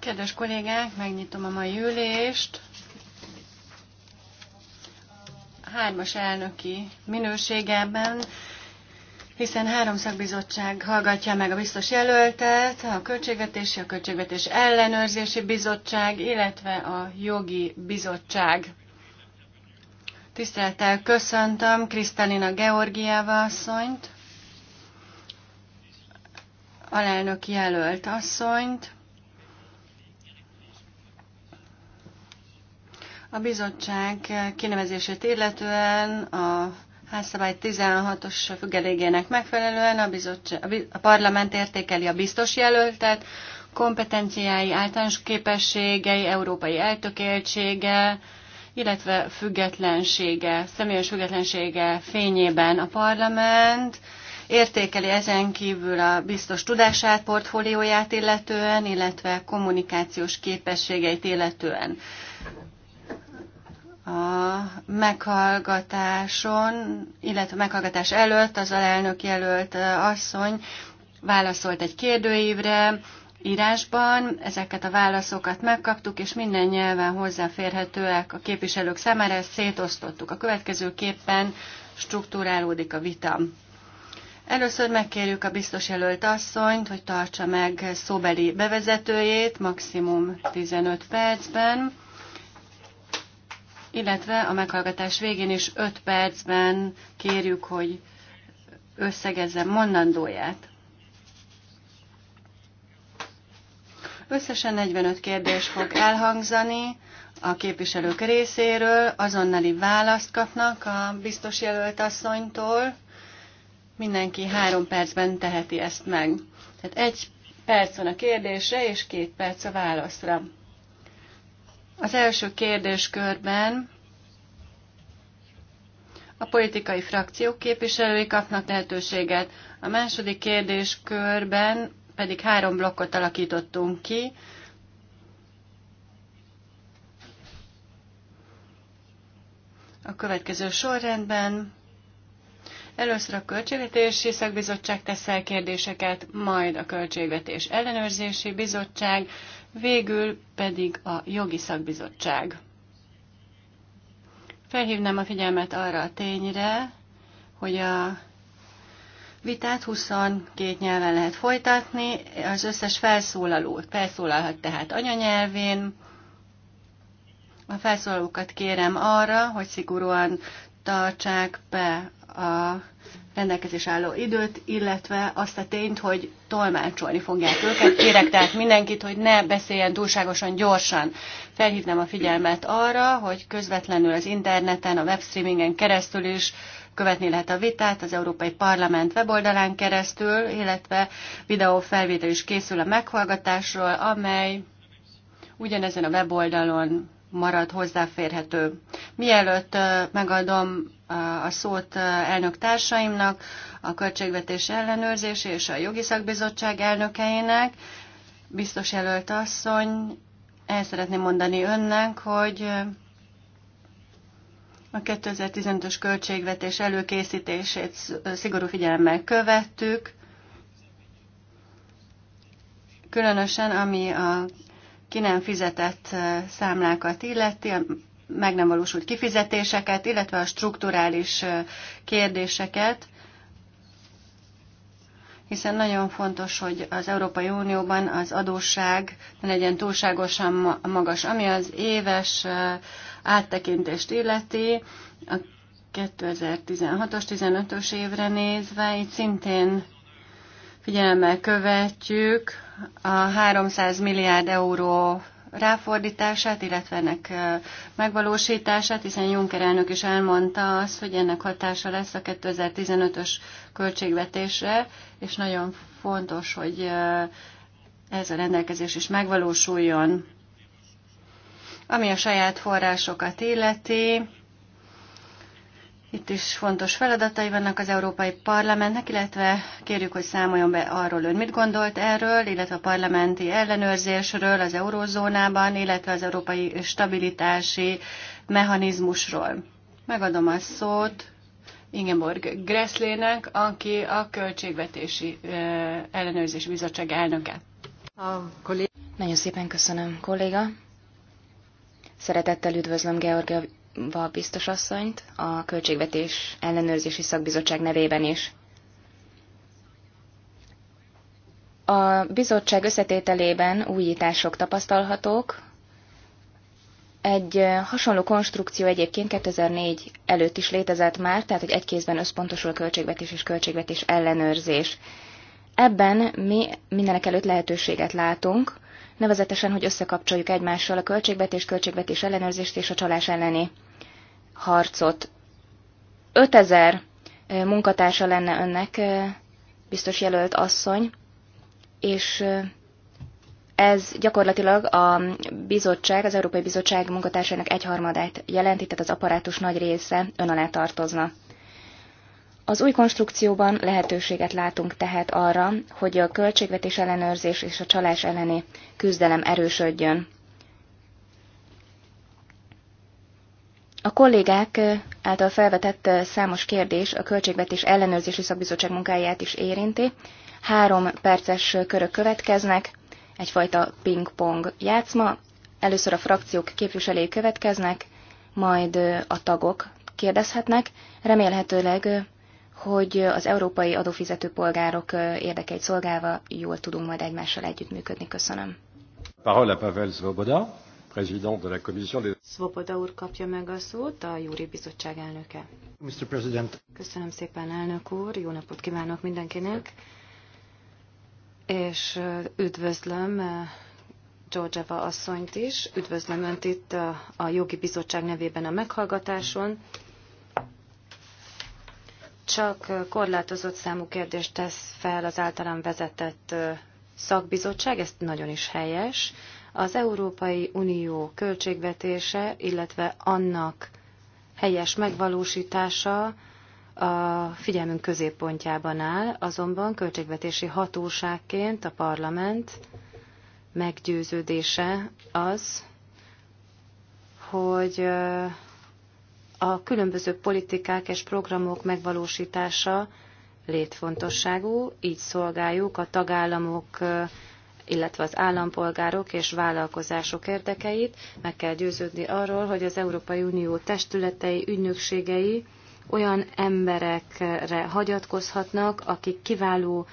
Kedves kollégák, megnyitom a mai ülést. Hármas elnöki minőségében, hiszen három szakbizottság hallgatja meg a biztos jelöltet, a Költségvetési, a Költségvetés Ellenőrzési Bizottság, illetve a Jogi Bizottság. Tisztelettel köszöntöm Krisztalina Georgiáva asszonyt, alelnök jelölt asszonyt. A bizottság kinevezését illetően a házszabály 16-os függelégének megfelelően a, bizottság, a parlament értékeli a biztos jelöltet, kompetenciái, általános képességei, európai eltökéltsége, illetve függetlensége, személyes függetlensége fényében a parlament értékeli ezen kívül a biztos tudását, portfólióját illetően, illetve kommunikációs képességeit illetően. A meghallgatáson, illetve a meghallgatás előtt az alelnök jelölt asszony válaszolt egy kérdőívre, írásban. Ezeket a válaszokat megkaptuk, és minden nyelven hozzáférhetőek a képviselők számára, ezt szétosztottuk. A következőképpen struktúrálódik a vita. Először megkérjük a biztos jelölt asszonyt, hogy tartsa meg szóbeli bevezetőjét maximum 15 percben, illetve a meghallgatás végén is 5 percben kérjük, hogy összegezze mondandóját. Összesen 45 kérdés fog elhangzani a képviselők részéről, azonnali választ kapnak a biztos jelölt asszonytól. Mindenki három percben teheti ezt meg. Tehát egy perc van a kérdésre, és két perc a válaszra. Az első kérdéskörben a politikai frakciók képviselői kapnak lehetőséget. A második kérdéskörben pedig három blokkot alakítottunk ki. A következő sorrendben Először a Költségvetési Szakbizottság tesz el kérdéseket, majd a Költségvetés Ellenőrzési Bizottság, végül pedig a Jogi Szakbizottság. Felhívnám a figyelmet arra a tényre, hogy a vitát 22 nyelven lehet folytatni, az összes felszólaló felszólalhat tehát anyanyelvén. A felszólalókat kérem arra, hogy szigorúan tartsák be a rendelkezés álló időt, illetve azt a tényt, hogy tolmácsolni fogják őket. Kérek tehát mindenkit, hogy ne beszéljen túlságosan gyorsan. Felhívnám a figyelmet arra, hogy közvetlenül az interneten, a webstreamingen keresztül is követni lehet a vitát az Európai Parlament weboldalán keresztül, illetve videófelvétel is készül a meghallgatásról, amely ugyanezen a weboldalon marad hozzáférhető. Mielőtt megadom a szót elnök társaimnak, a Költségvetés Ellenőrzés és a Jogi Szakbizottság elnökeinek, biztos jelölt asszony, el szeretném mondani önnek, hogy a 2015-ös költségvetés előkészítését szigorú figyelemmel követtük, különösen ami a ki nem fizetett számlákat illeti, meg nem valósult kifizetéseket, illetve a strukturális kérdéseket, hiszen nagyon fontos, hogy az Európai Unióban az adósság ne legyen túlságosan magas, ami az éves áttekintést illeti, a 2016-os, 15-ös évre nézve, itt szintén figyelemmel követjük a 300 milliárd euró ráfordítását, illetve ennek megvalósítását, hiszen Juncker elnök is elmondta azt, hogy ennek hatása lesz a 2015-ös költségvetésre, és nagyon fontos, hogy ez a rendelkezés is megvalósuljon. Ami a saját forrásokat illeti, itt is fontos feladatai vannak az Európai Parlamentnek, illetve kérjük, hogy számoljon be arról ön mit gondolt erről, illetve a parlamenti ellenőrzésről az eurózónában, illetve az európai stabilitási mechanizmusról. Megadom a szót Ingeborg Gresslének, aki a Költségvetési ellenőrzés Bizottság elnöke. A kollég... Nagyon szépen köszönöm, kolléga. Szeretettel üdvözlöm Georgia Georgieva biztos asszonyt a Költségvetés Ellenőrzési Szakbizottság nevében is. A bizottság összetételében újítások tapasztalhatók. Egy hasonló konstrukció egyébként 2004 előtt is létezett már, tehát hogy egy kézben összpontosul költségvetés és költségvetés ellenőrzés. Ebben mi mindenek előtt lehetőséget látunk, nevezetesen, hogy összekapcsoljuk egymással a költségvetés, költségvetés ellenőrzést és a csalás elleni harcot. 5000 munkatársa lenne önnek, biztos jelölt asszony, és ez gyakorlatilag a bizottság, az Európai Bizottság munkatársainak egyharmadát jelenti, tehát az apparátus nagy része ön alá tartozna. Az új konstrukcióban lehetőséget látunk tehát arra, hogy a költségvetés ellenőrzés és a csalás elleni küzdelem erősödjön. A kollégák által felvetett számos kérdés a Költségvetés Ellenőrzési Szakbizottság munkáját is érinti. Három perces körök következnek, egyfajta ping-pong játszma. Először a frakciók képviselői következnek, majd a tagok kérdezhetnek. Remélhetőleg, hogy az európai adófizető polgárok érdekeit szolgálva jól tudunk majd egymással együttműködni. Köszönöm. Parola Pavel Svoboda président de la Commission des... Svoboda úr kapja meg a szót, a Júri Bizottság elnöke. Mr. President. Köszönöm szépen, elnök úr, jó napot kívánok mindenkinek, és üdvözlöm Georgeva asszonyt is, üdvözlöm Önt itt a Jogi Bizottság nevében a meghallgatáson. Csak korlátozott számú kérdést tesz fel az általam vezetett szakbizottság, ez nagyon is helyes. Az Európai Unió költségvetése, illetve annak helyes megvalósítása a figyelmünk középpontjában áll, azonban költségvetési hatóságként a parlament meggyőződése az, hogy a különböző politikák és programok megvalósítása létfontosságú, így szolgáljuk a tagállamok illetve az állampolgárok és vállalkozások érdekeit. Meg kell győződni arról, hogy az Európai Unió testületei, ügynökségei olyan emberekre hagyatkozhatnak, akik kiváló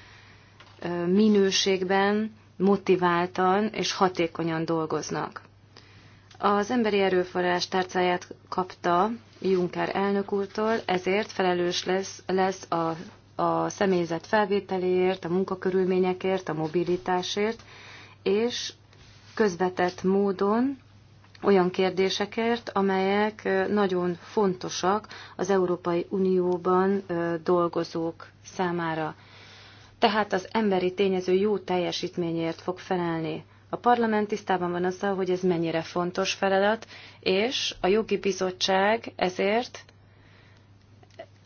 minőségben, motiváltan és hatékonyan dolgoznak. Az emberi erőforrás tárcáját kapta Juncker elnök úrtól, ezért felelős lesz, lesz a a személyzet felvételéért, a munkakörülményekért, a mobilitásért, és közvetett módon olyan kérdésekért, amelyek nagyon fontosak az Európai Unióban dolgozók számára. Tehát az emberi tényező jó teljesítményért fog felelni. A parlament tisztában van azzal, hogy ez mennyire fontos feladat, és a jogi bizottság ezért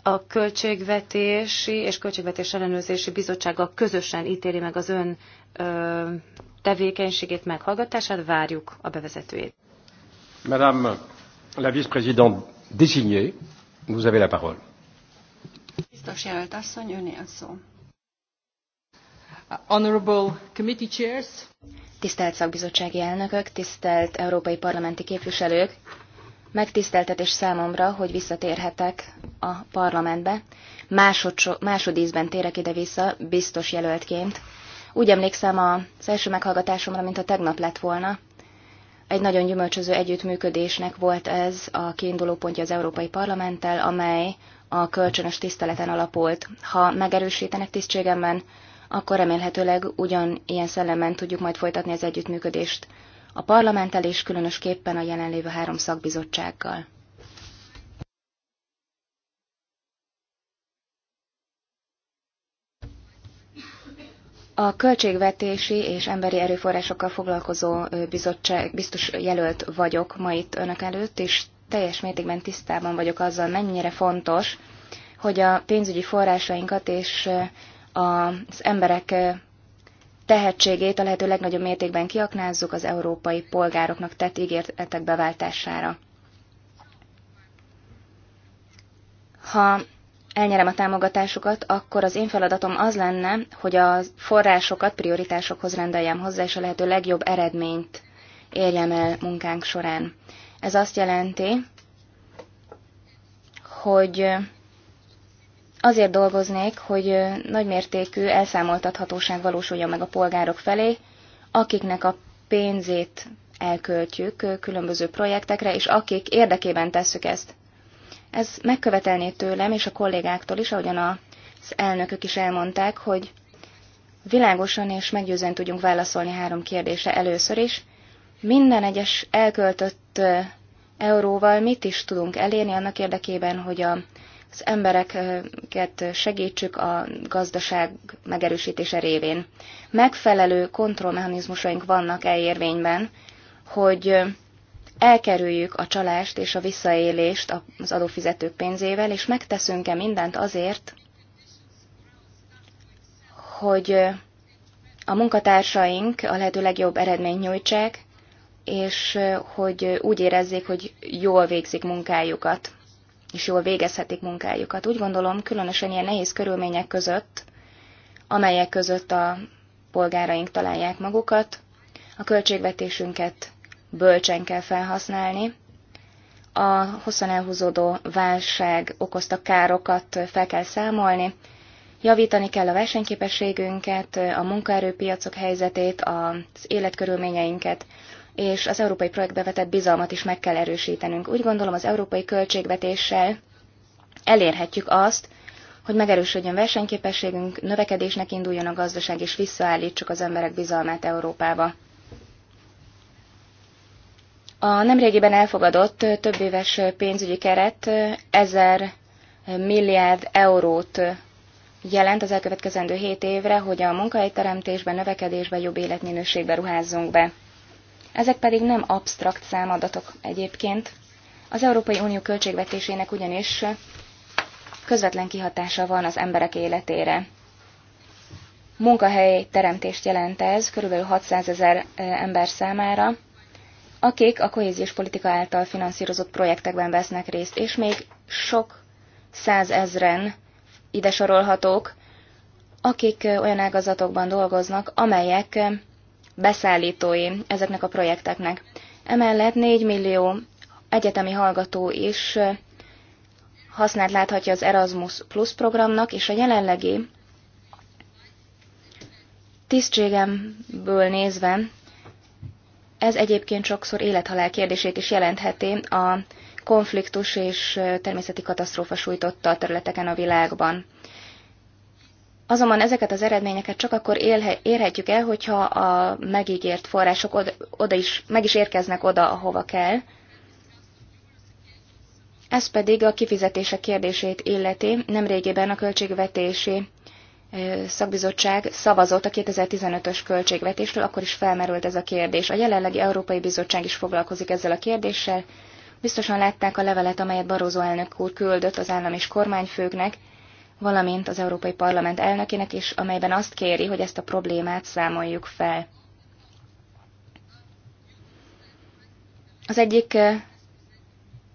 a Költségvetési és Költségvetés Ellenőrzési Bizottsága közösen ítéli meg az ön ö, tevékenységét, meghallgatását, várjuk a bevezetőjét. Madame la vice-présidente désignée, vous avez la parole. Biztos jelölt asszony, öné a szó. Honorable committee chairs. Tisztelt szakbizottsági elnökök, tisztelt európai parlamenti képviselők, Megtiszteltetés számomra, hogy visszatérhetek a parlamentbe. Másodso, másodízben térek ide-vissza, biztos jelöltként. Úgy emlékszem az első meghallgatásomra, mint a tegnap lett volna. Egy nagyon gyümölcsöző együttműködésnek volt ez a kiinduló pontja az Európai Parlamenttel, amely a kölcsönös tiszteleten alapult. Ha megerősítenek tisztségemben, akkor remélhetőleg ugyanilyen szellemben tudjuk majd folytatni az együttműködést a parlamenttel és különösképpen a jelenlévő három szakbizottsággal. A költségvetési és emberi erőforrásokkal foglalkozó bizottság, biztos jelölt vagyok ma itt önök előtt, és teljes mértékben tisztában vagyok azzal, mennyire fontos, hogy a pénzügyi forrásainkat és az emberek tehetségét a lehető legnagyobb mértékben kiaknázzuk az európai polgároknak tett ígéretek beváltására. Ha elnyerem a támogatásukat, akkor az én feladatom az lenne, hogy a forrásokat prioritásokhoz rendeljem hozzá, és a lehető legjobb eredményt érjem el munkánk során. Ez azt jelenti, hogy azért dolgoznék, hogy nagymértékű elszámoltathatóság valósuljon meg a polgárok felé, akiknek a pénzét elköltjük különböző projektekre, és akik érdekében tesszük ezt. Ez megkövetelné tőlem és a kollégáktól is, ahogyan az elnökök is elmondták, hogy világosan és meggyőzően tudjunk válaszolni három kérdésre először is. Minden egyes elköltött euróval mit is tudunk elérni annak érdekében, hogy a az embereket segítsük a gazdaság megerősítése révén. Megfelelő kontrollmechanizmusaink vannak elérvényben, hogy elkerüljük a csalást és a visszaélést az adófizetők pénzével, és megteszünk-e mindent azért, hogy a munkatársaink a lehető legjobb eredményt nyújtsák, és hogy úgy érezzék, hogy jól végzik munkájukat és jól végezhetik munkájukat. Úgy gondolom, különösen ilyen nehéz körülmények között, amelyek között a polgáraink találják magukat, a költségvetésünket bölcsen kell felhasználni, a hosszan elhúzódó válság okozta károkat fel kell számolni, javítani kell a versenyképességünket, a munkaerőpiacok helyzetét, az életkörülményeinket, és az európai projektbe vetett bizalmat is meg kell erősítenünk. Úgy gondolom, az európai költségvetéssel elérhetjük azt, hogy megerősödjön versenyképességünk, növekedésnek induljon a gazdaság, és visszaállítsuk az emberek bizalmát Európába. A nemrégiben elfogadott több éves pénzügyi keret 1000 milliárd eurót jelent az elkövetkezendő 7 évre, hogy a munkahelyteremtésben, növekedésben, jobb életminőségben ruházzunk be. Ezek pedig nem absztrakt számadatok egyébként. Az Európai Unió költségvetésének ugyanis közvetlen kihatása van az emberek életére. Munkahely teremtést jelent ez kb. 600 ezer ember számára, akik a kohéziós politika által finanszírozott projektekben vesznek részt, és még sok százezren ide sorolhatók, akik olyan ágazatokban dolgoznak, amelyek beszállítói ezeknek a projekteknek. Emellett 4 millió egyetemi hallgató is hasznát láthatja az Erasmus Plus programnak, és a jelenlegi tisztségemből nézve ez egyébként sokszor élethalál kérdését is jelentheti a konfliktus és természeti katasztrófa sújtotta a területeken a világban. Azonban ezeket az eredményeket csak akkor érhetjük el, hogyha a megígért források oda, oda is, meg is érkeznek oda, ahova kell. Ez pedig a kifizetések kérdését illeti. Nemrégében a költségvetési szakbizottság szavazott a 2015-ös költségvetésről, akkor is felmerült ez a kérdés. A jelenlegi Európai Bizottság is foglalkozik ezzel a kérdéssel. Biztosan látták a levelet, amelyet Barózó elnök úr küldött az állam és kormányfőknek, valamint az Európai Parlament elnökének is, amelyben azt kéri, hogy ezt a problémát számoljuk fel. Az egyik eh,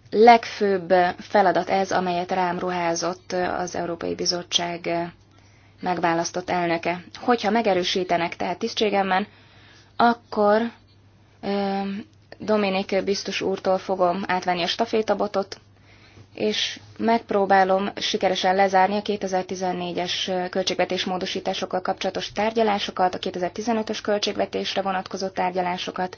legfőbb feladat ez, amelyet rám ruházott eh, az Európai Bizottság eh, megválasztott elnöke. Hogyha megerősítenek tehát tisztségemben, akkor Dominik biztos úrtól fogom átvenni a stafétabotot, és megpróbálom sikeresen lezárni a 2014-es költségvetés módosításokkal kapcsolatos tárgyalásokat, a 2015-ös költségvetésre vonatkozó tárgyalásokat,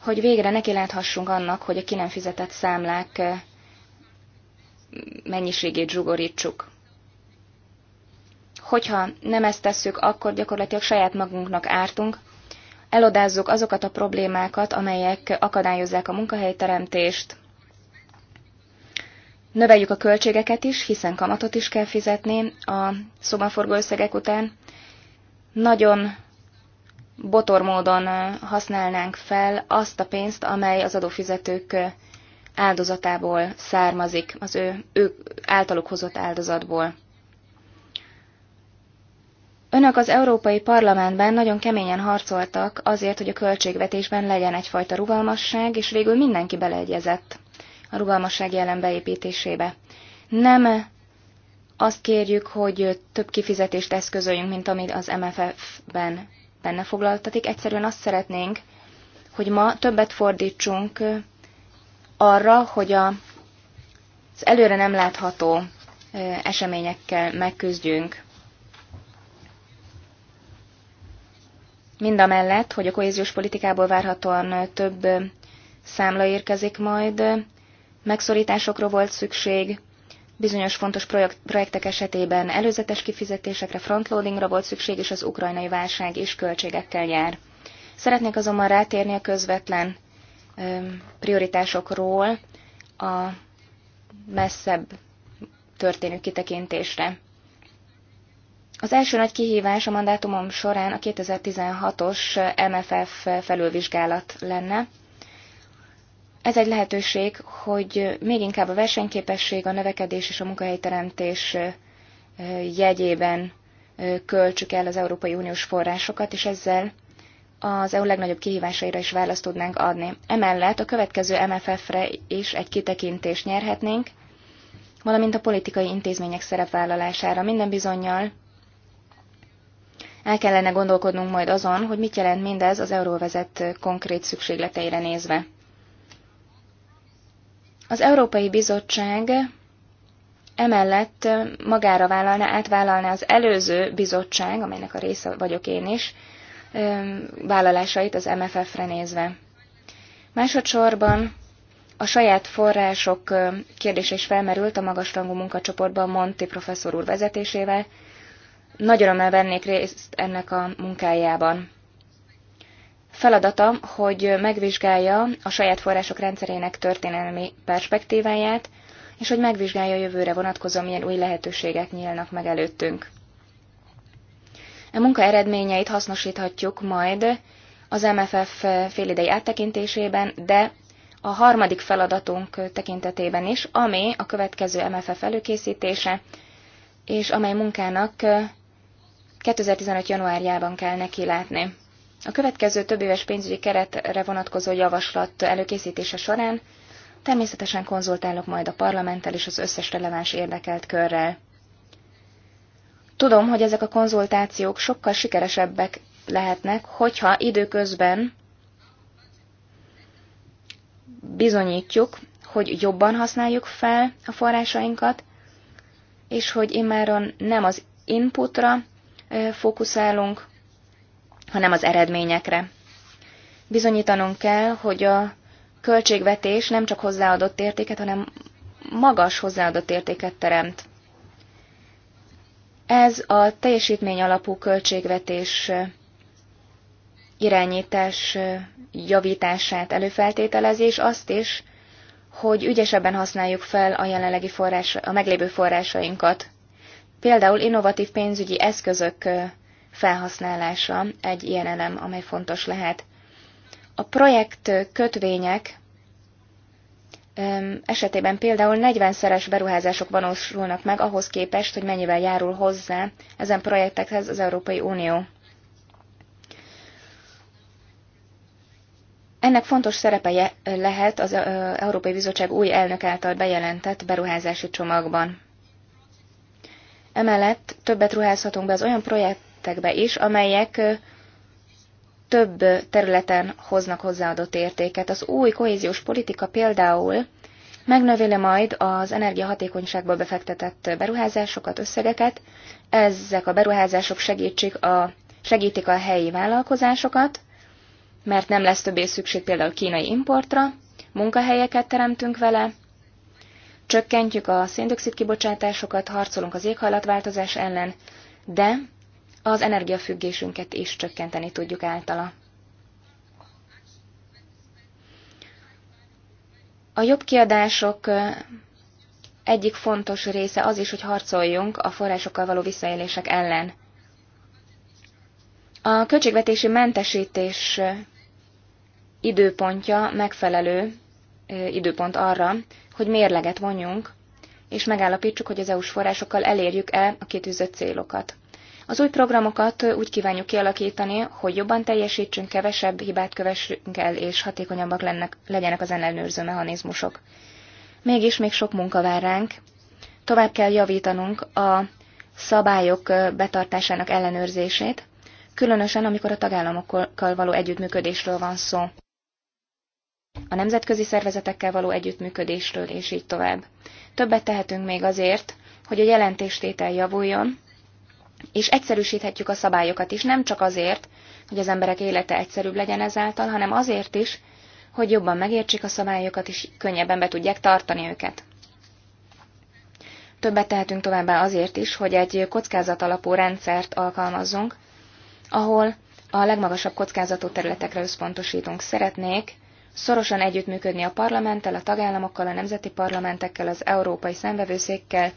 hogy végre neki láthassunk annak, hogy a ki nem fizetett számlák eh, mennyiségét zsugorítsuk. Hogyha nem ezt tesszük, akkor gyakorlatilag saját magunknak ártunk, elodázzuk azokat a problémákat, amelyek akadályozzák a munkahelyteremtést, Növeljük a költségeket is, hiszen kamatot is kell fizetni a szobanforgó összegek után. Nagyon botor módon használnánk fel azt a pénzt, amely az adófizetők áldozatából származik, az ő, ő általuk hozott áldozatból. Önök az Európai Parlamentben nagyon keményen harcoltak azért, hogy a költségvetésben legyen egyfajta rugalmasság, és végül mindenki beleegyezett a rugalmasság jelen beépítésébe. Nem azt kérjük, hogy több kifizetést eszközöljünk, mint amit az MFF-ben benne foglaltatik. Egyszerűen azt szeretnénk, hogy ma többet fordítsunk arra, hogy a, az előre nem látható eseményekkel megküzdjünk. Mind a mellett, hogy a kohéziós politikából várhatóan több számla érkezik majd, megszorításokra volt szükség, bizonyos fontos projektek esetében előzetes kifizetésekre, frontloadingra volt szükség, és az ukrajnai válság is költségekkel jár. Szeretnék azonban rátérni a közvetlen prioritásokról a messzebb történő kitekintésre. Az első nagy kihívás a mandátumom során a 2016-os MFF felülvizsgálat lenne. Ez egy lehetőség, hogy még inkább a versenyképesség, a növekedés és a munkahelyteremtés jegyében költsük el az Európai Uniós forrásokat, és ezzel az EU legnagyobb kihívásaira is választ tudnánk adni. Emellett a következő MFF-re is egy kitekintést nyerhetnénk, valamint a politikai intézmények szerepvállalására. Minden bizonyal el kellene gondolkodnunk majd azon, hogy mit jelent mindez az euróvezet konkrét szükségleteire nézve. Az Európai Bizottság emellett magára vállalna, átvállalná az előző bizottság, amelynek a része vagyok én is, vállalásait az MFF-re nézve. Másodszorban a saját források kérdése is felmerült a magasrangú munkacsoportban Monti professzor úr vezetésével. Nagy örömmel vennék részt ennek a munkájában feladata, hogy megvizsgálja a saját források rendszerének történelmi perspektíváját, és hogy megvizsgálja a jövőre vonatkozó milyen új lehetőségek nyílnak meg előttünk. A e munka eredményeit hasznosíthatjuk majd az MFF félidei áttekintésében, de a harmadik feladatunk tekintetében is, ami a következő MFF előkészítése, és amely munkának 2015. januárjában kell neki látni. A következő több éves pénzügyi keretre vonatkozó javaslat előkészítése során természetesen konzultálok majd a parlamenttel és az összes releváns érdekelt körrel. Tudom, hogy ezek a konzultációk sokkal sikeresebbek lehetnek, hogyha időközben bizonyítjuk, hogy jobban használjuk fel a forrásainkat, és hogy immáron nem az inputra fókuszálunk, hanem az eredményekre. Bizonyítanunk kell, hogy a költségvetés nem csak hozzáadott értéket, hanem magas hozzáadott értéket teremt. Ez a teljesítmény alapú költségvetés irányítás javítását előfeltételezés, azt is, hogy ügyesebben használjuk fel a jelenlegi forrás, a meglévő forrásainkat. Például innovatív pénzügyi eszközök felhasználása egy ilyen elem, amely fontos lehet. A projekt kötvények esetében például 40-szeres beruházások valósulnak meg ahhoz képest, hogy mennyivel járul hozzá ezen projektekhez az Európai Unió. Ennek fontos szerepe lehet az Európai Bizottság új elnök által bejelentett beruházási csomagban. Emellett többet ruházhatunk be az olyan projekt, be is, amelyek több területen hoznak hozzáadott értéket. Az új kohéziós politika például megnöveli majd az energiahatékonyságba befektetett beruházásokat, összegeket. Ezek a beruházások segítsik a, segítik a helyi vállalkozásokat, mert nem lesz többé szükség például kínai importra, munkahelyeket teremtünk vele, csökkentjük a széndiokszid kibocsátásokat, harcolunk az éghajlatváltozás ellen, de az energiafüggésünket is csökkenteni tudjuk általa. A jobb kiadások egyik fontos része az is, hogy harcoljunk a forrásokkal való visszaélések ellen. A költségvetési mentesítés időpontja megfelelő időpont arra, hogy mérleget vonjunk, és megállapítsuk, hogy az EU-s forrásokkal elérjük-e a kitűzött célokat. Az új programokat úgy kívánjuk kialakítani, hogy jobban teljesítsünk, kevesebb hibát kövessünk el, és hatékonyabbak lennek, legyenek az ellenőrző mechanizmusok. Mégis még sok munka vár ránk. Tovább kell javítanunk a szabályok betartásának ellenőrzését, különösen amikor a tagállamokkal való együttműködésről van szó a nemzetközi szervezetekkel való együttműködésről, és így tovább. Többet tehetünk még azért, hogy a jelentéstétel javuljon, és egyszerűsíthetjük a szabályokat is, nem csak azért, hogy az emberek élete egyszerűbb legyen ezáltal, hanem azért is, hogy jobban megértsék a szabályokat, és könnyebben be tudják tartani őket. Többet tehetünk továbbá azért is, hogy egy kockázat alapú rendszert alkalmazzunk, ahol a legmagasabb kockázatú területekre összpontosítunk. Szeretnék szorosan együttműködni a parlamenttel, a tagállamokkal, a nemzeti parlamentekkel, az európai szembevőszékkel,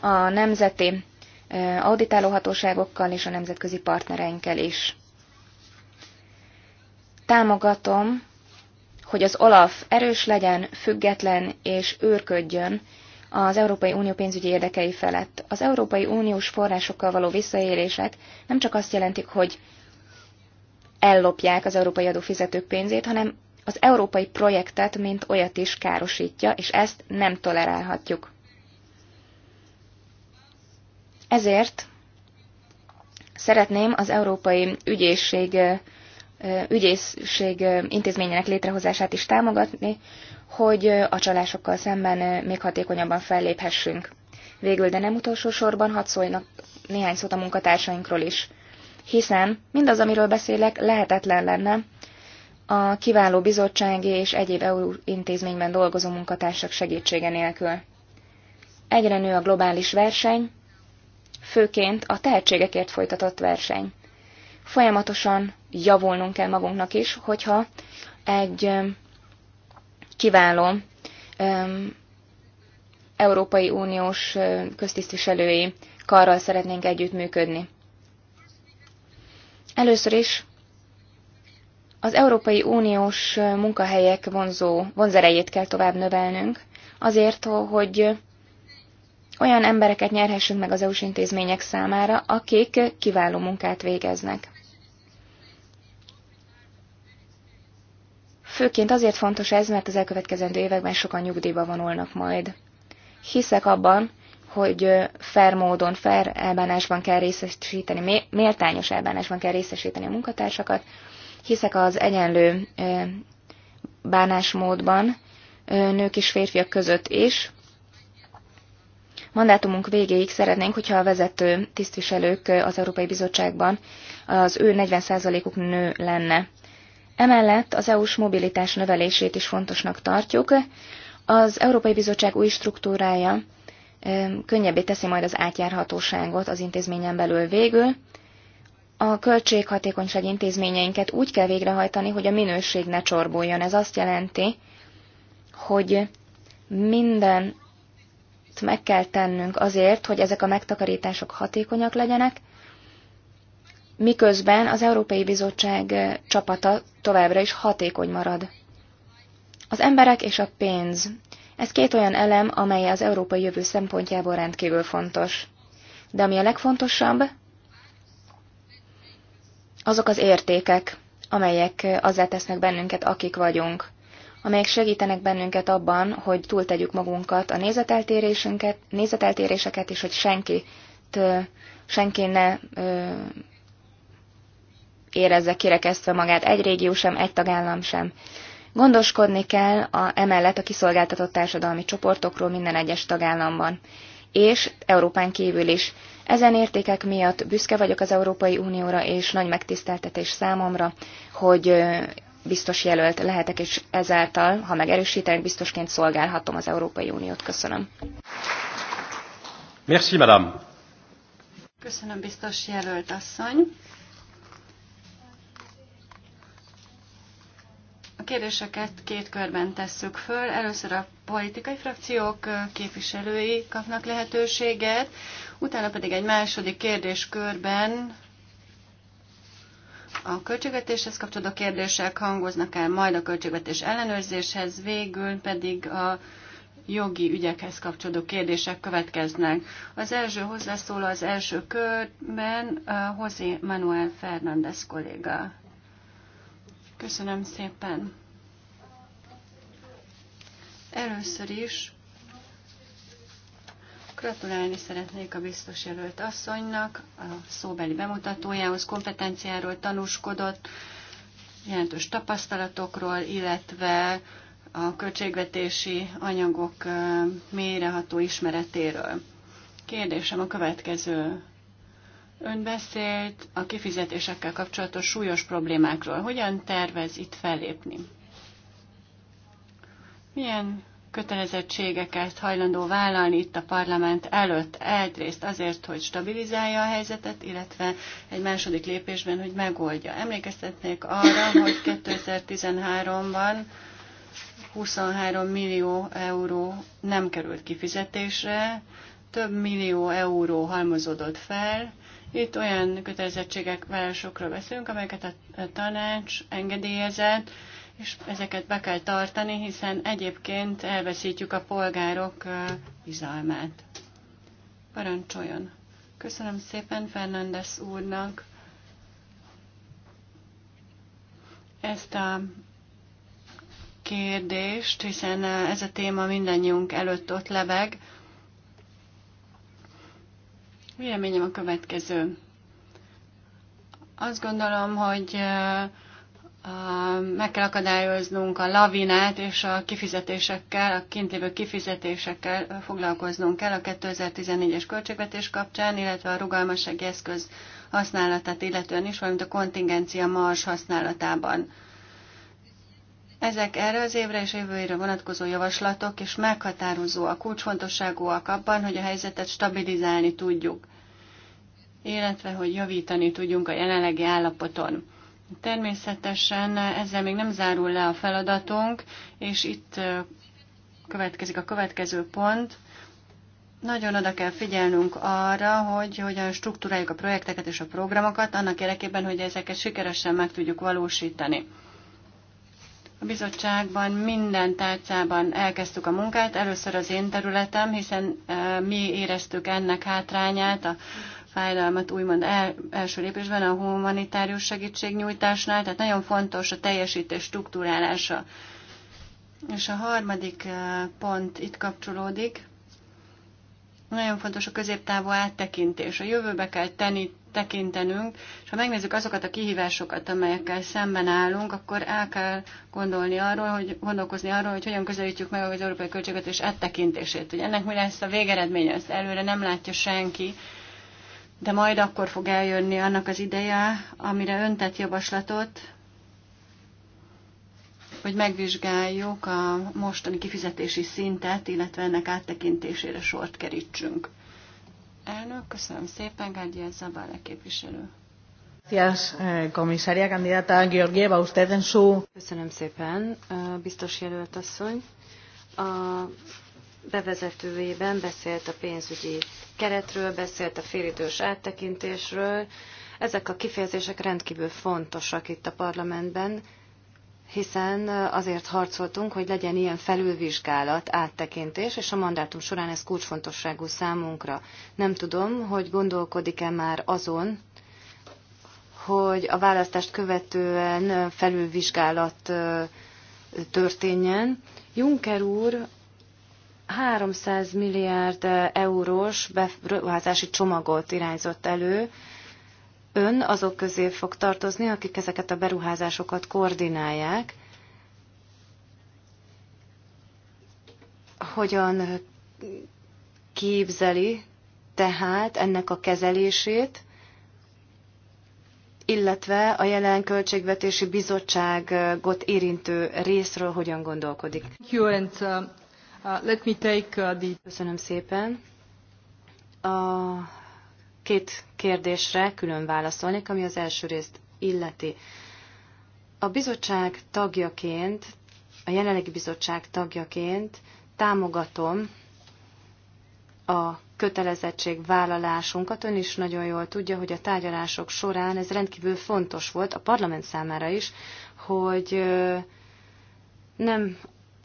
a nemzeti Eh, auditálóhatóságokkal és a nemzetközi partnereinkkel is. Támogatom, hogy az OLAF erős legyen, független és őrködjön az Európai Unió pénzügyi érdekei felett. Az Európai Uniós forrásokkal való visszaélések nem csak azt jelentik, hogy ellopják az európai adófizetők pénzét, hanem az európai projektet, mint olyat is károsítja, és ezt nem tolerálhatjuk. Ezért szeretném az Európai Ügyészség, ügyészség intézményének létrehozását is támogatni, hogy a csalásokkal szemben még hatékonyabban felléphessünk. Végül, de nem utolsó sorban, hadd szóljnak néhány szót a munkatársainkról is. Hiszen mindaz, amiről beszélek, lehetetlen lenne a kiváló bizottsági és egyéb EU intézményben dolgozó munkatársak segítsége nélkül. Egyre nő a globális verseny, főként a tehetségekért folytatott verseny. Folyamatosan javulnunk kell magunknak is, hogyha egy kiváló Európai Uniós köztisztviselői karral szeretnénk együttműködni. Először is az Európai Uniós munkahelyek vonzó vonzerejét kell tovább növelnünk, azért, hogy olyan embereket nyerhessünk meg az EU-s intézmények számára, akik kiváló munkát végeznek. Főként azért fontos ez, mert az elkövetkezendő években sokan nyugdíjba vonulnak majd. Hiszek abban, hogy fair módon, fair elbánásban kell részesíteni, méltányos elbánásban kell részesíteni a munkatársakat, hiszek az egyenlő bánásmódban nők és férfiak között is, mandátumunk végéig szeretnénk, hogyha a vezető tisztviselők az Európai Bizottságban az ő 40%-uk nő lenne. Emellett az EU-s mobilitás növelését is fontosnak tartjuk. Az Európai Bizottság új struktúrája könnyebbé teszi majd az átjárhatóságot az intézményen belül végül. A költséghatékonyság intézményeinket úgy kell végrehajtani, hogy a minőség ne csorbuljon. Ez azt jelenti, hogy minden meg kell tennünk azért, hogy ezek a megtakarítások hatékonyak legyenek, miközben az Európai Bizottság csapata továbbra is hatékony marad. Az emberek és a pénz. Ez két olyan elem, amely az európai jövő szempontjából rendkívül fontos. De ami a legfontosabb, azok az értékek, amelyek azzá tesznek bennünket, akik vagyunk amelyek segítenek bennünket abban, hogy túltegyük magunkat a nézeteltérésünket, nézeteltéréseket, és hogy senkit, senki ne ö, érezze kirekesztve magát, egy régió sem, egy tagállam sem. Gondoskodni kell a, emellett a kiszolgáltatott társadalmi csoportokról minden egyes tagállamban, és Európán kívül is. Ezen értékek miatt büszke vagyok az Európai Unióra, és nagy megtiszteltetés számomra, hogy biztos jelölt lehetek, és ezáltal, ha megerősítenek, biztosként szolgálhatom az Európai Uniót. Köszönöm. Merci, madame. Köszönöm, biztos jelölt asszony. A kérdéseket két körben tesszük föl. Először a politikai frakciók képviselői kapnak lehetőséget, utána pedig egy második kérdéskörben a költségvetéshez kapcsolódó kérdések hangoznak el majd a költségvetés ellenőrzéshez, végül pedig a jogi ügyekhez kapcsolódó kérdések következnek. Az első hozzászóló az első körben José Manuel Fernández kolléga. Köszönöm szépen. Először is Gratulálni szeretnék a biztos jelölt asszonynak, a szóbeli bemutatójához kompetenciáról tanúskodott, jelentős tapasztalatokról, illetve a költségvetési anyagok mélyreható ismeretéről. Kérdésem a következő. Ön beszélt a kifizetésekkel kapcsolatos súlyos problémákról. Hogyan tervez itt fellépni? Milyen kötelezettségeket hajlandó vállalni itt a parlament előtt. Egyrészt azért, hogy stabilizálja a helyzetet, illetve egy második lépésben, hogy megoldja. Emlékeztetnék arra, hogy 2013-ban 23 millió euró nem került kifizetésre, több millió euró halmozódott fel. Itt olyan kötelezettségek, vállásokról beszélünk, amelyeket a tanács engedélyezett, és ezeket be kell tartani, hiszen egyébként elveszítjük a polgárok bizalmát. Parancsoljon! Köszönöm szépen Fernandez úrnak ezt a kérdést, hiszen ez a téma mindannyiunk előtt ott lebeg. Véleményem a következő. Azt gondolom, hogy meg kell akadályoznunk a lavinát, és a kifizetésekkel, a lévő kifizetésekkel foglalkoznunk kell a 2014-es költségvetés kapcsán, illetve a rugalmassági eszköz használatát illetően is, valamint a kontingencia mars használatában. Ezek erre az évre és jövőre vonatkozó javaslatok és meghatározóak, kulcsfontosságúak abban, hogy a helyzetet stabilizálni tudjuk, illetve hogy javítani tudjunk a jelenlegi állapoton. Természetesen ezzel még nem zárul le a feladatunk, és itt következik a következő pont. Nagyon oda kell figyelnünk arra, hogy hogyan struktúráljuk a projekteket és a programokat, annak érdekében, hogy ezeket sikeresen meg tudjuk valósítani. A bizottságban minden tárcában elkezdtük a munkát, először az én területem, hiszen mi éreztük ennek hátrányát a fájdalmat úgymond el, első lépésben a humanitárius segítségnyújtásnál, tehát nagyon fontos a teljesítés struktúrálása. És a harmadik eh, pont itt kapcsolódik. Nagyon fontos a középtávú áttekintés. A jövőbe kell tenni, tekintenünk, és ha megnézzük azokat a kihívásokat, amelyekkel szemben állunk, akkor el kell gondolni arról, hogy gondolkozni arról, hogy hogyan közelítjük meg az európai költségvetés áttekintését, hogy ennek mi lesz a végeredménye, ezt előre nem látja senki, de majd akkor fog eljönni annak az ideje, amire öntett javaslatot, hogy megvizsgáljuk a mostani kifizetési szintet, illetve ennek áttekintésére sort kerítsünk. Elnök, köszönöm szépen, Gárdia Zabále képviselő. Eh, köszönöm szépen, eh, biztos jelölt asszony. A bevezetőjében beszélt a pénzügyi keretről, beszélt a félidős áttekintésről. Ezek a kifejezések rendkívül fontosak itt a parlamentben, hiszen azért harcoltunk, hogy legyen ilyen felülvizsgálat, áttekintés, és a mandátum során ez kulcsfontosságú számunkra. Nem tudom, hogy gondolkodik-e már azon, hogy a választást követően felülvizsgálat történjen. Juncker úr 300 milliárd eurós beruházási csomagot irányzott elő. Ön azok közé fog tartozni, akik ezeket a beruházásokat koordinálják. Hogyan képzeli tehát ennek a kezelését, illetve a jelen költségvetési bizottságot érintő részről hogyan gondolkodik. Uh, Uh, let me take uh, the... Köszönöm szépen. A két kérdésre külön válaszolnék, ami az első részt illeti. A bizottság tagjaként, a jelenlegi bizottság tagjaként támogatom a vállalásunkat. Ön is nagyon jól tudja, hogy a tárgyalások során ez rendkívül fontos volt a parlament számára is, hogy nem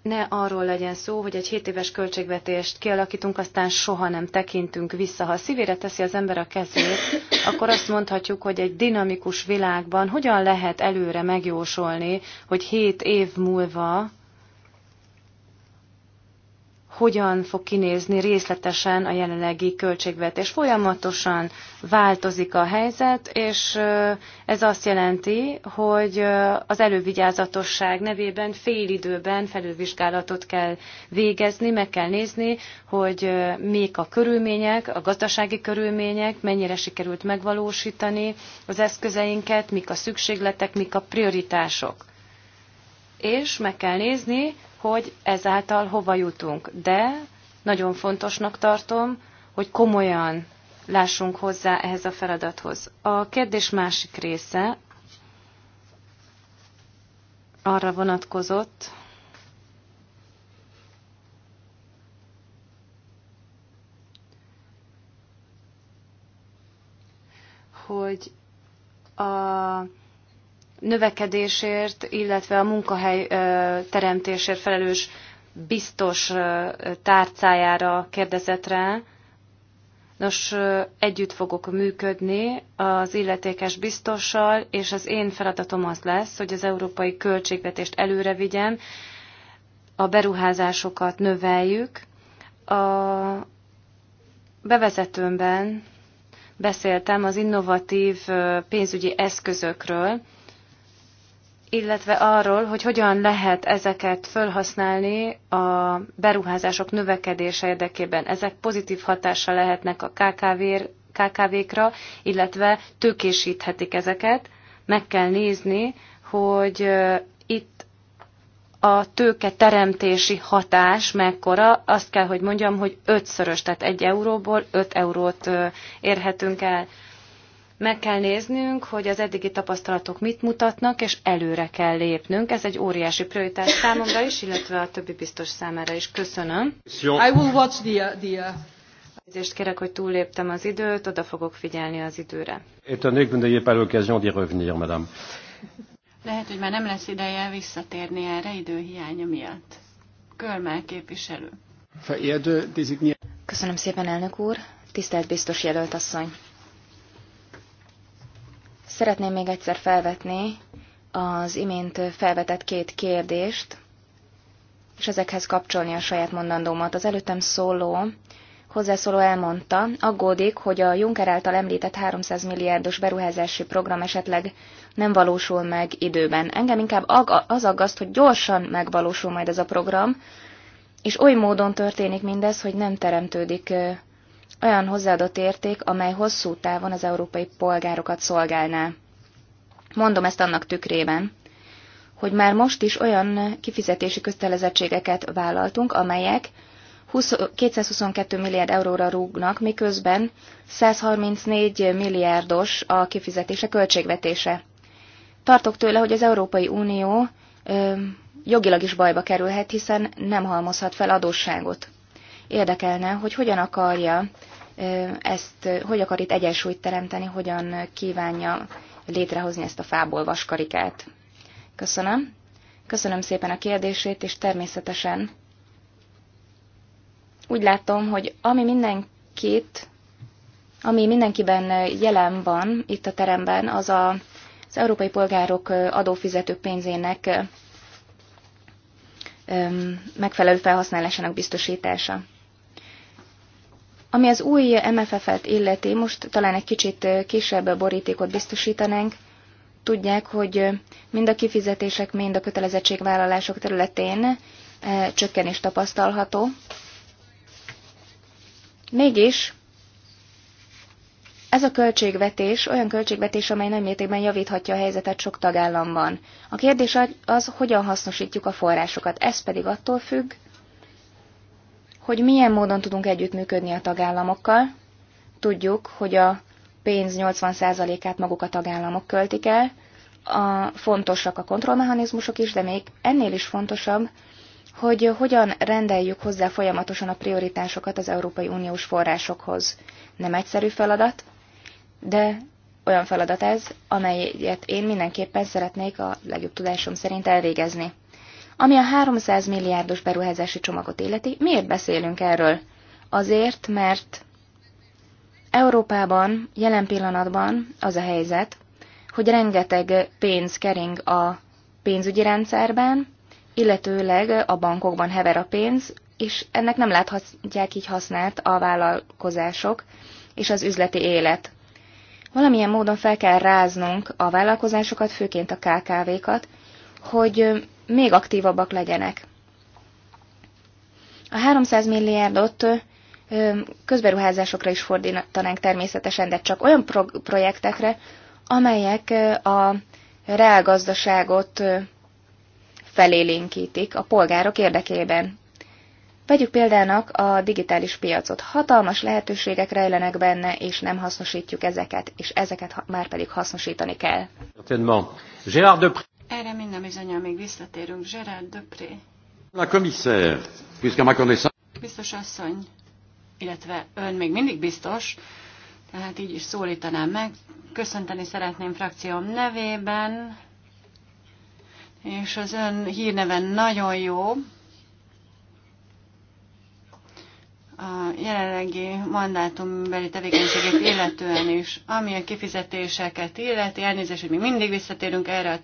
ne arról legyen szó, hogy egy 7 éves költségvetést kialakítunk, aztán soha nem tekintünk vissza. Ha a szívére teszi az ember a kezét, akkor azt mondhatjuk, hogy egy dinamikus világban hogyan lehet előre megjósolni, hogy 7 év múlva hogyan fog kinézni részletesen a jelenlegi költségvetés. Folyamatosan változik a helyzet, és ez azt jelenti, hogy az elővigyázatosság nevében félidőben felülvizsgálatot kell végezni, meg kell nézni, hogy még a körülmények, a gazdasági körülmények, mennyire sikerült megvalósítani az eszközeinket, mik a szükségletek, mik a prioritások. És meg kell nézni, hogy ezáltal hova jutunk. De nagyon fontosnak tartom, hogy komolyan lássunk hozzá ehhez a feladathoz. A kérdés másik része arra vonatkozott, hogy a növekedésért, illetve a munkahely teremtésért felelős biztos tárcájára kérdezett rá. Nos, együtt fogok működni az illetékes biztossal, és az én feladatom az lesz, hogy az európai költségvetést előre vigyem, a beruházásokat növeljük. A bevezetőmben beszéltem az innovatív pénzügyi eszközökről, illetve arról, hogy hogyan lehet ezeket felhasználni a beruházások növekedése érdekében. Ezek pozitív hatása lehetnek a KKV-kra, illetve tőkésíthetik ezeket. Meg kell nézni, hogy itt a tőke teremtési hatás mekkora, azt kell, hogy mondjam, hogy ötszörös, tehát egy euróból öt eurót érhetünk el. Meg kell néznünk, hogy az eddigi tapasztalatok mit mutatnak, és előre kell lépnünk. Ez egy óriási prioritás számomra is, illetve a többi biztos számára is. Köszönöm. I will watch the, the, uh, Elnézést kérek, hogy túlléptem az időt, oda fogok figyelni az időre. Étonné, que vous pas l'occasion d'y revenir, madame. Lehet, hogy már nem lesz ideje visszatérni erre időhiánya miatt. Körmel képviselő. Köszönöm szépen, elnök úr. Tisztelt biztos jelölt asszony. Szeretném még egyszer felvetni az imént felvetett két kérdést, és ezekhez kapcsolni a saját mondandómat. Az előttem szóló hozzászóló elmondta, aggódik, hogy a Juncker által említett 300 milliárdos beruházási program esetleg nem valósul meg időben. Engem inkább az aggaszt, hogy gyorsan megvalósul majd ez a program, és oly módon történik mindez, hogy nem teremtődik olyan hozzáadott érték, amely hosszú távon az európai polgárokat szolgálná. Mondom ezt annak tükrében, hogy már most is olyan kifizetési kötelezettségeket vállaltunk, amelyek 222 milliárd euróra rúgnak, miközben 134 milliárdos a kifizetése költségvetése. Tartok tőle, hogy az Európai Unió ö, jogilag is bajba kerülhet, hiszen nem halmozhat fel adósságot. Érdekelne, hogy hogyan akarja ezt, hogy akar itt egyensúlyt teremteni, hogyan kívánja létrehozni ezt a fából vaskarikát. Köszönöm. Köszönöm szépen a kérdését, és természetesen úgy látom, hogy ami mindenkit, ami mindenkiben jelen van itt a teremben, az a, az európai polgárok adófizető pénzének megfelelő felhasználásának biztosítása. Ami az új MFF-et illeti, most talán egy kicsit kisebb borítékot biztosítanánk. Tudják, hogy mind a kifizetések, mind a kötelezettségvállalások területén csökkenés tapasztalható. Mégis ez a költségvetés olyan költségvetés, amely nagy mértékben javíthatja a helyzetet sok tagállamban. A kérdés az, hogyan hasznosítjuk a forrásokat. Ez pedig attól függ, hogy milyen módon tudunk együttműködni a tagállamokkal. Tudjuk, hogy a pénz 80%-át maguk a tagállamok költik el. A, fontosak a kontrollmechanizmusok is, de még ennél is fontosabb, hogy hogyan rendeljük hozzá folyamatosan a prioritásokat az Európai Uniós forrásokhoz. Nem egyszerű feladat, de olyan feladat ez, amelyet én mindenképpen szeretnék a legjobb tudásom szerint elvégezni. Ami a 300 milliárdos beruházási csomagot életi, miért beszélünk erről? Azért, mert Európában jelen pillanatban az a helyzet, hogy rengeteg pénz kering a pénzügyi rendszerben, illetőleg a bankokban hever a pénz, és ennek nem láthatják így használt a vállalkozások és az üzleti élet. Valamilyen módon fel kell ráznunk a vállalkozásokat, főként a KKV-kat, hogy még aktívabbak legyenek. A 300 milliárdot közberuházásokra is fordítanánk természetesen, de csak olyan pro- projektekre, amelyek a reálgazdaságot felélénkítik a polgárok érdekében. Vegyük példának a digitális piacot. Hatalmas lehetőségek rejlenek benne, és nem hasznosítjuk ezeket, és ezeket már pedig hasznosítani kell. Gérard Depr erre minden bizonyal még visszatérünk. Gerard Döpré. La commissaire, puisque ma connaissance... Biztos asszony, illetve ön még mindig biztos, tehát így is szólítanám meg. Köszönteni szeretném frakcióm nevében, és az ön hírneven nagyon jó. A jelenlegi mandátumbeli tevékenységét illetően is, ami a kifizetéseket illeti, elnézést, hogy mi mindig visszatérünk erre a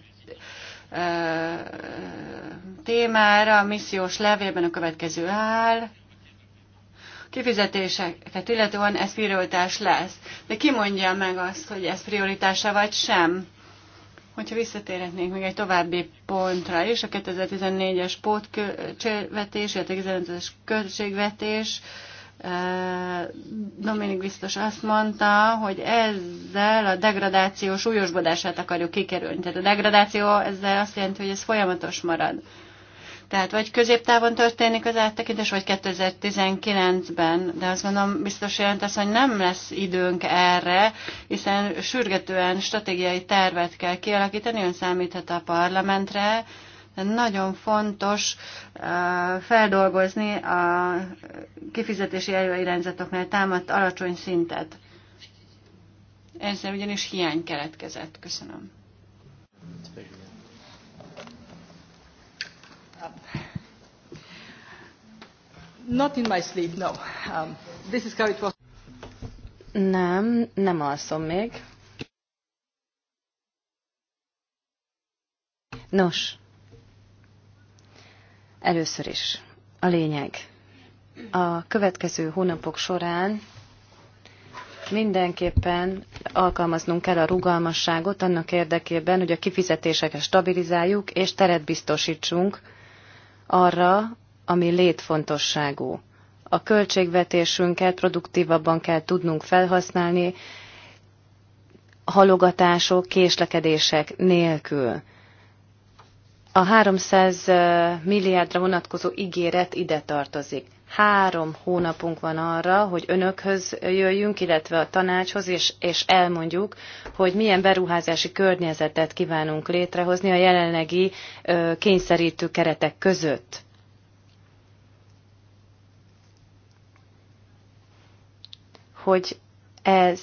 témára a missziós levélben a következő áll. Kifizetéseket illetően ez prioritás lesz. De ki mondja meg azt, hogy ez prioritása vagy sem? Hogyha visszatérhetnénk még egy további pontra is, a 2014-es pótköltségvetés, illetve 2015 es költségvetés, Eh, Dominik biztos azt mondta, hogy ezzel a degradáció súlyosbodását akarjuk kikerülni. Tehát a degradáció ezzel azt jelenti, hogy ez folyamatos marad. Tehát vagy középtávon történik az áttekintés, vagy 2019-ben, de azt gondolom biztos jelent az, hogy nem lesz időnk erre, hiszen sürgetően stratégiai tervet kell kialakítani, ön számíthat a parlamentre, nagyon fontos feldolgozni a kifizetési előirányzatoknál támadt alacsony szintet. Ezzel ugyanis hiány keletkezett. Köszönöm. Not in my sleep, no. Um, this is how it was. Nem, nem alszom még. Nos, Először is a lényeg. A következő hónapok során mindenképpen alkalmaznunk kell a rugalmasságot annak érdekében, hogy a kifizetéseket stabilizáljuk és teret biztosítsunk arra, ami létfontosságú. A költségvetésünket produktívabban kell tudnunk felhasználni, halogatások, késlekedések nélkül. A 300 milliárdra vonatkozó ígéret ide tartozik. Három hónapunk van arra, hogy önökhöz jöjjünk, illetve a tanácshoz, és, és elmondjuk, hogy milyen beruházási környezetet kívánunk létrehozni a jelenlegi ö, kényszerítő keretek között. Hogy ez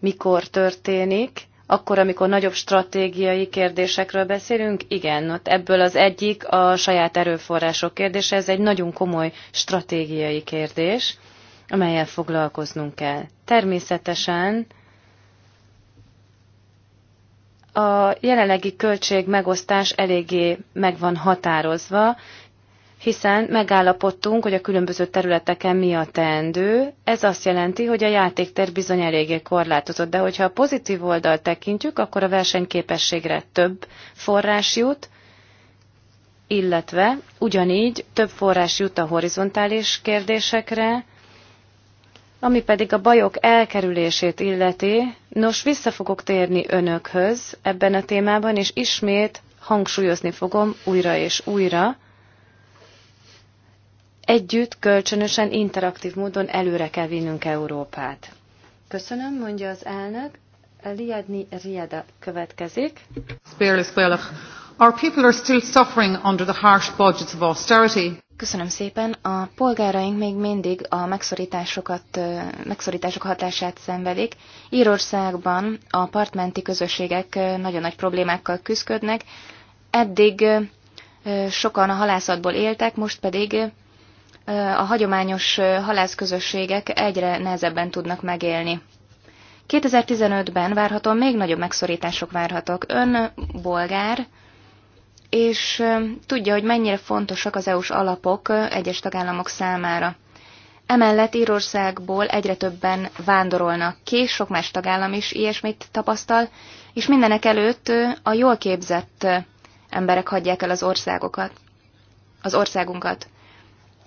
mikor történik, akkor, amikor nagyobb stratégiai kérdésekről beszélünk, igen, ott ebből az egyik a saját erőforrások kérdése, ez egy nagyon komoly stratégiai kérdés, amelyel foglalkoznunk kell. Természetesen a jelenlegi költség megosztás eléggé meg van határozva, hiszen megállapodtunk, hogy a különböző területeken mi a teendő. Ez azt jelenti, hogy a játéktér bizony eléggé korlátozott, de hogyha a pozitív oldalt tekintjük, akkor a versenyképességre több forrás jut, illetve ugyanígy több forrás jut a horizontális kérdésekre, ami pedig a bajok elkerülését illeti, nos, vissza fogok térni önökhöz ebben a témában, és ismét hangsúlyozni fogom újra és újra, Együtt, kölcsönösen, interaktív módon előre kell vinnünk Európát. Köszönöm, mondja az elnök. Liadni Riada következik. Our people are still suffering under the harsh budgets of austerity. Köszönöm szépen. A polgáraink még mindig a megszorításokat, megszorítások hatását szenvedik. Írországban a partmenti közösségek nagyon nagy problémákkal küzdködnek. Eddig sokan a halászatból éltek, most pedig a hagyományos halászközösségek egyre nehezebben tudnak megélni. 2015-ben várhatóan még nagyobb megszorítások várhatók. Ön bolgár, és tudja, hogy mennyire fontosak az EU-s alapok egyes tagállamok számára. Emellett Írországból egyre többen vándorolnak ki, sok más tagállam is ilyesmit tapasztal, és mindenek előtt a jól képzett emberek hagyják el az országokat, az országunkat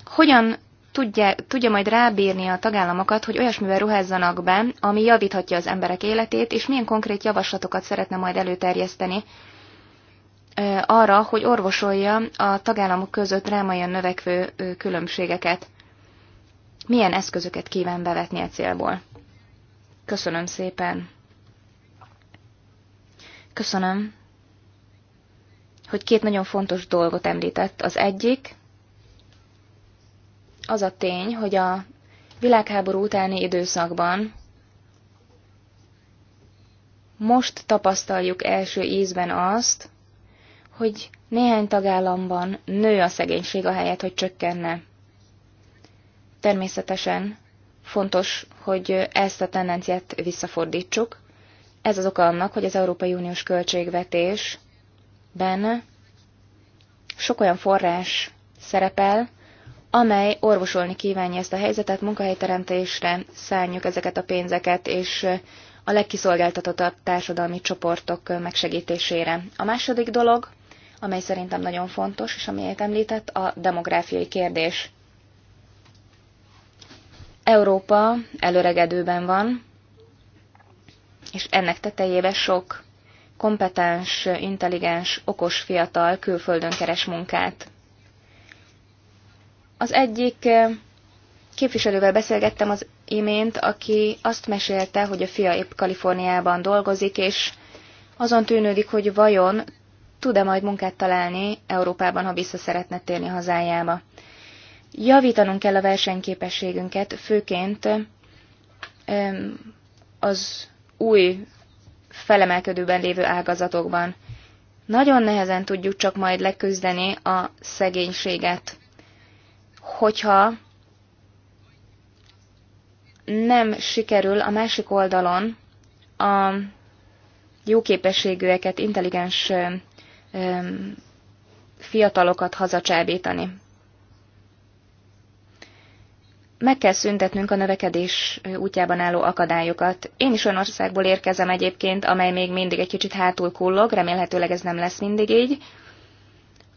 hogyan tudja, tudja majd rábírni a tagállamokat, hogy olyasmivel ruházzanak be, ami javíthatja az emberek életét, és milyen konkrét javaslatokat szeretne majd előterjeszteni arra, hogy orvosolja a tagállamok között drámaian növekvő különbségeket. Milyen eszközöket kíván bevetni a e célból? Köszönöm szépen. Köszönöm, hogy két nagyon fontos dolgot említett. Az egyik, az a tény, hogy a világháború utáni időszakban most tapasztaljuk első ízben azt, hogy néhány tagállamban nő a szegénység helyet, hogy csökkenne. Természetesen fontos, hogy ezt a tendenciát visszafordítsuk. Ez az oka annak, hogy az Európai Uniós költségvetésben sok olyan forrás szerepel, amely orvosolni kívánja ezt a helyzetet, munkahelyteremtésre szálljuk ezeket a pénzeket, és a legkiszolgáltatottabb társadalmi csoportok megsegítésére. A második dolog, amely szerintem nagyon fontos, és amelyet említett, a demográfiai kérdés. Európa előregedőben van, és ennek tetejébe sok kompetens, intelligens, okos fiatal külföldön keres munkát. Az egyik eh, képviselővel beszélgettem az imént, aki azt mesélte, hogy a fia épp Kaliforniában dolgozik, és azon tűnődik, hogy vajon tud-e majd munkát találni Európában, ha vissza szeretne térni hazájába. Javítanunk kell a versenyképességünket, főként az új felemelkedőben lévő ágazatokban. Nagyon nehezen tudjuk csak majd leküzdeni a szegénységet hogyha nem sikerül a másik oldalon a jó képességűeket, intelligens fiatalokat hazacsábítani. Meg kell szüntetnünk a növekedés útjában álló akadályokat. Én is olyan országból érkezem egyébként, amely még mindig egy kicsit hátul kullog, remélhetőleg ez nem lesz mindig így.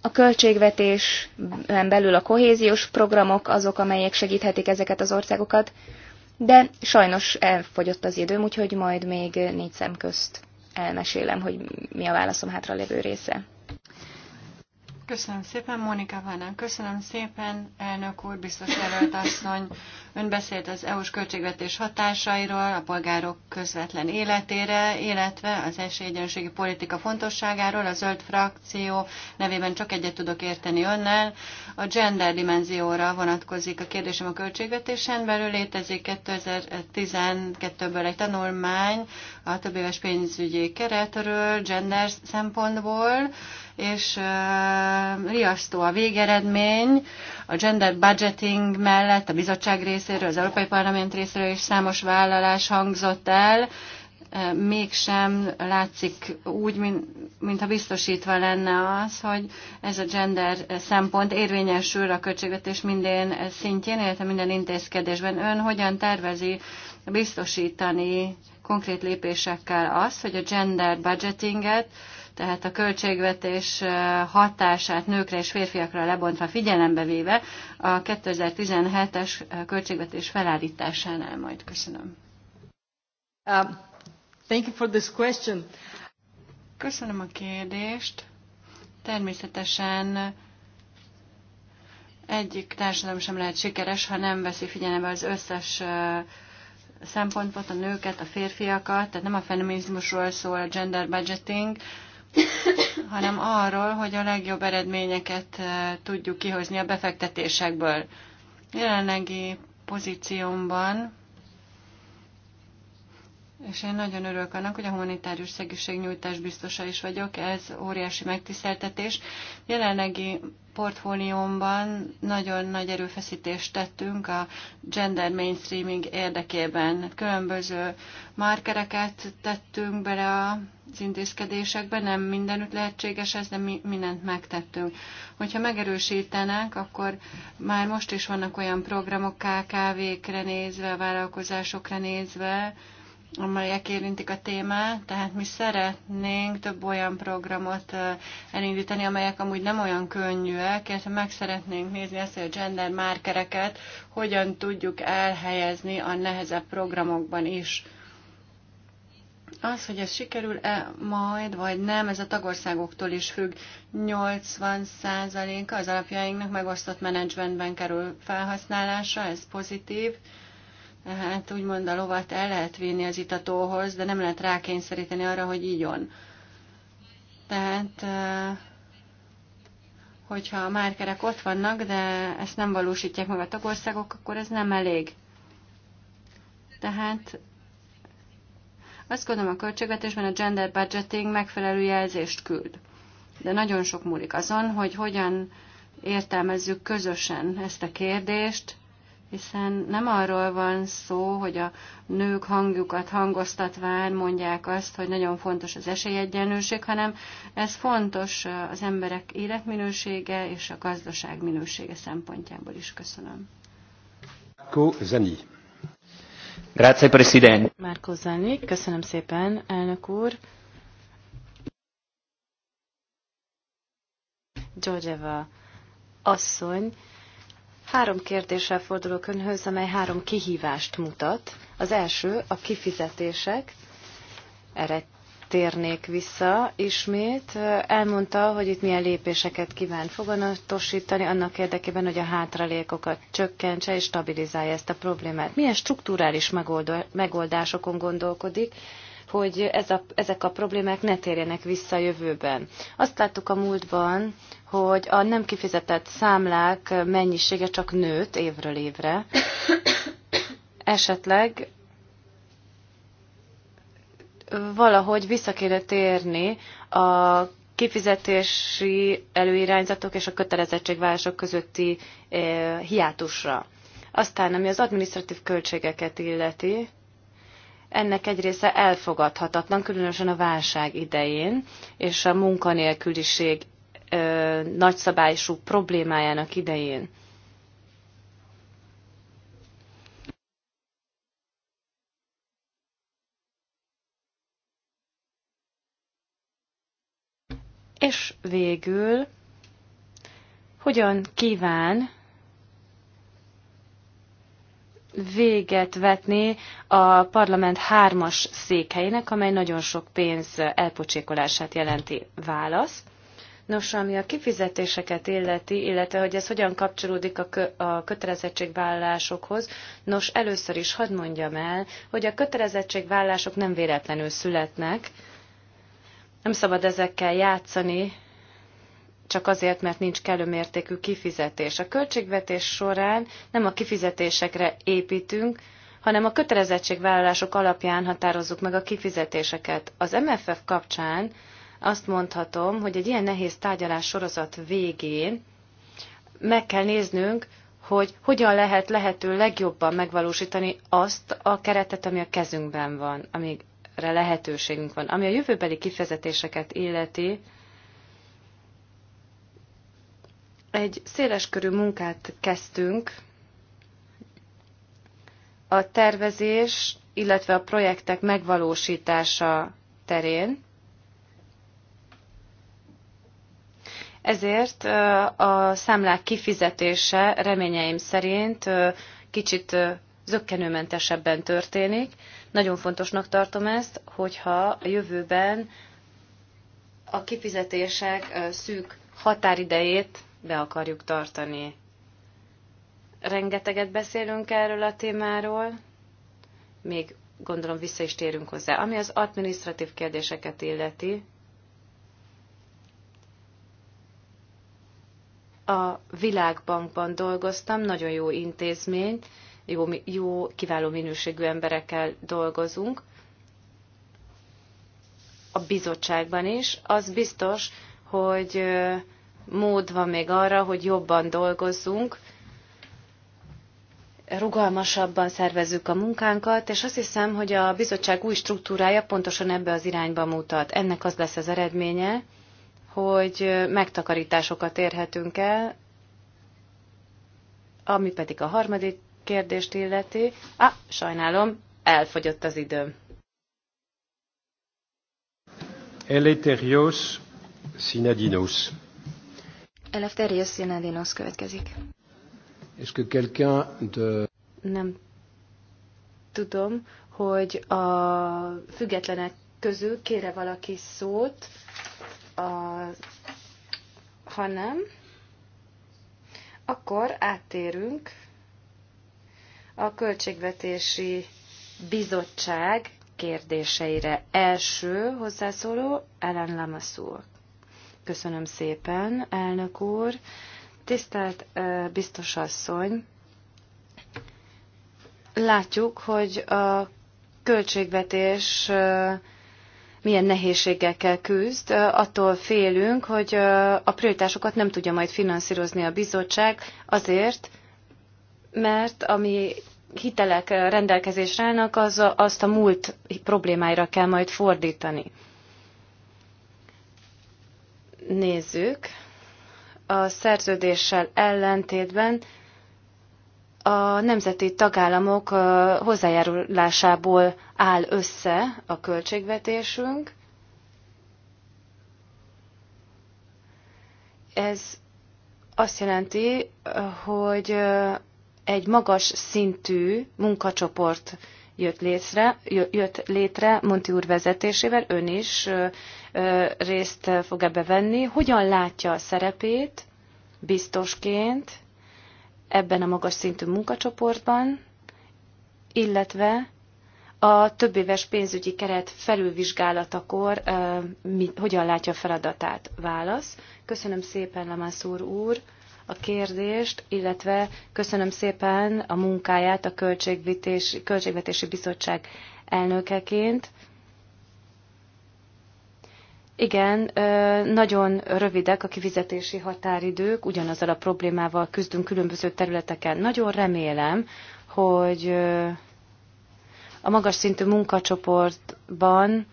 A költségvetésen belül a kohéziós programok azok, amelyek segíthetik ezeket az országokat, de sajnos elfogyott az időm, úgyhogy majd még négy szem közt elmesélem, hogy mi a válaszom hátralévő része. Köszönöm szépen, Mónika Vánán. Köszönöm szépen, elnök úr, biztos jelölt asszony. Ön beszélt az EU-s költségvetés hatásairól, a polgárok közvetlen életére, illetve az esélyegyenlőségi politika fontosságáról. A zöld frakció nevében csak egyet tudok érteni önnel. A gender dimenzióra vonatkozik a kérdésem a költségvetésen belül. Létezik 2012-ből egy tanulmány a többéves pénzügyi keretről, gender szempontból és riasztó a végeredmény. A gender budgeting mellett a bizottság részéről, az Európai Parlament részéről is számos vállalás hangzott el, mégsem látszik úgy, mint, mintha biztosítva lenne az, hogy ez a gender szempont érvényesül a költségvetés minden szintjén, illetve minden intézkedésben. Ön hogyan tervezi biztosítani konkrét lépésekkel azt, hogy a gender budgetinget tehát a költségvetés hatását nőkre és férfiakra lebontva figyelembe véve a 2017-es költségvetés felállításánál majd. Köszönöm. Uh, thank you for this question. Köszönöm a kérdést. Természetesen egyik társadalom sem lehet sikeres, ha nem veszi figyelembe az összes szempontot, a nőket, a férfiakat, tehát nem a feminizmusról szól a gender budgeting, hanem arról, hogy a legjobb eredményeket eh, tudjuk kihozni a befektetésekből. Jelenlegi pozíciómban és én nagyon örülök annak, hogy a humanitárius segítségnyújtás biztosa is vagyok, ez óriási megtiszteltetés. Jelenlegi portfóliómban nagyon nagy erőfeszítést tettünk a gender mainstreaming érdekében. Különböző markereket tettünk bele az intézkedésekbe, nem mindenütt lehetséges ez, de mi mindent megtettünk. Hogyha megerősítenek, akkor már most is vannak olyan programok KKV-kre nézve, vállalkozásokra nézve, amelyek érintik a témát, tehát mi szeretnénk több olyan programot elindítani, amelyek amúgy nem olyan könnyűek, és meg szeretnénk nézni ezt, hogy a gender márkereket hogyan tudjuk elhelyezni a nehezebb programokban is. Az, hogy ez sikerül-e majd, vagy nem, ez a tagországoktól is függ. 80%-a az alapjainknak megosztott menedzsmentben kerül felhasználásra, ez pozitív hát úgymond a lovat el lehet vinni az itatóhoz, de nem lehet rákényszeríteni arra, hogy ígyon. Tehát, hogyha a márkerek ott vannak, de ezt nem valósítják meg a tagországok, akkor ez nem elég. Tehát azt gondolom a költségvetésben a gender budgeting megfelelő jelzést küld. De nagyon sok múlik azon, hogy hogyan értelmezzük közösen ezt a kérdést, hiszen nem arról van szó, hogy a nők hangjukat hangoztatván mondják azt, hogy nagyon fontos az esélyegyenlőség, hanem ez fontos az emberek életminősége és a gazdaság minősége szempontjából is. Köszönöm. Marco Zani. Grazie, Presidente. Marco Zani, köszönöm szépen, elnök úr. Georgieva asszony, Három kérdéssel fordulok önhöz, amely három kihívást mutat. Az első a kifizetések. Erre térnék vissza ismét. Elmondta, hogy itt milyen lépéseket kíván foganatosítani annak érdekében, hogy a hátralékokat csökkentse és stabilizálja ezt a problémát. Milyen strukturális megoldásokon gondolkodik hogy ez a, ezek a problémák ne térjenek vissza a jövőben. Azt láttuk a múltban, hogy a nem kifizetett számlák mennyisége csak nőtt évről évre. Esetleg valahogy vissza kéne térni a kifizetési előirányzatok és a kötelezettségvállások közötti eh, hiátusra. Aztán, ami az administratív költségeket illeti, ennek egy része elfogadhatatlan, különösen a válság idején, és a munkanélküliség ö, nagyszabású problémájának idején. És végül, hogyan kíván véget vetni a parlament hármas székhelyének, amely nagyon sok pénz elpocsékolását jelenti válasz. Nos, ami a kifizetéseket illeti, illetve hogy ez hogyan kapcsolódik a, kö, a kötelezettségvállásokhoz, nos, először is hadd mondjam el, hogy a kötelezettségvállások nem véletlenül születnek. Nem szabad ezekkel játszani, csak azért, mert nincs kellő mértékű kifizetés. A költségvetés során nem a kifizetésekre építünk, hanem a kötelezettségvállalások alapján határozzuk meg a kifizetéseket. Az MFF kapcsán azt mondhatom, hogy egy ilyen nehéz tárgyalás sorozat végén meg kell néznünk, hogy hogyan lehet lehető legjobban megvalósítani azt a keretet, ami a kezünkben van, amire lehetőségünk van. Ami a jövőbeli kifizetéseket illeti, Egy széleskörű munkát kezdtünk. A tervezés, illetve a projektek megvalósítása terén. Ezért a számlák kifizetése reményeim szerint kicsit zöggenőmentesebben történik. Nagyon fontosnak tartom ezt, hogyha a jövőben a kifizetések szűk határidejét be akarjuk tartani. Rengeteget beszélünk erről a témáról, még gondolom vissza is térünk hozzá. Ami az administratív kérdéseket illeti, a Világbankban dolgoztam, nagyon jó intézmény, jó, jó kiváló minőségű emberekkel dolgozunk, a bizottságban is. Az biztos, hogy mód van még arra, hogy jobban dolgozzunk, rugalmasabban szervezzük a munkánkat, és azt hiszem, hogy a bizottság új struktúrája pontosan ebbe az irányba mutat. Ennek az lesz az eredménye, hogy megtakarításokat érhetünk el, ami pedig a harmadik kérdést illeti. Ah, sajnálom, elfogyott az időm. Eleterios Sinadinos. Eleftherios Színádénosz következik. És que quelqu'un de... Nem tudom, hogy a függetlenek közül kére valaki szót, a, ha nem, akkor áttérünk a Költségvetési Bizottság kérdéseire. Első hozzászóló Ellen Lamassur. Köszönöm szépen, elnök úr. Tisztelt biztos asszony, látjuk, hogy a költségvetés milyen nehézségekkel küzd. Attól félünk, hogy a prioritásokat nem tudja majd finanszírozni a bizottság azért, mert ami hitelek rendelkezésre állnak, az a, azt a múlt problémáira kell majd fordítani nézzük, a szerződéssel ellentétben a nemzeti tagállamok hozzájárulásából áll össze a költségvetésünk. Ez azt jelenti, hogy egy magas szintű munkacsoport jött létre, jött létre Monti úr vezetésével, ön is részt fog ebbe venni. Hogyan látja a szerepét biztosként ebben a magas szintű munkacsoportban, illetve a több éves pénzügyi keret felülvizsgálatakor mi, hogyan látja a feladatát? Válasz. Köszönöm szépen, Lamász úr a kérdést, illetve köszönöm szépen a munkáját a Költségvetési, Költségvetési Bizottság elnökeként. Igen, nagyon rövidek a kifizetési határidők, ugyanazzal a problémával küzdünk különböző területeken. Nagyon remélem, hogy a magas szintű munkacsoportban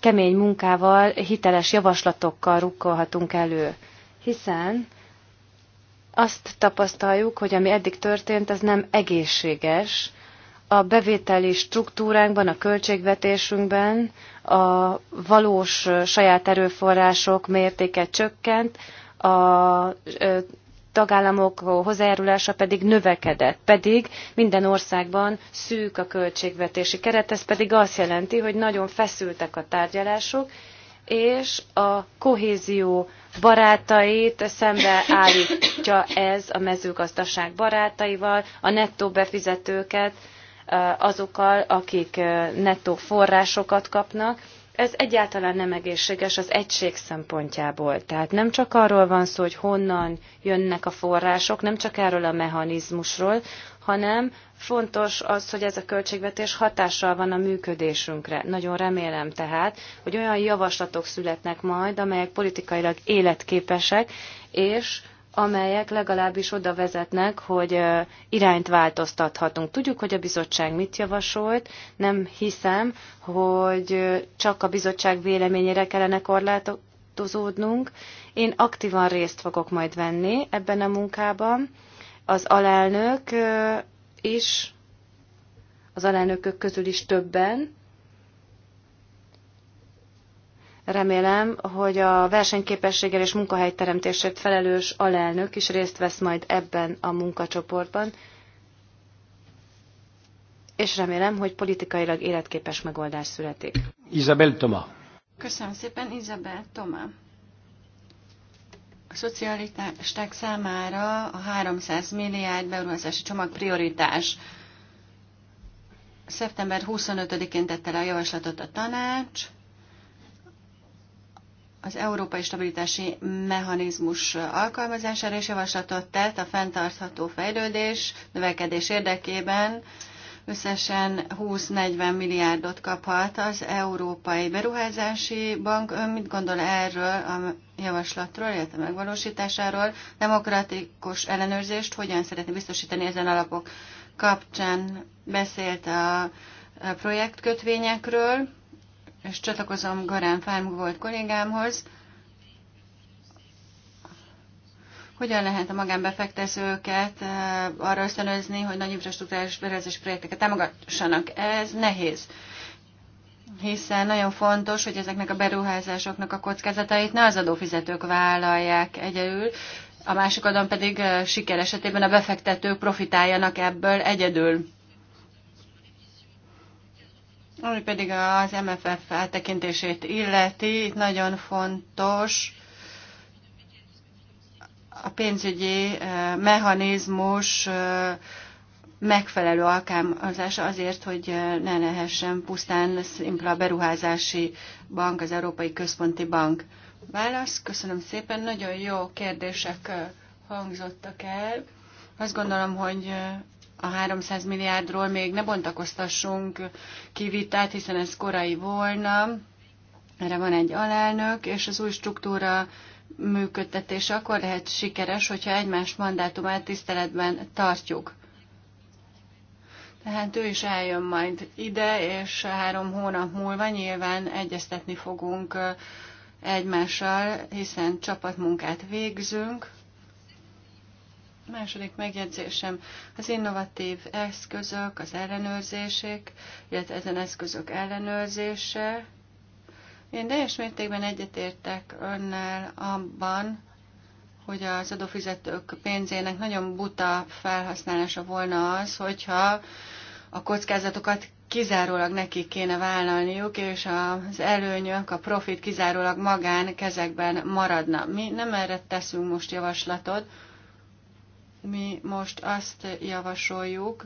kemény munkával, hiteles javaslatokkal rukkolhatunk elő, hiszen azt tapasztaljuk, hogy ami eddig történt, az nem egészséges. A bevételi struktúránkban, a költségvetésünkben a valós saját erőforrások mértéke csökkent, a tagállamok hozzájárulása pedig növekedett. Pedig minden országban szűk a költségvetési keret, ez pedig azt jelenti, hogy nagyon feszültek a tárgyalások, és a kohézió barátait szembe állítja ez a mezőgazdaság barátaival, a nettó befizetőket, azokkal, akik nettó forrásokat kapnak. Ez egyáltalán nem egészséges az egység szempontjából. Tehát nem csak arról van szó, hogy honnan jönnek a források, nem csak erről a mechanizmusról, hanem fontos az, hogy ez a költségvetés hatással van a működésünkre. Nagyon remélem tehát, hogy olyan javaslatok születnek majd, amelyek politikailag életképesek, és amelyek legalábbis oda vezetnek, hogy irányt változtathatunk. Tudjuk, hogy a bizottság mit javasolt, nem hiszem, hogy csak a bizottság véleményére kellene korlátozódnunk. Én aktívan részt fogok majd venni ebben a munkában, az alelnök is, az alelnökök közül is többen. Remélem, hogy a versenyképességgel és munkahelyteremtésért felelős alelnök is részt vesz majd ebben a munkacsoportban, és remélem, hogy politikailag életképes megoldás születik. Isabel Toma. Köszönöm szépen, Isabel Toma. A szocialisták számára a 300 milliárd beruházási csomag prioritás. Szeptember 25-én tette le a javaslatot a tanács. Az Európai Stabilitási Mechanizmus alkalmazására is javaslatot tett a fenntartható fejlődés növekedés érdekében összesen 20-40 milliárdot kaphat az Európai Beruházási Bank. Ön mit gondol erről a javaslatról, illetve megvalósításáról? Demokratikus ellenőrzést hogyan szeretné biztosítani ezen alapok kapcsán? Beszélt a projektkötvényekről, és csatlakozom Garán Fárm volt kollégámhoz. Hogyan lehet a magánbefektetőket eh, arra ösztönözni, hogy nagy infrastruktúrális berezés projekteket támogassanak? Ez nehéz hiszen nagyon fontos, hogy ezeknek a beruházásoknak a kockázatait ne az adófizetők vállalják egyedül, a másik oldalon pedig eh, siker esetében a befektetők profitáljanak ebből egyedül. Ami pedig az MFF áttekintését illeti, itt nagyon fontos a pénzügyi mechanizmus megfelelő alkalmazása azért, hogy ne lehessen pusztán szimpla beruházási bank, az Európai Központi Bank. Válasz, köszönöm szépen, nagyon jó kérdések hangzottak el. Azt gondolom, hogy a 300 milliárdról még ne bontakoztassunk kivitát, hiszen ez korai volna. Erre van egy alelnök, és az új struktúra működtetés akkor lehet sikeres, hogyha egymás mandátumát tiszteletben tartjuk. Tehát ő is eljön majd ide, és három hónap múlva nyilván egyeztetni fogunk egymással, hiszen csapatmunkát végzünk. A második megjegyzésem az innovatív eszközök, az ellenőrzések, illetve ezen eszközök ellenőrzése, én teljes mértékben egyetértek önnel abban, hogy az adófizetők pénzének nagyon buta felhasználása volna az, hogyha a kockázatokat kizárólag nekik kéne vállalniuk, és az előnyök, a profit kizárólag magán kezekben maradna. Mi nem erre teszünk most javaslatot, mi most azt javasoljuk,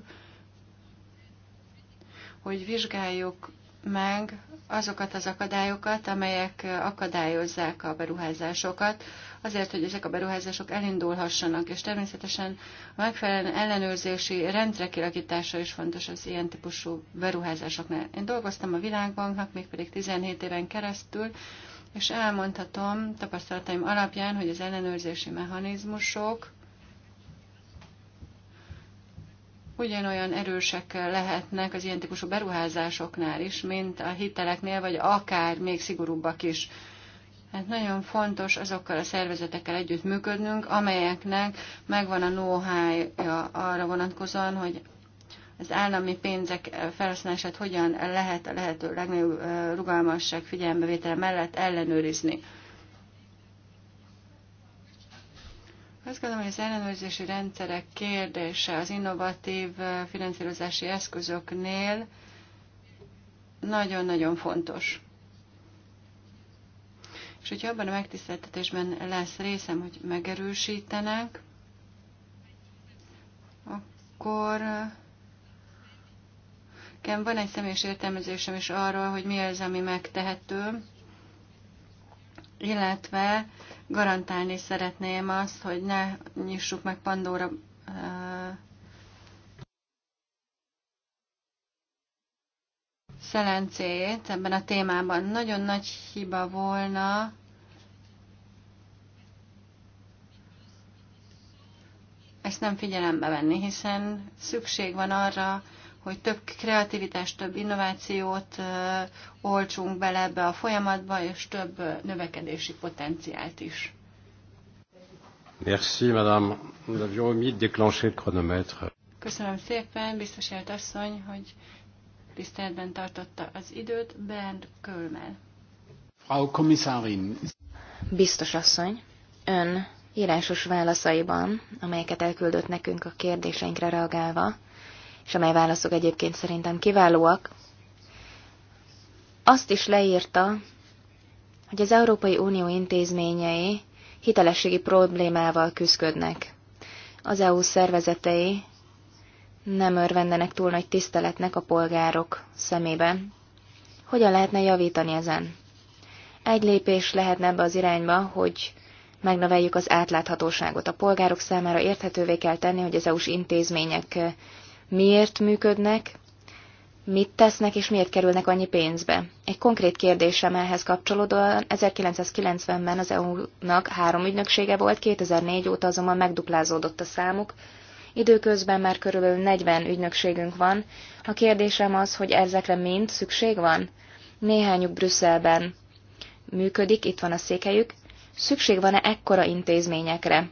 hogy vizsgáljuk meg azokat az akadályokat, amelyek eh, akadályozzák a beruházásokat, azért, hogy ezek a beruházások elindulhassanak, és természetesen a megfelelően ellenőrzési rendre kialakítása is fontos az ilyen típusú beruházásoknál. Én dolgoztam a Világbanknak, mégpedig 17 éven keresztül, és elmondhatom tapasztalataim alapján, hogy az ellenőrzési mechanizmusok ugyanolyan erősek lehetnek az ilyen típusú beruházásoknál is, mint a hiteleknél, vagy akár még szigorúbbak is. Hát nagyon fontos azokkal a szervezetekkel együtt működnünk, amelyeknek megvan a know-how-ja arra vonatkozóan, hogy az állami pénzek felhasználását hogyan lehet a lehető legnagyobb rugalmasság figyelembevétele mellett ellenőrizni. Azt gondolom, hogy az ellenőrzési rendszerek kérdése az innovatív finanszírozási eszközöknél nagyon-nagyon fontos. És hogyha abban a megtiszteltetésben lesz részem, hogy megerősítenek, akkor igen, van egy személyes értelmezésem is arról, hogy mi az, ami megtehető, illetve garantálni szeretném azt, hogy ne nyissuk meg Pandora szelencéjét ebben a témában. Nagyon nagy hiba volna, ezt nem figyelembe venni, hiszen szükség van arra, hogy több kreativitást, több innovációt olcsunk bele ebbe a folyamatba, és több növekedési potenciált is. Merci, madame. Nous avions omis de déclencher le chronomètre. Köszönöm szépen, biztos asszony, hogy tiszteletben tartotta az időt. Bernd Kölmel. Frau Kommissarin. Biztos asszony, ön írásos válaszaiban, amelyeket elküldött nekünk a kérdéseinkre reagálva, és amely válaszok egyébként szerintem kiválóak, azt is leírta, hogy az Európai Unió intézményei hitelességi problémával küzdködnek. Az EU szervezetei nem örvendenek túl nagy tiszteletnek a polgárok szemében. Hogyan lehetne javítani ezen? Egy lépés lehetne ebbe az irányba, hogy megnöveljük az átláthatóságot. A polgárok számára érthetővé kell tenni, hogy az EU-s intézmények miért működnek, mit tesznek és miért kerülnek annyi pénzbe. Egy konkrét kérdésem ehhez kapcsolódóan 1990-ben az EU-nak három ügynöksége volt, 2004 óta azonban megduplázódott a számuk, Időközben már körülbelül 40 ügynökségünk van. A kérdésem az, hogy ezekre mind szükség van? Néhányuk Brüsszelben működik, itt van a székhelyük. Szükség van-e ekkora intézményekre?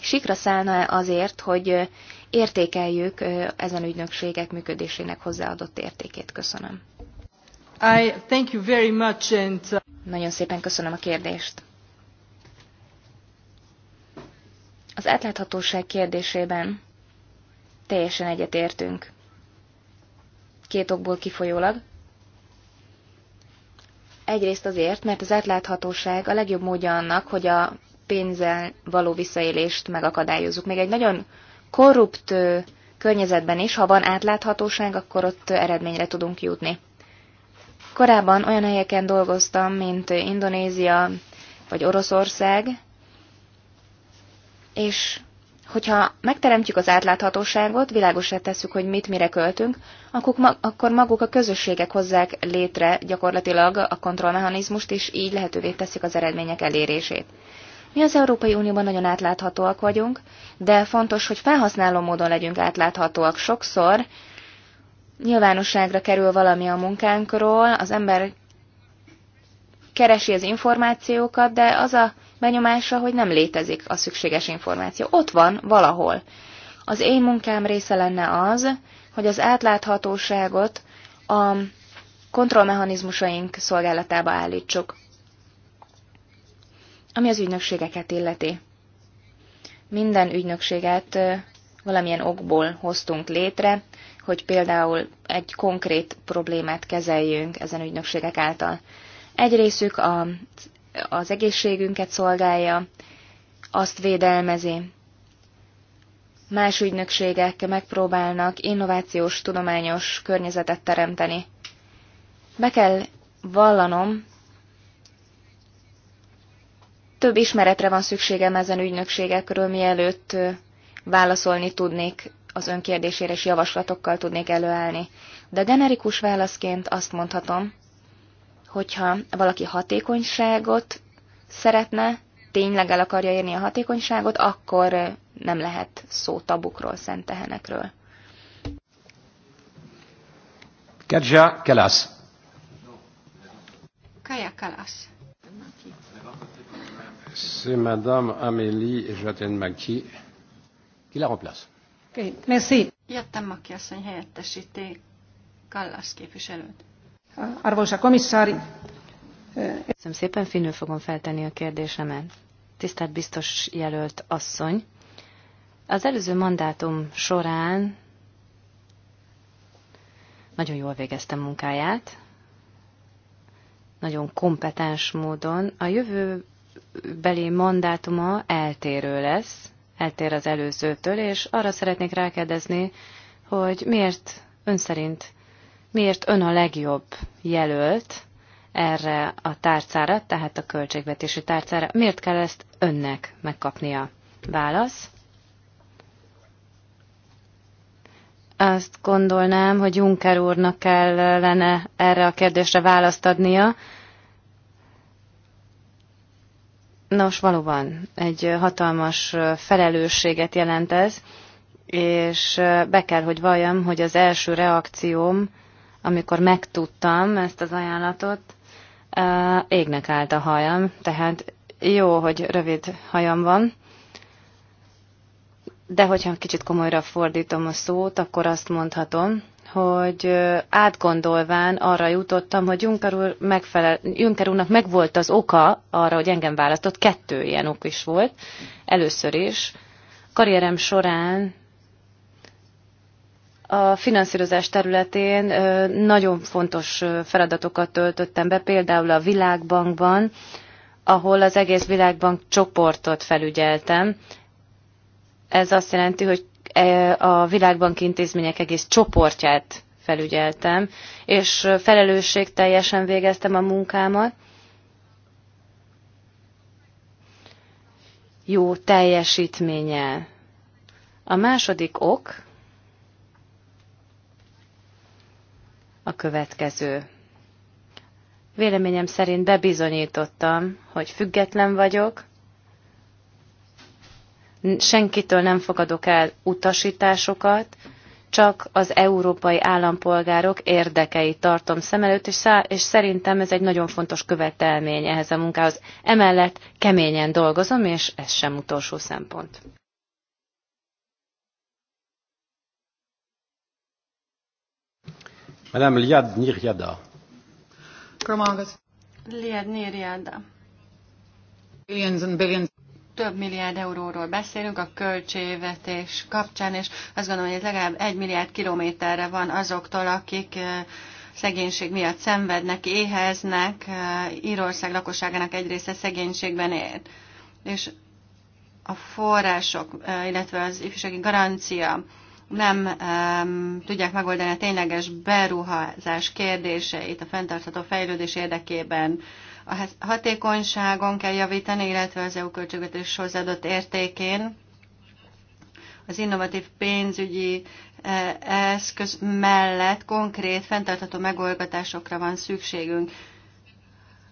Sikra szállna-e azért, hogy értékeljük ezen ügynökségek működésének hozzáadott értékét. Köszönöm. I thank you very much and... Uh, nagyon szépen köszönöm a kérdést. Az átláthatóság kérdésében teljesen egyetértünk. Két okból kifolyólag. Egyrészt azért, mert az átláthatóság a legjobb módja annak, hogy a pénzzel való visszaélést megakadályozzuk. Még egy nagyon korrupt környezetben is, ha van átláthatóság, akkor ott eredményre tudunk jutni. Korábban olyan helyeken dolgoztam, mint Indonézia vagy Oroszország, és hogyha megteremtjük az átláthatóságot, világosra tesszük, hogy mit mire költünk, akkor maguk a közösségek hozzák létre gyakorlatilag a kontrollmechanizmust, és így lehetővé teszik az eredmények elérését. Mi az Európai Unióban nagyon átláthatóak vagyunk, de fontos, hogy felhasználó módon legyünk átláthatóak. Sokszor nyilvánosságra kerül valami a munkánkról, az ember keresi az információkat, de az a benyomása, hogy nem létezik a szükséges információ. Ott van valahol. Az én munkám része lenne az, hogy az átláthatóságot a kontrollmechanizmusaink szolgálatába állítsuk ami az ügynökségeket illeti. Minden ügynökséget valamilyen okból hoztunk létre, hogy például egy konkrét problémát kezeljünk ezen ügynökségek által. Egy részük a, az egészségünket szolgálja, azt védelmezi. Más ügynökségek megpróbálnak innovációs, tudományos környezetet teremteni. Be kell vallanom, több ismeretre van szükségem ezen ügynökségekről, mielőtt válaszolni tudnék az önkérdésére, és javaslatokkal tudnék előállni. De generikus válaszként azt mondhatom, hogyha valaki hatékonyságot szeretne, tényleg el akarja érni a hatékonyságot, akkor nem lehet szó tabukról, szentehenekről. Kedja Kelasz. Kaja Kalasz. C'est Madame Amélie Jatenmaki qui la remplace. Okay, merci. Jatenmaki asszony helyettesíti Kallas képviselőt. Arvoisa komissári. Köszönöm szépen, finnül fogom feltenni a kérdésemet. Tisztelt biztos jelölt asszony, az előző mandátum során nagyon jól végeztem munkáját, nagyon kompetens módon. A jövő beli mandátuma eltérő lesz, eltér az előzőtől, és arra szeretnék rákérdezni, hogy miért ön szerint, miért ön a legjobb jelölt erre a tárcára, tehát a költségvetési tárcára, miért kell ezt önnek megkapnia? Válasz. Azt gondolnám, hogy Juncker úrnak kellene erre a kérdésre választ adnia, Nos, valóban egy hatalmas felelősséget jelent ez, és be kell, hogy valljam, hogy az első reakcióm, amikor megtudtam ezt az ajánlatot, égnek állt a hajam, tehát jó, hogy rövid hajam van, de hogyha kicsit komolyra fordítom a szót, akkor azt mondhatom, hogy átgondolván arra jutottam, hogy Juncker, úr megfelel, Juncker úrnak megvolt az oka arra, hogy engem választott, kettő ilyen ok is volt. Először is karrierem során a finanszírozás területén nagyon fontos feladatokat töltöttem be, például a Világbankban, ahol az egész Világbank csoportot felügyeltem. Ez azt jelenti, hogy E, a világbanki intézmények egész csoportját felügyeltem, és felelősség teljesen végeztem a munkámat. Jó teljesítménye. A második ok a következő. Véleményem szerint bebizonyítottam, hogy független vagyok, senkitől nem fogadok el utasításokat, csak az európai állampolgárok érdekeit tartom szem előtt, és, szá- és szerintem ez egy nagyon fontos követelmény ehhez a munkához. Emellett keményen dolgozom, és ez sem utolsó szempont. Madame Liad Nirjada. Liad Nirjada. Billions and billions több milliárd euróról beszélünk a költségvetés kapcsán, és azt gondolom, hogy ez legalább egy milliárd kilométerre van azoktól, akik szegénység miatt szenvednek, éheznek, Írország lakosságának egy része szegénységben él. És a források, illetve az ifjúsági garancia nem um, tudják megoldani a tényleges beruházás kérdéseit a fenntartható fejlődés érdekében. A hatékonyságon kell javítani, illetve az EU költségvetés hozzáadott értékén. Az innovatív pénzügyi e, eszköz mellett konkrét, fenntartható megoldásokra van szükségünk.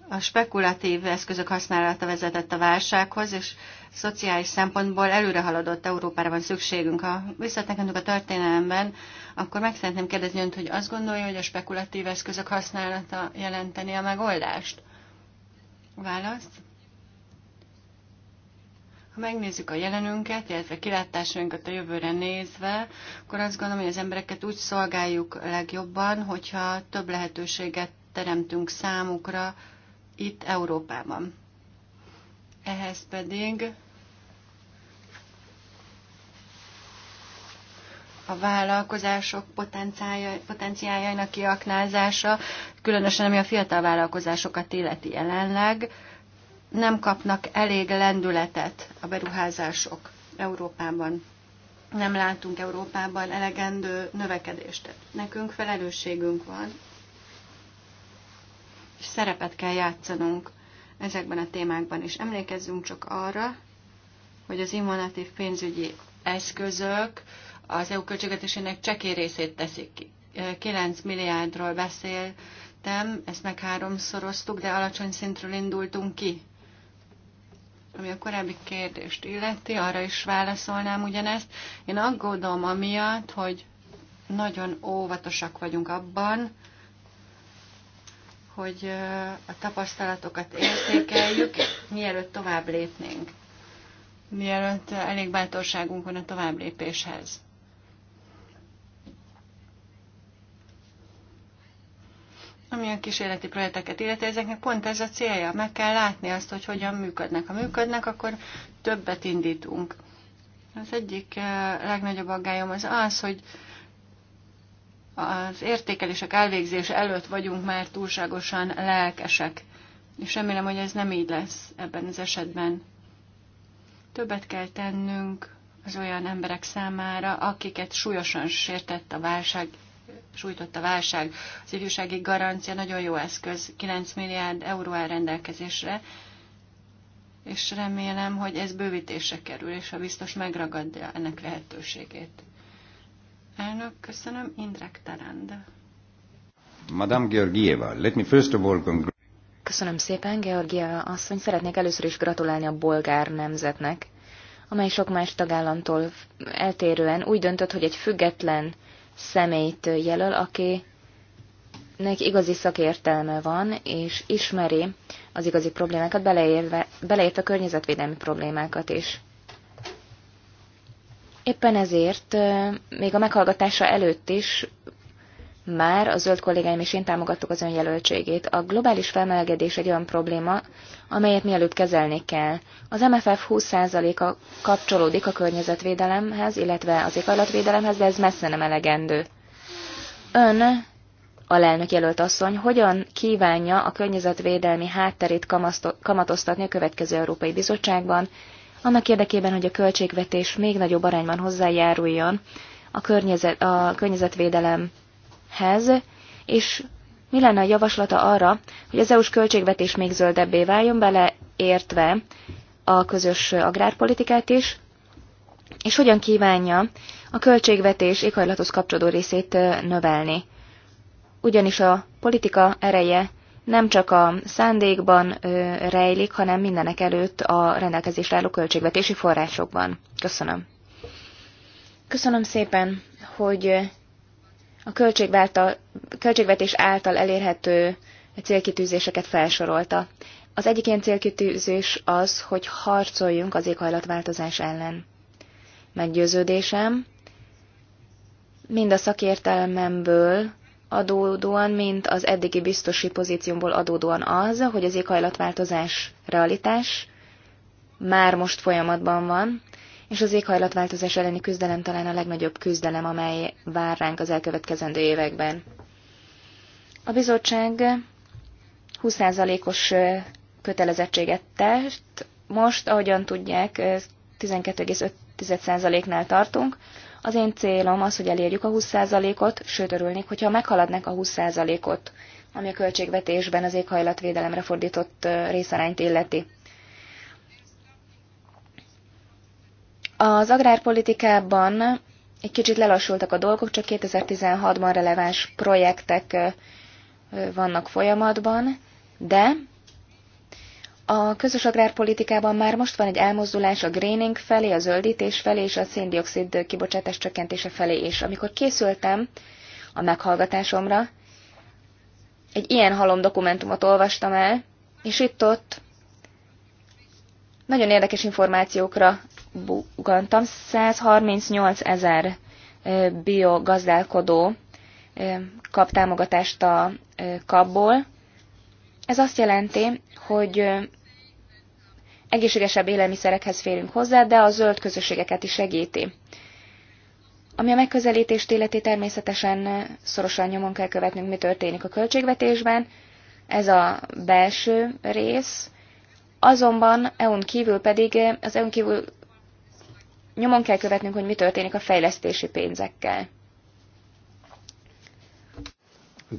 A spekulatív eszközök használata vezetett a válsághoz, és szociális szempontból előre haladott Európára van szükségünk. Ha visszatekintünk a történelemben, akkor meg szeretném kérdezni önt, hogy azt gondolja, hogy a spekulatív eszközök használata jelenteni a megoldást? Válasz. Ha megnézzük a jelenünket, illetve kilátásainkat a jövőre nézve, akkor azt gondolom, hogy az embereket úgy szolgáljuk legjobban, hogyha több lehetőséget teremtünk számukra itt Európában. Ehhez pedig a vállalkozások potenciáljainak kiaknázása, különösen ami a fiatal vállalkozásokat illeti jelenleg, nem kapnak elég lendületet a beruházások Európában. Nem látunk Európában elegendő növekedést. Nekünk felelősségünk van, és szerepet kell játszanunk ezekben a témákban, és emlékezzünk csak arra, hogy az immunatív pénzügyi eszközök az EU költségvetésének csekély részét teszik ki. 9 milliárdról beszéltem, ezt meg háromszoroztuk, de alacsony szintről indultunk ki. Ami a korábbi kérdést illeti, arra is válaszolnám ugyanezt. Én aggódom amiatt, hogy nagyon óvatosak vagyunk abban, hogy a tapasztalatokat értékeljük, mielőtt tovább lépnénk. Mielőtt elég bátorságunk van a továbblépéshez. Ami a kísérleti projekteket illeti, ezeknek pont ez a célja. Meg kell látni azt, hogy hogyan működnek. Ha működnek, akkor többet indítunk. Az egyik eh, legnagyobb aggályom az az, hogy az értékelések elvégzése előtt vagyunk már túlságosan lelkesek. És remélem, hogy ez nem így lesz ebben az esetben. Többet kell tennünk az olyan emberek számára, akiket súlyosan sértett a válság sújtott a válság. Az ifjúsági garancia nagyon jó eszköz, 9 milliárd euró áll rendelkezésre, és remélem, hogy ez bővítése kerül, és a biztos megragadja ennek lehetőségét. Elnök, köszönöm, Indrek Tarand. Madame Georgieva, let me first of all Köszönöm szépen, Georgieva asszony. Szeretnék először is gratulálni a bolgár nemzetnek, amely sok más tagállamtól eltérően úgy döntött, hogy egy független személyt jelöl, akinek igazi szakértelme van, és ismeri az igazi problémákat, beleértve, beleért a környezetvédelmi problémákat is. Éppen ezért még a meghallgatása előtt is már a zöld kollégáim és én támogattuk az önjelöltségét. A globális felmelegedés egy olyan probléma, amelyet mielőbb kezelni kell. Az MFF 20%-a kapcsolódik a környezetvédelemhez, illetve az éghajlatvédelemhez, de ez messze nem elegendő. Ön, lelnök jelölt asszony, hogyan kívánja a környezetvédelmi hátterét kamatoztatni a következő Európai Bizottságban, annak érdekében, hogy a költségvetés még nagyobb arányban hozzájáruljon a, környezet, a környezetvédelem hez, és mi lenne a javaslata arra, hogy az EU-s költségvetés még zöldebbé váljon bele, értve a közös agrárpolitikát is, és hogyan kívánja a költségvetés éghajlathoz kapcsolódó részét növelni. Ugyanis a politika ereje nem csak a szándékban ö, rejlik, hanem mindenek előtt a rendelkezésre álló költségvetési forrásokban. Köszönöm. Köszönöm szépen, hogy a költségvetés által elérhető célkitűzéseket felsorolta. Az egyik ilyen célkitűzés az, hogy harcoljunk az éghajlatváltozás ellen. Meggyőződésem, mind a szakértelmemből adódóan, mint az eddigi biztosi pozíciómból adódóan az, hogy az éghajlatváltozás realitás már most folyamatban van, és az éghajlatváltozás elleni küzdelem talán a legnagyobb küzdelem, amely vár ránk az elkövetkezendő években. A bizottság 20%-os kötelezettséget tett, most, ahogyan tudják, 12,5%-nál tartunk. Az én célom az, hogy elérjük a 20%-ot, sőt örülnék, hogyha meghaladnak a 20%-ot, ami a költségvetésben az éghajlatvédelemre fordított részarányt illeti. Az agrárpolitikában egy kicsit lelassultak a dolgok, csak 2016-ban releváns projektek vannak folyamatban, de a közös agrárpolitikában már most van egy elmozdulás a greening felé, a zöldítés felé és a széndiokszid kibocsátás csökkentése felé is. Amikor készültem a meghallgatásomra, egy ilyen halom dokumentumot olvastam el, és itt-ott nagyon érdekes információkra bugantam, 138 ezer biogazdálkodó kap támogatást a kapból. Ez azt jelenti, hogy egészségesebb élelmiszerekhez férünk hozzá, de a zöld közösségeket is segíti. Ami a megközelítést illeti, természetesen szorosan nyomon kell követnünk, mi történik a költségvetésben. Ez a belső rész. Azonban EU-n kívül pedig az EU-n kívül nyomon kell követnünk, hogy mi történik a fejlesztési pénzekkel.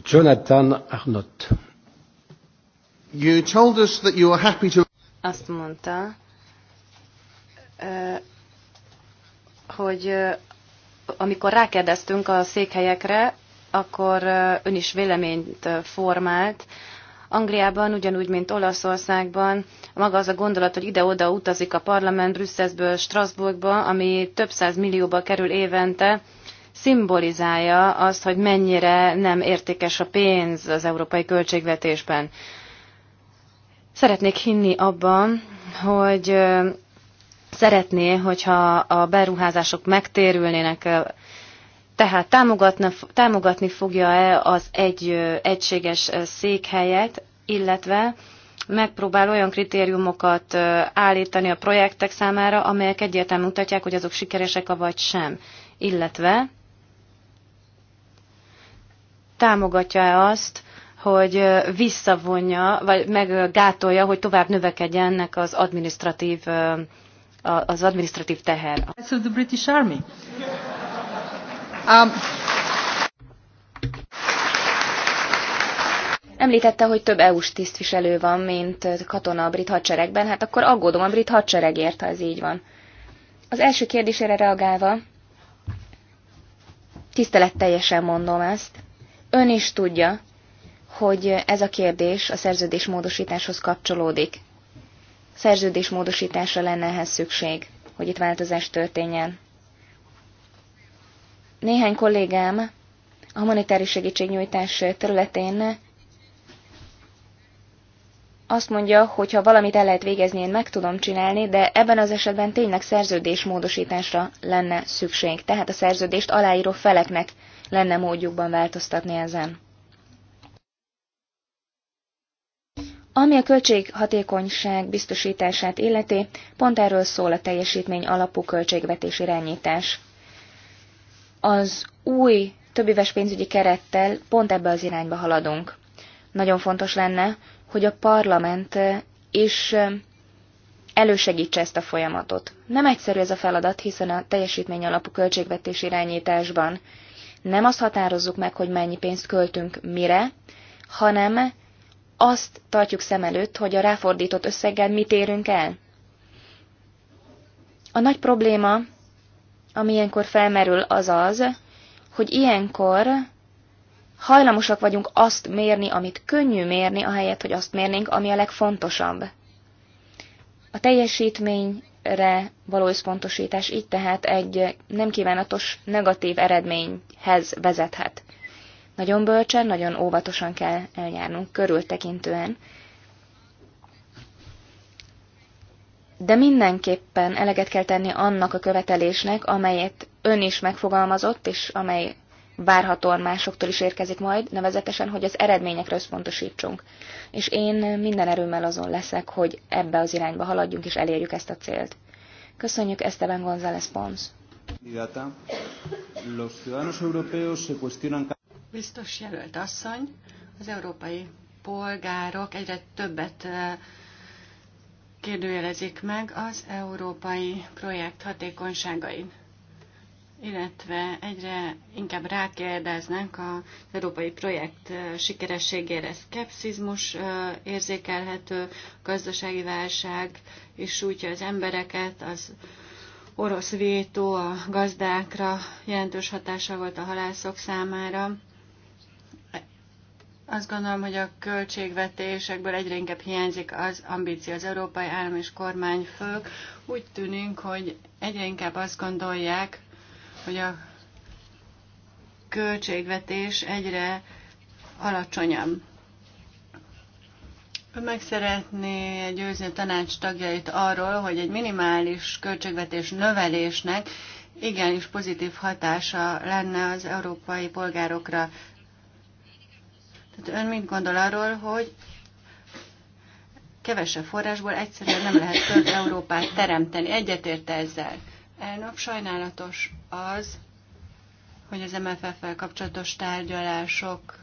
Jonathan Arnott. You told us that you are happy to... Azt mondta, hogy amikor rákérdeztünk a székhelyekre, akkor ön is véleményt formált, Angliában, ugyanúgy, mint Olaszországban, maga az a gondolat, hogy ide-oda utazik a parlament Brüsszelből Strasbourgba, ami több száz millióba kerül évente, szimbolizálja azt, hogy mennyire nem értékes a pénz az európai költségvetésben. Szeretnék hinni abban, hogy szeretné, hogyha a beruházások megtérülnének tehát támogatni fogja-e az egy egységes székhelyet, illetve megpróbál olyan kritériumokat állítani a projektek számára, amelyek egyértelműen mutatják, hogy azok sikeresek, vagy sem. Illetve támogatja-e azt, hogy visszavonja, vagy meggátolja, hogy tovább növekedjen ennek az administratív az administratív teher. So the British Army. Um, Említette, hogy több EU-s tisztviselő van, mint katona a brit hadseregben, hát akkor aggódom a brit hadseregért, ha ez így van. Az első kérdésére reagálva, tiszteletteljesen mondom ezt, ön is tudja, hogy ez a kérdés a szerződésmódosításhoz kapcsolódik. Szerződésmódosításra lenne ehhez szükség, hogy itt változás történjen. Néhány kollégám a humanitárius segítségnyújtás területén azt mondja, hogy ha valamit el lehet végezni, én meg tudom csinálni, de ebben az esetben tényleg szerződésmódosításra lenne szükség. Tehát a szerződést aláíró feleknek lenne módjukban változtatni ezen. Ami a költséghatékonyság biztosítását illeti, pont erről szól a teljesítmény alapú költségvetés irányítás az új éves pénzügyi kerettel pont ebbe az irányba haladunk. Nagyon fontos lenne, hogy a parlament eh, is eh, elősegítse ezt a folyamatot. Nem egyszerű ez a feladat, hiszen a teljesítmény alapú költségvetés irányításban nem azt határozzuk meg, hogy mennyi pénzt költünk mire, hanem azt tartjuk szem előtt, hogy a ráfordított összeggel mit érünk el. A nagy probléma ami ilyenkor felmerül, az az, hogy ilyenkor hajlamosak vagyunk azt mérni, amit könnyű mérni, ahelyett, hogy azt mérnénk, ami a legfontosabb. A teljesítményre való összpontosítás így tehát egy nem kívánatos negatív eredményhez vezethet. Nagyon bölcsen, nagyon óvatosan kell eljárnunk, körültekintően, de mindenképpen eleget kell tenni annak a követelésnek, amelyet ön is megfogalmazott, és amely várhatóan másoktól is érkezik majd, nevezetesen, hogy az eredményekre összpontosítsunk. És én minden erőmmel azon leszek, hogy ebbe az irányba haladjunk és elérjük ezt a célt. Köszönjük Esteban González Pons. Biztos jelölt asszony, az európai polgárok egyre többet eh, kérdőjelezik meg az európai projekt hatékonyságait, illetve egyre inkább rákérdeznek az európai projekt sikerességére. Szkepszizmus érzékelhető, gazdasági válság is sújtja az embereket, az orosz vétó a gazdákra jelentős hatása volt a halászok számára azt gondolom, hogy a költségvetésekből egyre inkább hiányzik az ambíció az európai állam és kormány fők. Úgy tűnünk, hogy egyre inkább azt gondolják, hogy a költségvetés egyre alacsonyabb. Meg szeretné győzni a tanács tagjait arról, hogy egy minimális költségvetés növelésnek igenis pozitív hatása lenne az európai polgárokra tehát ön mit gondol arról, hogy kevesebb forrásból egyszerűen nem lehet föld Európát teremteni? Egyetérte ezzel? Elnök, sajnálatos az, hogy az MFF-fel kapcsolatos tárgyalások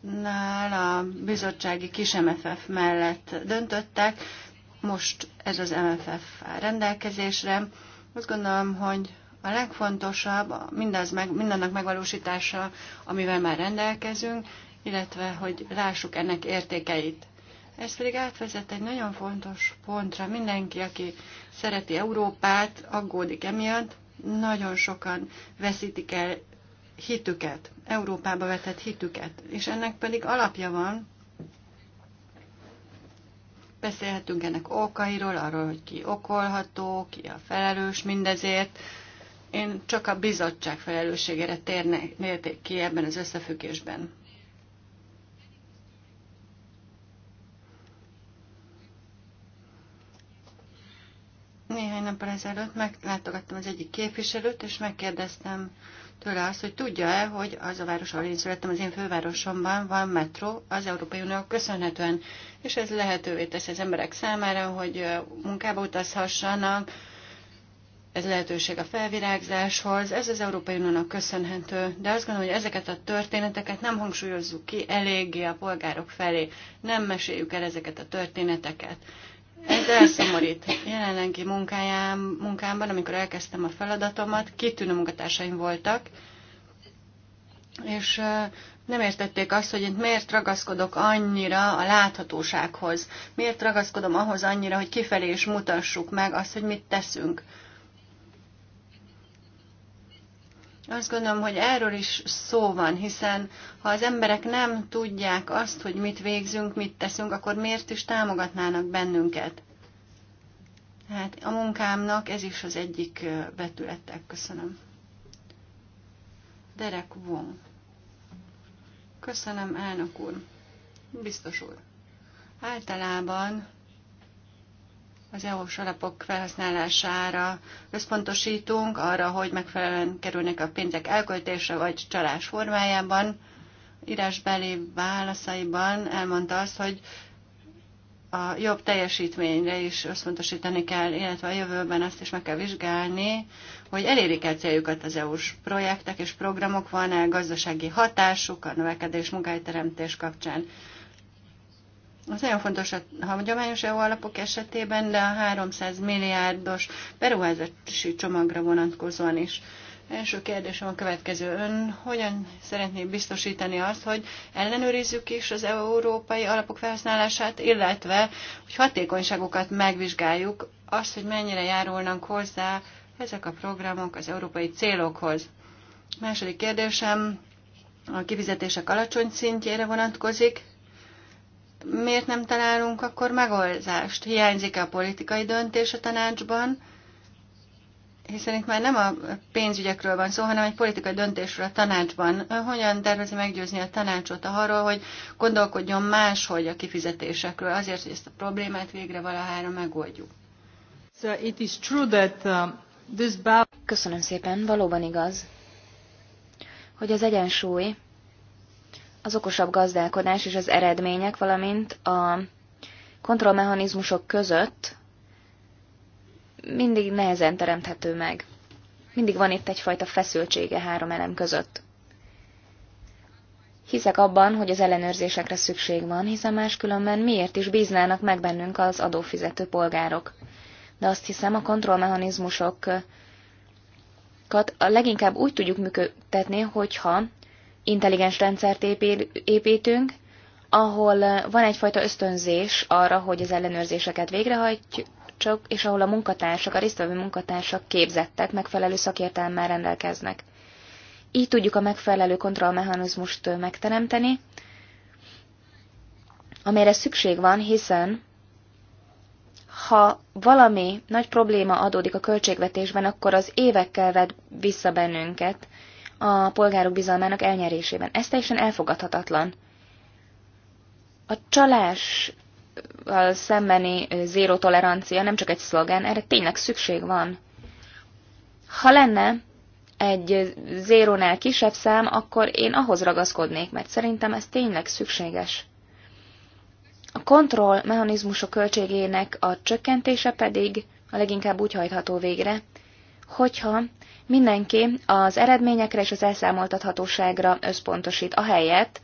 nál a bizottsági kis MFF mellett döntöttek. Most ez az MFF áll rendelkezésre. Azt gondolom, hogy a legfontosabb mindaz meg, mindannak megvalósítása, amivel már rendelkezünk, illetve hogy lássuk ennek értékeit. Ez pedig átvezet egy nagyon fontos pontra. Mindenki, aki szereti Európát, aggódik emiatt. Nagyon sokan veszítik el hitüket, Európába vetett hitüket. És ennek pedig alapja van, beszélhetünk ennek okairól, arról, hogy ki okolható, ki a felelős mindezért, én csak a bizottság felelősségére térnék ki ebben az összefüggésben. Néhány nap ezelőtt meglátogattam az egyik képviselőt, és megkérdeztem tőle azt, hogy tudja-e, hogy az a város, ahol én születtem, az én fővárosomban van metró az Európai Unió köszönhetően, és ez lehetővé teszi az emberek számára, hogy munkába utazhassanak, ez lehetőség a felvirágzáshoz, ez az Európai Uniónak köszönhető, de azt gondolom, hogy ezeket a történeteket nem hangsúlyozzuk ki eléggé a polgárok felé, nem meséljük el ezeket a történeteket. Ez elszomorít. Jelenlegi munkájám, munkámban, amikor elkezdtem a feladatomat, kitűnő munkatársaim voltak, és nem értették azt, hogy én miért ragaszkodok annyira a láthatósághoz, miért ragaszkodom ahhoz annyira, hogy kifelé is mutassuk meg azt, hogy mit teszünk. Azt gondolom, hogy erről is szó van, hiszen ha az emberek nem tudják azt, hogy mit végzünk, mit teszünk, akkor miért is támogatnának bennünket? Hát a munkámnak ez is az egyik vetülettel köszönöm. Derek Wong. Köszönöm, elnök úr. Biztos úr. Általában az EU-s alapok felhasználására összpontosítunk, arra, hogy megfelelően kerülnek a pénzek elköltése vagy csalás formájában. Írásbeli válaszaiban elmondta azt, hogy a jobb teljesítményre is összpontosítani kell, illetve a jövőben azt is meg kell vizsgálni, hogy elérik-e céljukat az EU-s projektek és programok, van-e gazdasági hatásuk a növekedés munkahelyteremtés kapcsán. Az nagyon fontos a hagyományos EU alapok esetében, de a 300 milliárdos beruházási csomagra vonatkozóan is. Első kérdésem a következő. Ön hogyan szeretné biztosítani azt, hogy ellenőrizzük is az európai alapok felhasználását, illetve hogy hatékonyságokat megvizsgáljuk, azt, hogy mennyire járulnak hozzá ezek a programok az európai célokhoz. Második kérdésem a kifizetések alacsony szintjére vonatkozik miért nem találunk akkor megoldást? Hiányzik -e a politikai döntés a tanácsban? Hiszen itt már nem a pénzügyekről van szó, hanem egy politikai döntésről a tanácsban. Ön hogyan tervezi meggyőzni a tanácsot arról, hogy gondolkodjon máshogy a kifizetésekről, azért, hogy ezt a problémát végre valahára megoldjuk? So it is true that, um, this Köszönöm szépen, valóban igaz, hogy az egyensúly az okosabb gazdálkodás és az eredmények, valamint a kontrollmechanizmusok között mindig nehezen teremthető meg. Mindig van itt egyfajta feszültsége három elem között. Hiszek abban, hogy az ellenőrzésekre szükség van, hiszen máskülönben miért is bíznának meg bennünk az adófizető polgárok. De azt hiszem, a kontrollmechanizmusokat a leginkább úgy tudjuk működtetni, hogyha intelligens rendszert építünk, ahol eh, van egyfajta ösztönzés arra, hogy az ellenőrzéseket végrehajtsuk, és ahol a munkatársak, a résztvevő munkatársak képzettek, megfelelő szakértelemmel rendelkeznek. Így tudjuk a megfelelő kontrollmechanizmust eh, megteremteni, amelyre szükség van, hiszen ha valami nagy probléma adódik a költségvetésben, akkor az évekkel vett vissza bennünket, a polgárok bizalmának elnyerésében. Ez teljesen elfogadhatatlan. A csalás szembeni zéró tolerancia nem csak egy szlogán, erre tényleg szükség van. Ha lenne egy zérónál kisebb szám, akkor én ahhoz ragaszkodnék, mert szerintem ez tényleg szükséges. A kontroll mechanizmusok költségének a csökkentése pedig a leginkább úgy hajtható végre, hogyha mindenki az eredményekre és az elszámoltathatóságra összpontosít, ahelyett,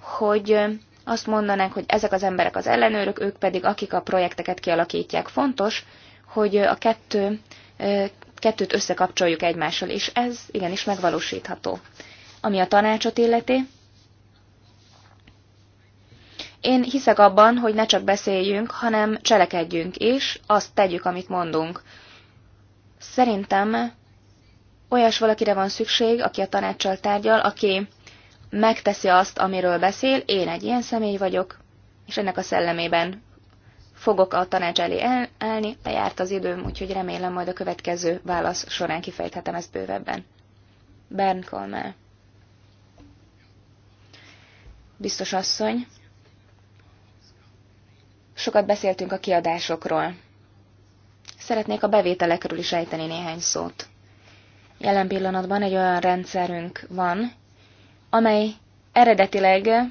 hogy azt mondanánk, hogy ezek az emberek az ellenőrök, ők pedig akik a projekteket kialakítják. Fontos, hogy a kettő, kettőt összekapcsoljuk egymással, és ez igenis megvalósítható. Ami a tanácsot illeti, én hiszek abban, hogy ne csak beszéljünk, hanem cselekedjünk, és azt tegyük, amit mondunk. Szerintem olyas valakire van szükség, aki a tanácssal tárgyal, aki megteszi azt, amiről beszél, én egy ilyen személy vagyok, és ennek a szellemében fogok a tanács elé állni, lejárt az időm, úgyhogy remélem majd a következő válasz során kifejthetem ezt bővebben. Bern Kolmel. Biztos asszony. Sokat beszéltünk a kiadásokról. Szeretnék a bevételekről is ejteni néhány szót. Jelen pillanatban egy olyan rendszerünk van, amely eredetileg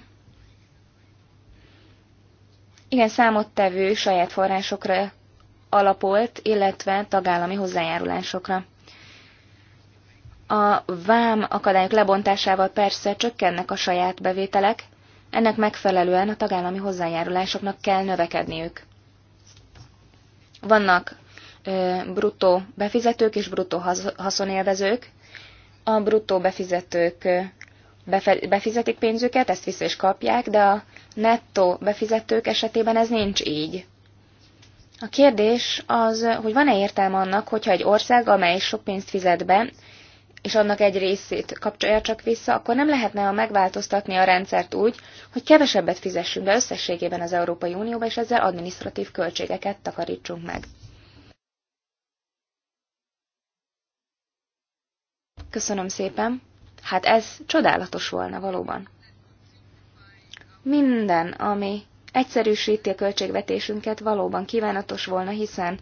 igen számottevő saját forrásokra alapolt, illetve tagállami hozzájárulásokra. A vám akadályok lebontásával persze csökkennek a saját bevételek, ennek megfelelően a tagállami hozzájárulásoknak kell növekedniük. Vannak bruttó befizetők és bruttó haszonélvezők. A bruttó befizetők befizetik pénzüket, ezt vissza is kapják, de a nettó befizetők esetében ez nincs így. A kérdés az, hogy van-e értelme annak, hogyha egy ország, amely sok pénzt fizet be, és annak egy részét kapcsolja csak vissza, akkor nem lehetne a megváltoztatni a rendszert úgy, hogy kevesebbet fizessünk be összességében az Európai Unióba, és ezzel administratív költségeket takarítsunk meg. Köszönöm szépen. Hát ez csodálatos volna valóban. Minden, ami egyszerűsíti a költségvetésünket, valóban kívánatos volna, hiszen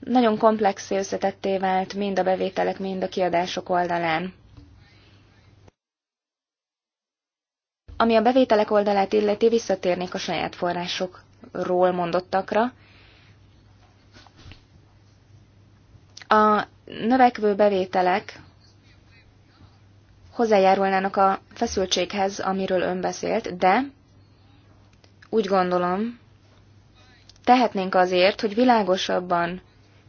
nagyon komplexé összetetté vált mind a bevételek, mind a kiadások oldalán. Ami a bevételek oldalát illeti, visszatérnék a saját forrásokról mondottakra. A növekvő bevételek hozzájárulnának a feszültséghez, amiről ön beszélt, de úgy gondolom, tehetnénk azért, hogy világosabban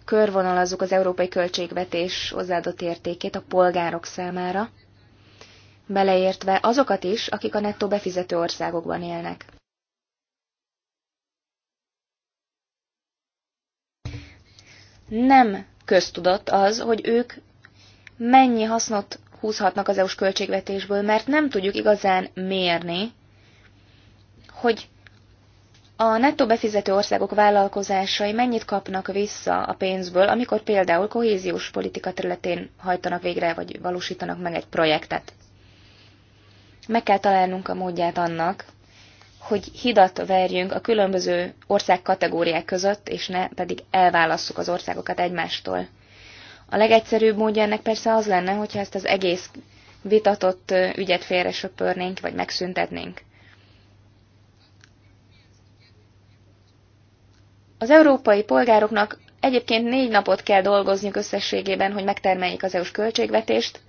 körvonalazzuk az európai költségvetés hozzáadott értékét a polgárok számára, beleértve azokat is, akik a nettó befizető országokban élnek. Nem köztudott az, hogy ők mennyi hasznot húzhatnak az EU-s költségvetésből, mert nem tudjuk igazán mérni, hogy a nettó befizető országok vállalkozásai mennyit kapnak vissza a pénzből, amikor például kohéziós politika területén hajtanak végre, vagy valósítanak meg egy projektet. Meg kell találnunk a módját annak, hogy hidat verjünk a különböző ország kategóriák között, és ne pedig elválasszuk az országokat egymástól. A legegyszerűbb módja ennek persze az lenne, hogyha ezt az egész vitatott ügyet félre söpörnénk, vagy megszüntetnénk. Az európai polgároknak egyébként négy napot kell dolgozniuk összességében, hogy megtermeljék az EU-s költségvetést.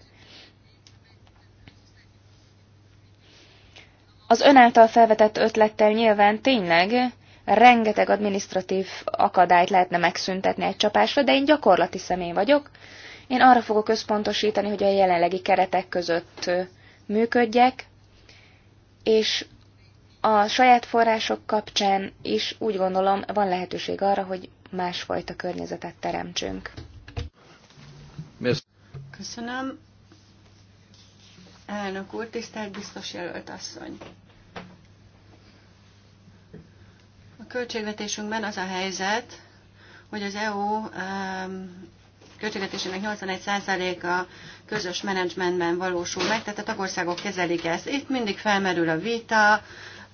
Az ön által felvetett ötlettel nyilván tényleg rengeteg administratív akadályt lehetne megszüntetni egy csapásra, de én gyakorlati személy vagyok. Én arra fogok összpontosítani, hogy a jelenlegi keretek között működjek, és a saját források kapcsán is úgy gondolom van lehetőség arra, hogy másfajta környezetet teremtsünk. Köszönöm. Elnök úr, tisztelt biztos jelölt asszony! költségvetésünkben az a helyzet, hogy az EU um, költségvetésének 81%-a közös menedzsmentben valósul meg, tehát a tagországok kezelik ezt. Itt mindig felmerül a vita,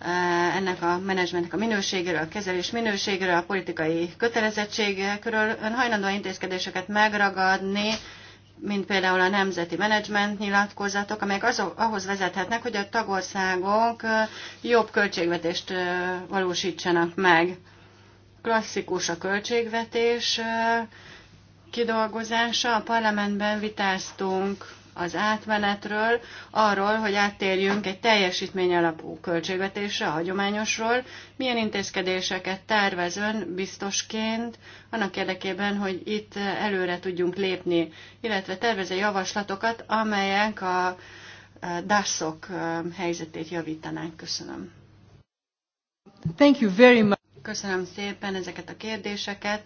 uh, ennek a menedzsmentnek a minőségéről, a kezelés minőségéről, a politikai kötelezettségekről. Ön hajlandó intézkedéseket megragadni, mint például a nemzeti menedzsment nyilatkozatok, amelyek az, ahhoz vezethetnek, hogy a tagországok jobb költségvetést valósítsanak meg. Klasszikus a költségvetés kidolgozása. A parlamentben vitáztunk az átmenetről, arról, hogy áttérjünk egy teljesítmény alapú költségvetésre, a hagyományosról, milyen intézkedéseket tervez ön biztosként, annak érdekében, hogy itt előre tudjunk lépni, illetve tervez javaslatokat, amelyek a DASZ-ok helyzetét javítanánk. Köszönöm. Thank you very much. Köszönöm szépen ezeket a kérdéseket.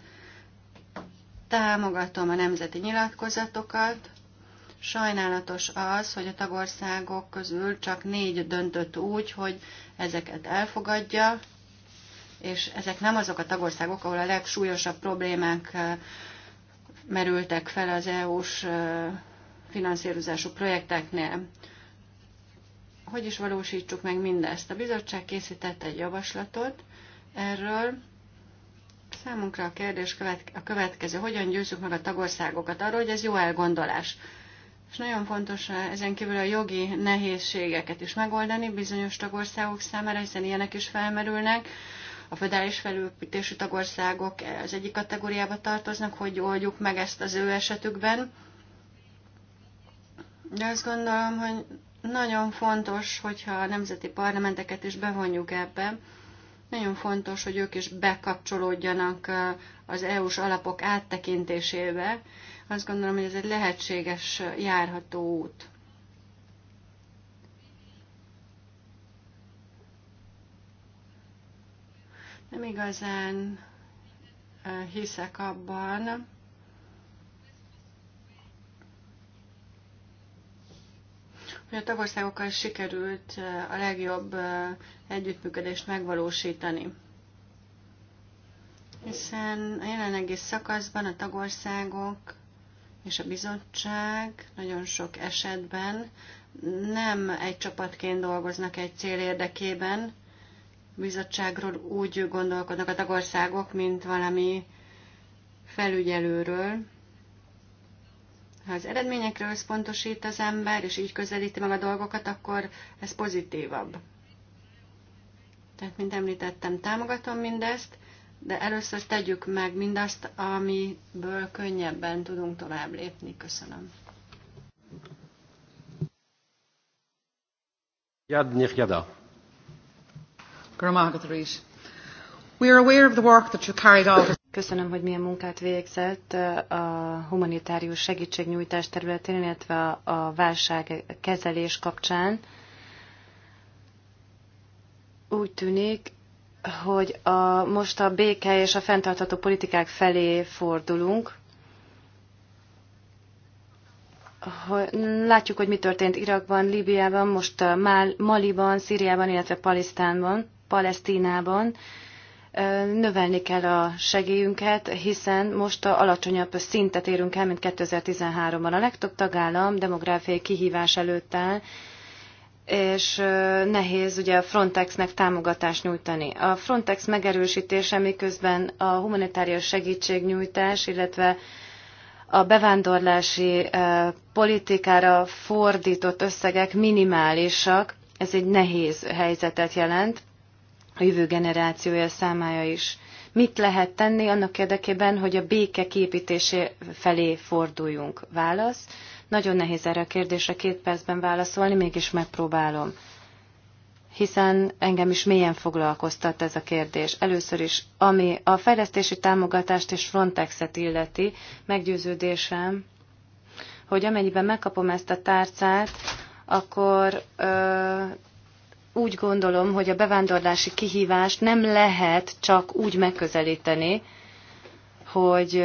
Támogatom a nemzeti nyilatkozatokat Sajnálatos az, hogy a tagországok közül csak négy döntött úgy, hogy ezeket elfogadja, és ezek nem azok a tagországok, ahol a legsúlyosabb problémák eh, merültek fel az EU-s eh, finanszírozású projekteknél. Hogy is valósítsuk meg mindezt? A bizottság készített egy javaslatot erről. Számunkra a kérdés a következő. Hogyan győzzük meg a tagországokat arról, hogy ez jó elgondolás? és nagyon fontos eh, ezen kívül a jogi nehézségeket is megoldani bizonyos tagországok számára, hiszen ilyenek is felmerülnek. A föderális felépítésű tagországok az egyik kategóriába tartoznak, hogy oldjuk meg ezt az ő esetükben. De azt gondolom, hogy nagyon fontos, hogyha a nemzeti parlamenteket is bevonjuk ebbe, nagyon fontos, hogy ők is bekapcsolódjanak eh, az EU-s alapok áttekintésébe, azt gondolom, hogy ez egy lehetséges járható út. Nem igazán hiszek abban, hogy a tagországokkal sikerült a legjobb együttműködést megvalósítani. Hiszen a jelenlegi szakaszban a tagországok és a bizottság nagyon sok esetben nem egy csapatként dolgoznak egy cél érdekében, a bizottságról úgy gondolkodnak a tagországok, mint valami felügyelőről. Ha az eredményekre összpontosít az ember, és így közelíti meg a dolgokat, akkor ez pozitívabb. Tehát, mint említettem, támogatom mindezt, de először tegyük meg mindazt, amiből könnyebben tudunk tovább lépni. Köszönöm. Jadnir Jada. We are aware of the work that you carried out. Köszönöm, hogy milyen munkát végzett uh, a humanitárius segítségnyújtás területén, illetve a kezelés kapcsán. Úgy tűnik, hogy a, most a béke és a fenntartható politikák felé fordulunk. Hogy Látjuk, hogy mi történt Irakban, Líbiában, most uh, Maliban, Szíriában, illetve Palisztánban, Palesztinában. Uh, növelni kell a segélyünket, hiszen most a alacsonyabb szintet érünk el, mint 2013-ban. A legtöbb tagállam demográfiai kihívás előtt áll, és nehéz ugye a Frontexnek támogatást nyújtani. A Frontex megerősítése miközben a humanitárius segítségnyújtás, illetve a bevándorlási politikára fordított összegek minimálisak, ez egy nehéz helyzetet jelent a jövő generációja számája is. Mit lehet tenni annak érdekében, hogy a béke képítésé felé forduljunk? Válasz nagyon nehéz erre a kérdésre két percben válaszolni, mégis megpróbálom. Hiszen engem is mélyen foglalkoztat ez a kérdés. Először is, ami a fejlesztési támogatást és Frontexet illeti, meggyőződésem, hogy amennyiben megkapom ezt a tárcát, akkor ö, úgy gondolom, hogy a bevándorlási kihívást nem lehet csak úgy megközelíteni, hogy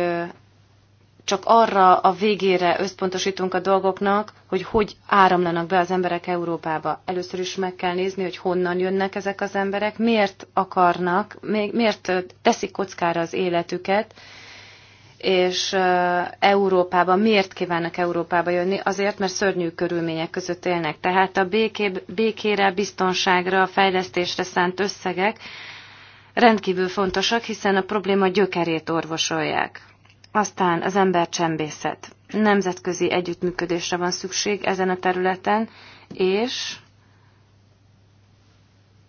csak arra a végére összpontosítunk a dolgoknak, hogy hogy áramlanak be az emberek Európába. Először is meg kell nézni, hogy honnan jönnek ezek az emberek, miért akarnak, miért teszik kockára az életüket, és Európába, miért kívánnak Európába jönni? Azért, mert szörnyű körülmények között élnek. Tehát a béké, békére, biztonságra, fejlesztésre szánt összegek rendkívül fontosak, hiszen a probléma gyökerét orvosolják. Aztán az ember csembészet. Nemzetközi együttműködésre van szükség ezen a területen, és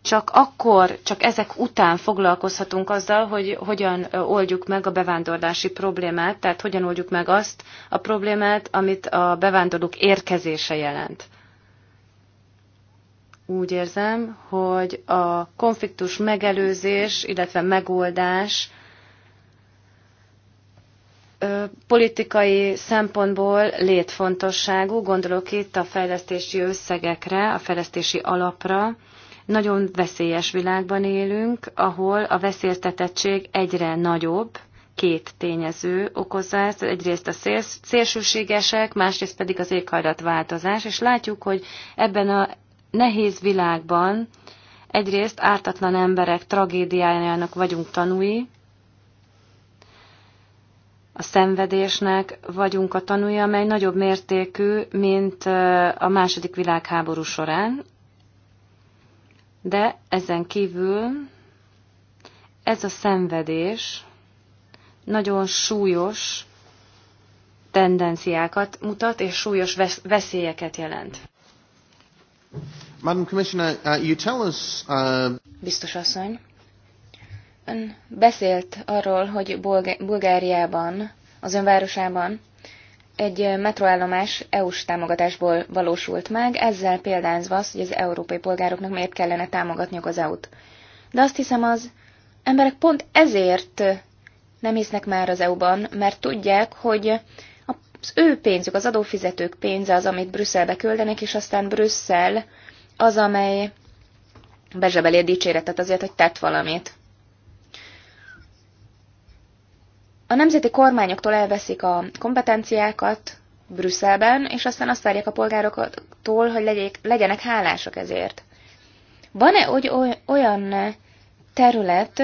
csak akkor, csak ezek után foglalkozhatunk azzal, hogy hogyan oldjuk meg a bevándorlási problémát, tehát hogyan oldjuk meg azt a problémát, amit a bevándorlók érkezése jelent. Úgy érzem, hogy a konfliktus megelőzés, illetve megoldás politikai szempontból létfontosságú, gondolok itt a fejlesztési összegekre, a fejlesztési alapra. Nagyon veszélyes világban élünk, ahol a veszélytetettség egyre nagyobb, két tényező okozza ezt, egyrészt a szél, szélsőségesek, másrészt pedig az éghajlatváltozás, és látjuk, hogy ebben a nehéz világban egyrészt ártatlan emberek tragédiájának vagyunk tanúi, a szenvedésnek vagyunk a tanúja, amely nagyobb mértékű, mint a második világháború során, de ezen kívül ez a szenvedés nagyon súlyos tendenciákat mutat, és súlyos veszélyeket jelent. Madam Commissioner, uh, you tell us, uh... Biztos asszony, Ön beszélt arról, hogy Bulgáriában, az önvárosában egy metroállomás EU-s támogatásból valósult meg, ezzel példázva azt, hogy az európai polgároknak miért kellene támogatniuk az EU-t. De azt hiszem az emberek pont ezért nem hisznek már az EU-ban, mert tudják, hogy az ő pénzük, az adófizetők pénze az, amit Brüsszelbe küldenek, és aztán Brüsszel az, amely bezsebeli a dicséretet azért, hogy tett valamit. A nemzeti kormányoktól elveszik a kompetenciákat Brüsszelben, és aztán azt várják a polgároktól, hogy legyék, legyenek hálások ezért. Van-e olyan terület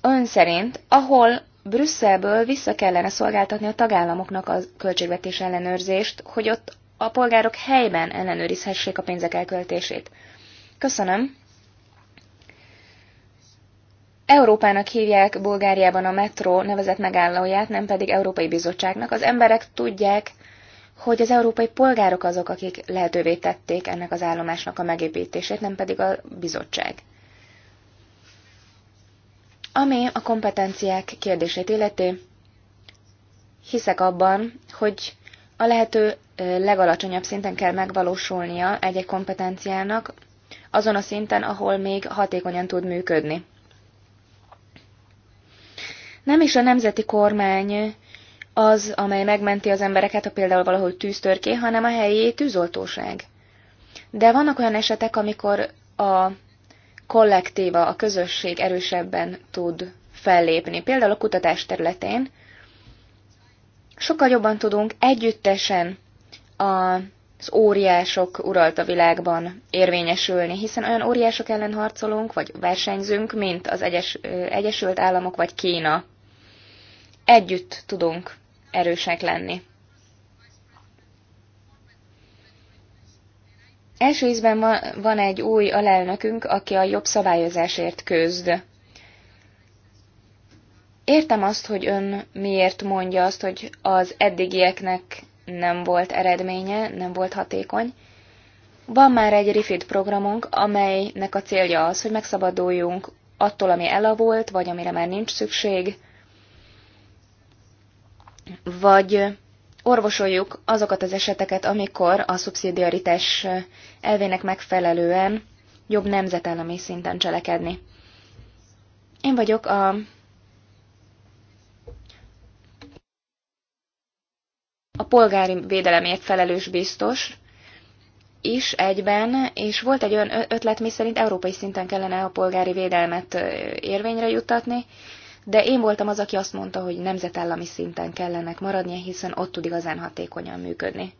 ön szerint, ahol Brüsszelből vissza kellene szolgáltatni a tagállamoknak a költségvetés ellenőrzést, hogy ott a polgárok helyben ellenőrizhessék a pénzek elköltését. Köszönöm. Európának hívják Bulgáriában a metró nevezett megállóját, nem pedig Európai Bizottságnak. Az emberek tudják, hogy az európai polgárok azok, akik lehetővé tették ennek az állomásnak a megépítését, nem pedig a bizottság. Ami a kompetenciák kérdését illeti, hiszek abban, hogy a lehető legalacsonyabb szinten kell megvalósulnia egy-egy kompetenciának, azon a szinten, ahol még hatékonyan tud működni. Nem is a nemzeti kormány az, amely megmenti az embereket, a például valahol tűztörké, hanem a helyi tűzoltóság. De vannak olyan esetek, amikor a kollektíva, a közösség erősebben tud fellépni. Például a kutatás területén sokkal jobban tudunk együttesen az óriások a világban érvényesülni, hiszen olyan óriások ellen harcolunk, vagy versenyzünk, mint az Egyes, Egyesült Államok vagy Kína együtt tudunk erősek lenni. Első ízben van egy új alelnökünk, aki a jobb szabályozásért közd. Értem azt, hogy ön miért mondja azt, hogy az eddigieknek nem volt eredménye, nem volt hatékony. Van már egy refit programunk, amelynek a célja az, hogy megszabaduljunk attól, ami elavult, vagy amire már nincs szükség, vagy orvosoljuk azokat az eseteket, amikor a szubszidiaritás elvének megfelelően jobb nemzetállami szinten cselekedni. Én vagyok a a polgári védelemért felelős biztos is egyben, és volt egy olyan ötlet, mi szerint európai szinten kellene a polgári védelmet érvényre juttatni, de én voltam az, aki azt mondta, hogy nemzetállami szinten kellenek maradnia, hiszen ott tud igazán hatékonyan működni.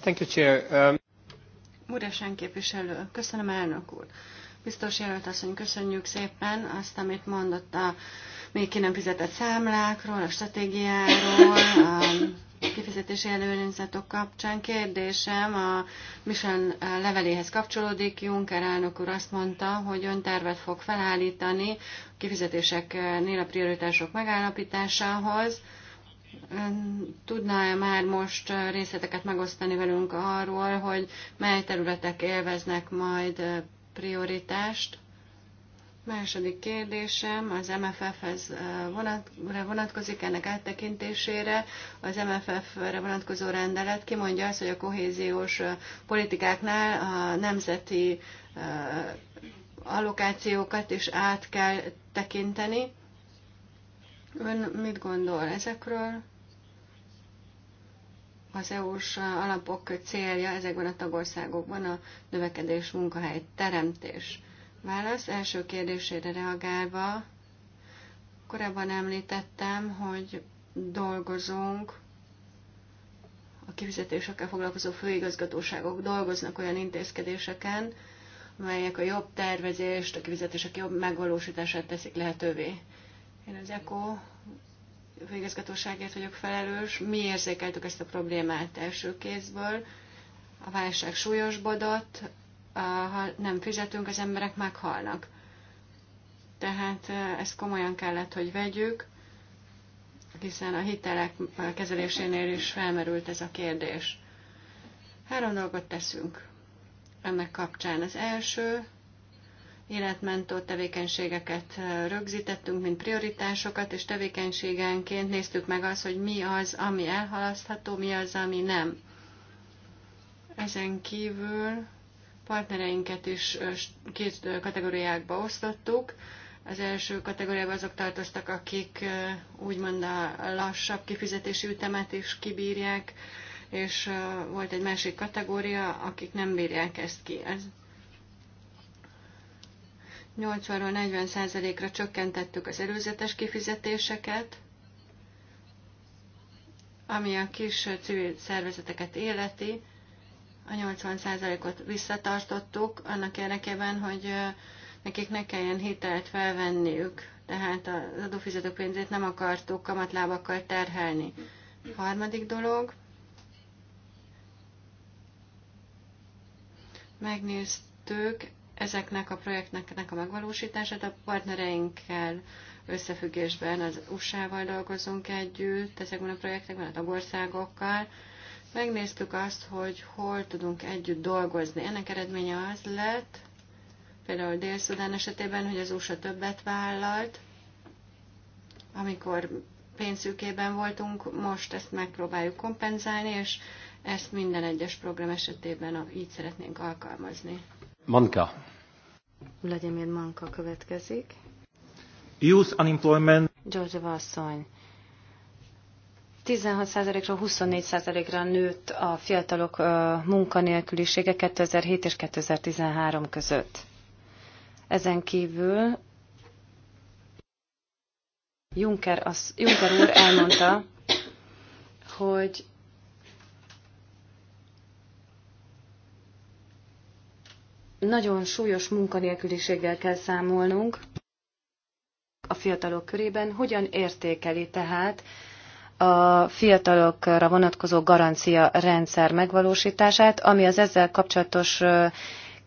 Thank you, Chair. Um... Uresen képviselő, köszönöm elnök úr. Biztos jelölt köszönjük szépen azt, amit mondott a még ki nem fizetett számlákról, a stratégiáról, a kifizetési előnyzatok kapcsán. Kérdésem a Michelin leveléhez kapcsolódik. Juncker elnök úr azt mondta, hogy ön tervet fog felállítani a kifizetéseknél a prioritások megállapításához. Tudná-e már most részleteket megosztani velünk arról, hogy mely területek élveznek majd prioritást? Második kérdésem az MFF-hez vonat, vonatkozik, ennek áttekintésére. Az MFF-re vonatkozó rendelet kimondja azt, hogy a kohéziós politikáknál a nemzeti allokációkat is át kell tekinteni. Ön mit gondol ezekről? Az EU-s alapok célja ezekben a tagországokban a növekedés munkahely teremtés. Válasz első kérdésére reagálva, korábban említettem, hogy dolgozunk, a kifizetésekkel foglalkozó főigazgatóságok dolgoznak olyan intézkedéseken, amelyek a jobb tervezést, a kifizetések jobb megvalósítását teszik lehetővé. Én az ECO főigazgatóságért vagyok felelős. Mi érzékeltük ezt a problémát első kézből. A válság súlyosbodott, ha nem fizetünk, az emberek meghalnak. Tehát ezt komolyan kellett, hogy vegyük, hiszen a hitelek kezelésénél is felmerült ez a kérdés. Három dolgot teszünk ennek kapcsán. Az első, életmentő tevékenységeket rögzítettünk, mint prioritásokat, és tevékenységenként néztük meg azt, hogy mi az, ami elhalasztható, mi az, ami nem. Ezen kívül partnereinket is két kategóriákba osztottuk. Az első kategóriában azok tartoztak, akik úgymond a lassabb kifizetési ütemet is kibírják, és volt egy másik kategória, akik nem bírják ezt ki. Ez 80-ról 40%-ra csökkentettük az előzetes kifizetéseket, ami a kis civil szervezeteket életi, a 80%-ot visszatartottuk annak érdekében, hogy nekik ne kelljen hitelt felvenniük, tehát az adófizetők pénzét nem akartuk kamatlábakkal terhelni. A harmadik dolog, megnéztük ezeknek a projektnek a megvalósítását a partnereinkkel összefüggésben, az USA-val dolgozunk együtt ezekben a projektekben, a tagországokkal, Megnéztük azt, hogy hol tudunk együtt dolgozni. Ennek eredménye az lett, például Dél-Szudán esetében, hogy az USA többet vállalt, amikor pénzükében voltunk, most ezt megpróbáljuk kompenzálni, és ezt minden egyes program esetében így szeretnénk alkalmazni. Manka. Vladimir Manka következik. Youth unemployment. George Vasson. 16%-ról 24%-ra nőtt a fiatalok munkanélkülisége 2007 és 2013 között. Ezen kívül Juncker, az, Juncker úr elmondta, hogy nagyon súlyos munkanélküliséggel kell számolnunk a fiatalok körében. Hogyan értékeli tehát a fiatalokra vonatkozó garancia rendszer megvalósítását, ami az ezzel kapcsolatos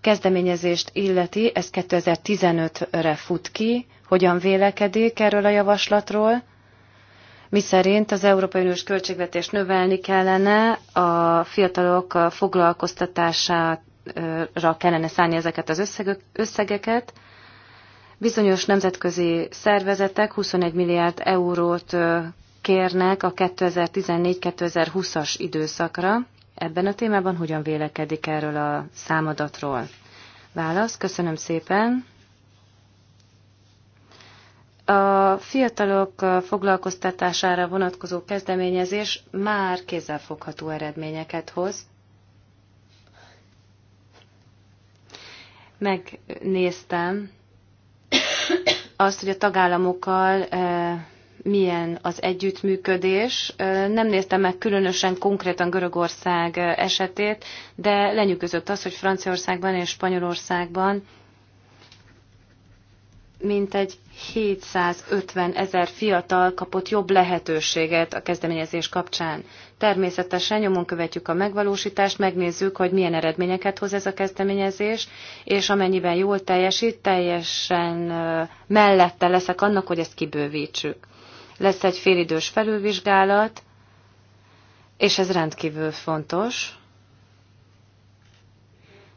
kezdeményezést illeti, ez 2015-re fut ki, hogyan vélekedik erről a javaslatról, Mi szerint az Európai Uniós költségvetést növelni kellene, a fiatalok foglalkoztatására kellene szállni ezeket az összegeket, Bizonyos nemzetközi szervezetek 21 milliárd eurót kérnek a 2014-2020-as időszakra. Ebben a témában hogyan vélekedik erről a számadatról? Válasz, köszönöm szépen. A fiatalok foglalkoztatására vonatkozó kezdeményezés már kézzelfogható eredményeket hoz. Megnéztem azt, hogy a tagállamokkal milyen az együttműködés. Nem néztem meg különösen konkrétan Görögország esetét, de lenyűgözött az, hogy Franciaországban és Spanyolországban mintegy 750 ezer fiatal kapott jobb lehetőséget a kezdeményezés kapcsán. Természetesen nyomon követjük a megvalósítást, megnézzük, hogy milyen eredményeket hoz ez a kezdeményezés, és amennyiben jól teljesít, teljesen mellette leszek annak, hogy ezt kibővítsük lesz egy félidős felülvizsgálat, és ez rendkívül fontos.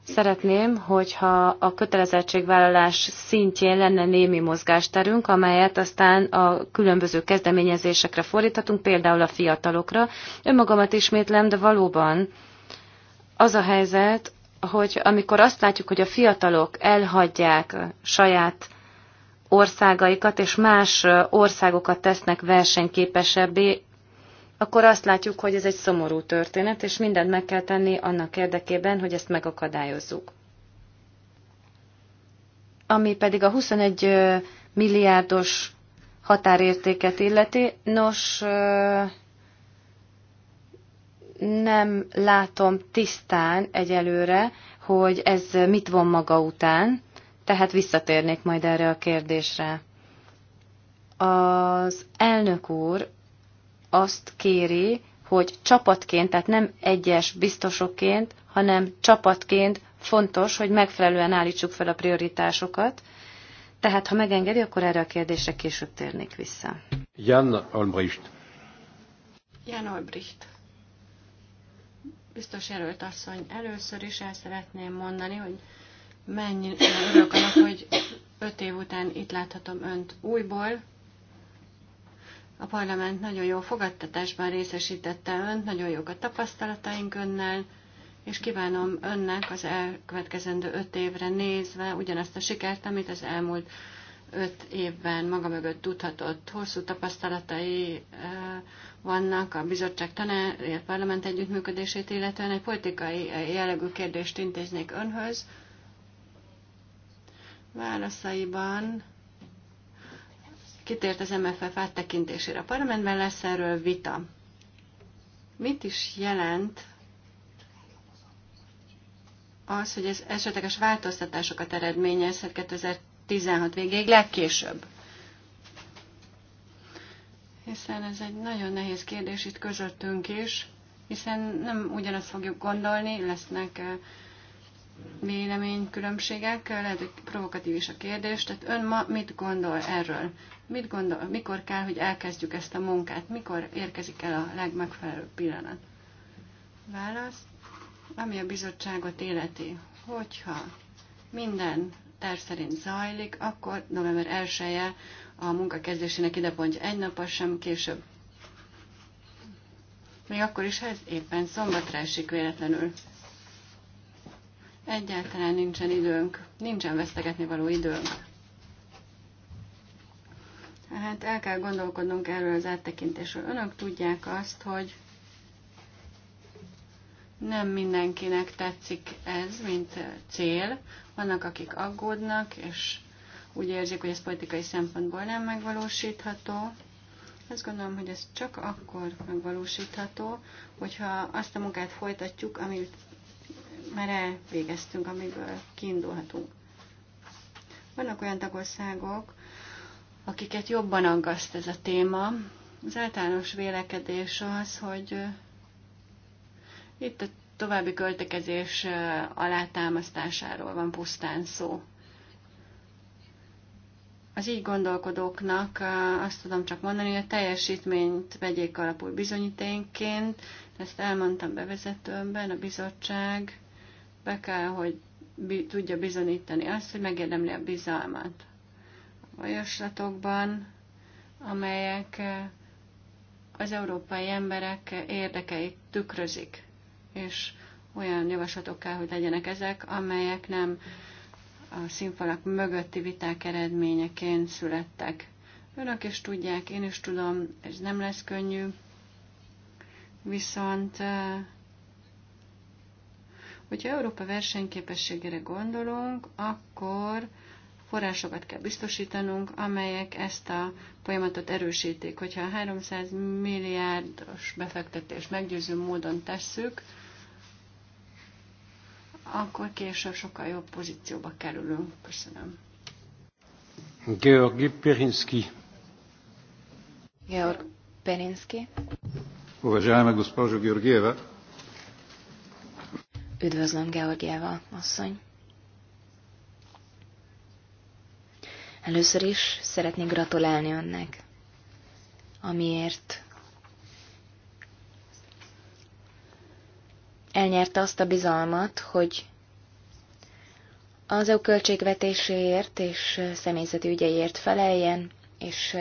Szeretném, hogyha a kötelezettségvállalás szintjén lenne némi mozgásterünk, amelyet aztán a különböző kezdeményezésekre fordíthatunk, például a fiatalokra. Önmagamat ismétlem, de valóban az a helyzet, hogy amikor azt látjuk, hogy a fiatalok elhagyják saját országaikat és más országokat tesznek versenyképesebbé, akkor azt látjuk, hogy ez egy szomorú történet, és mindent meg kell tenni annak érdekében, hogy ezt megakadályozzuk. Ami pedig a 21 milliárdos határértéket illeti, nos, nem látom tisztán egyelőre, hogy ez mit von maga után, tehát visszatérnék majd erre a kérdésre. Az elnök úr azt kéri, hogy csapatként, tehát nem egyes biztosokként, hanem csapatként fontos, hogy megfelelően állítsuk fel a prioritásokat. Tehát, ha megengedi, akkor erre a kérdésre később térnék vissza. Jan Albrecht. Jan Albrecht. Biztos jelölt asszony, először is el szeretném mondani, hogy Mennyi örülök annak, hogy öt év után itt láthatom önt újból. A parlament nagyon jó fogadtatásban részesítette önt, nagyon jók a tapasztalataink önnel, és kívánom önnek az elkövetkezendő öt évre nézve ugyanazt a sikert, amit az elmúlt öt évben maga mögött tudhatott. Hosszú tapasztalatai eh, vannak a bizottság tanár, parlament együttműködését, illetően egy politikai jellegű kérdést intéznék önhöz válaszaiban kitért az MFF áttekintésére. A parlamentben lesz erről vita. Mit is jelent az, hogy ez esetleges változtatásokat eredményezhet 2016 végéig legkésőbb? Hiszen ez egy nagyon nehéz kérdés itt közöttünk is, hiszen nem ugyanazt fogjuk gondolni, lesznek uh, véleménykülönbségek, lehet, hogy provokatív is a kérdés, tehát ön ma mit gondol erről? Mit gondol, mikor kell, hogy elkezdjük ezt a munkát? Mikor érkezik el a legmegfelelőbb pillanat? Válasz, ami a bizottságot életi, hogyha minden terv szerint zajlik, akkor november 1 -e a munkakezdésének idepontja egy nappal sem később. Még akkor is, ha ez éppen szombatra esik véletlenül. Egyáltalán nincsen időnk, nincsen vesztegetni való időnk. Hát el kell gondolkodnunk erről az áttekintésről. Önök tudják azt, hogy nem mindenkinek tetszik ez, mint cél. Vannak, akik aggódnak, és úgy érzik, hogy ez politikai szempontból nem megvalósítható. Azt gondolom, hogy ez csak akkor megvalósítható, hogyha azt a munkát folytatjuk, amit már elvégeztünk, amiből kiindulhatunk. Vannak olyan tagországok, akiket jobban aggaszt ez a téma. Az általános vélekedés az, hogy itt a további költekezés alátámasztásáról van pusztán szó. Az így gondolkodóknak azt tudom csak mondani, hogy a teljesítményt vegyék alapul bizonyítényként, ezt elmondtam bevezetőmben, a bizottság be kell, hogy bi- tudja bizonyítani azt, hogy megérdemli a bizalmat. A javaslatokban, amelyek eh, az európai emberek érdekeit tükrözik, és olyan javaslatok kell, hogy legyenek ezek, amelyek nem a színfalak mögötti viták eredményeként születtek. Önök is tudják, én is tudom, ez nem lesz könnyű, viszont eh, Hogyha Európa versenyképességére gondolunk, akkor forrásokat kell biztosítanunk, amelyek ezt a folyamatot erősítik. Hogyha a 300 milliárdos befektetést meggyőző módon tesszük, akkor később sokkal jobb pozícióba kerülünk. Köszönöm. Georgi Pirinski. Georg Pirinski. Уважаемая госпожа Georgieva. Üdvözlöm, Georgiával, asszony. Először is szeretnék gratulálni önnek, amiért elnyerte azt a bizalmat, hogy az EU költségvetéséért és személyzeti ügyeiért feleljen, és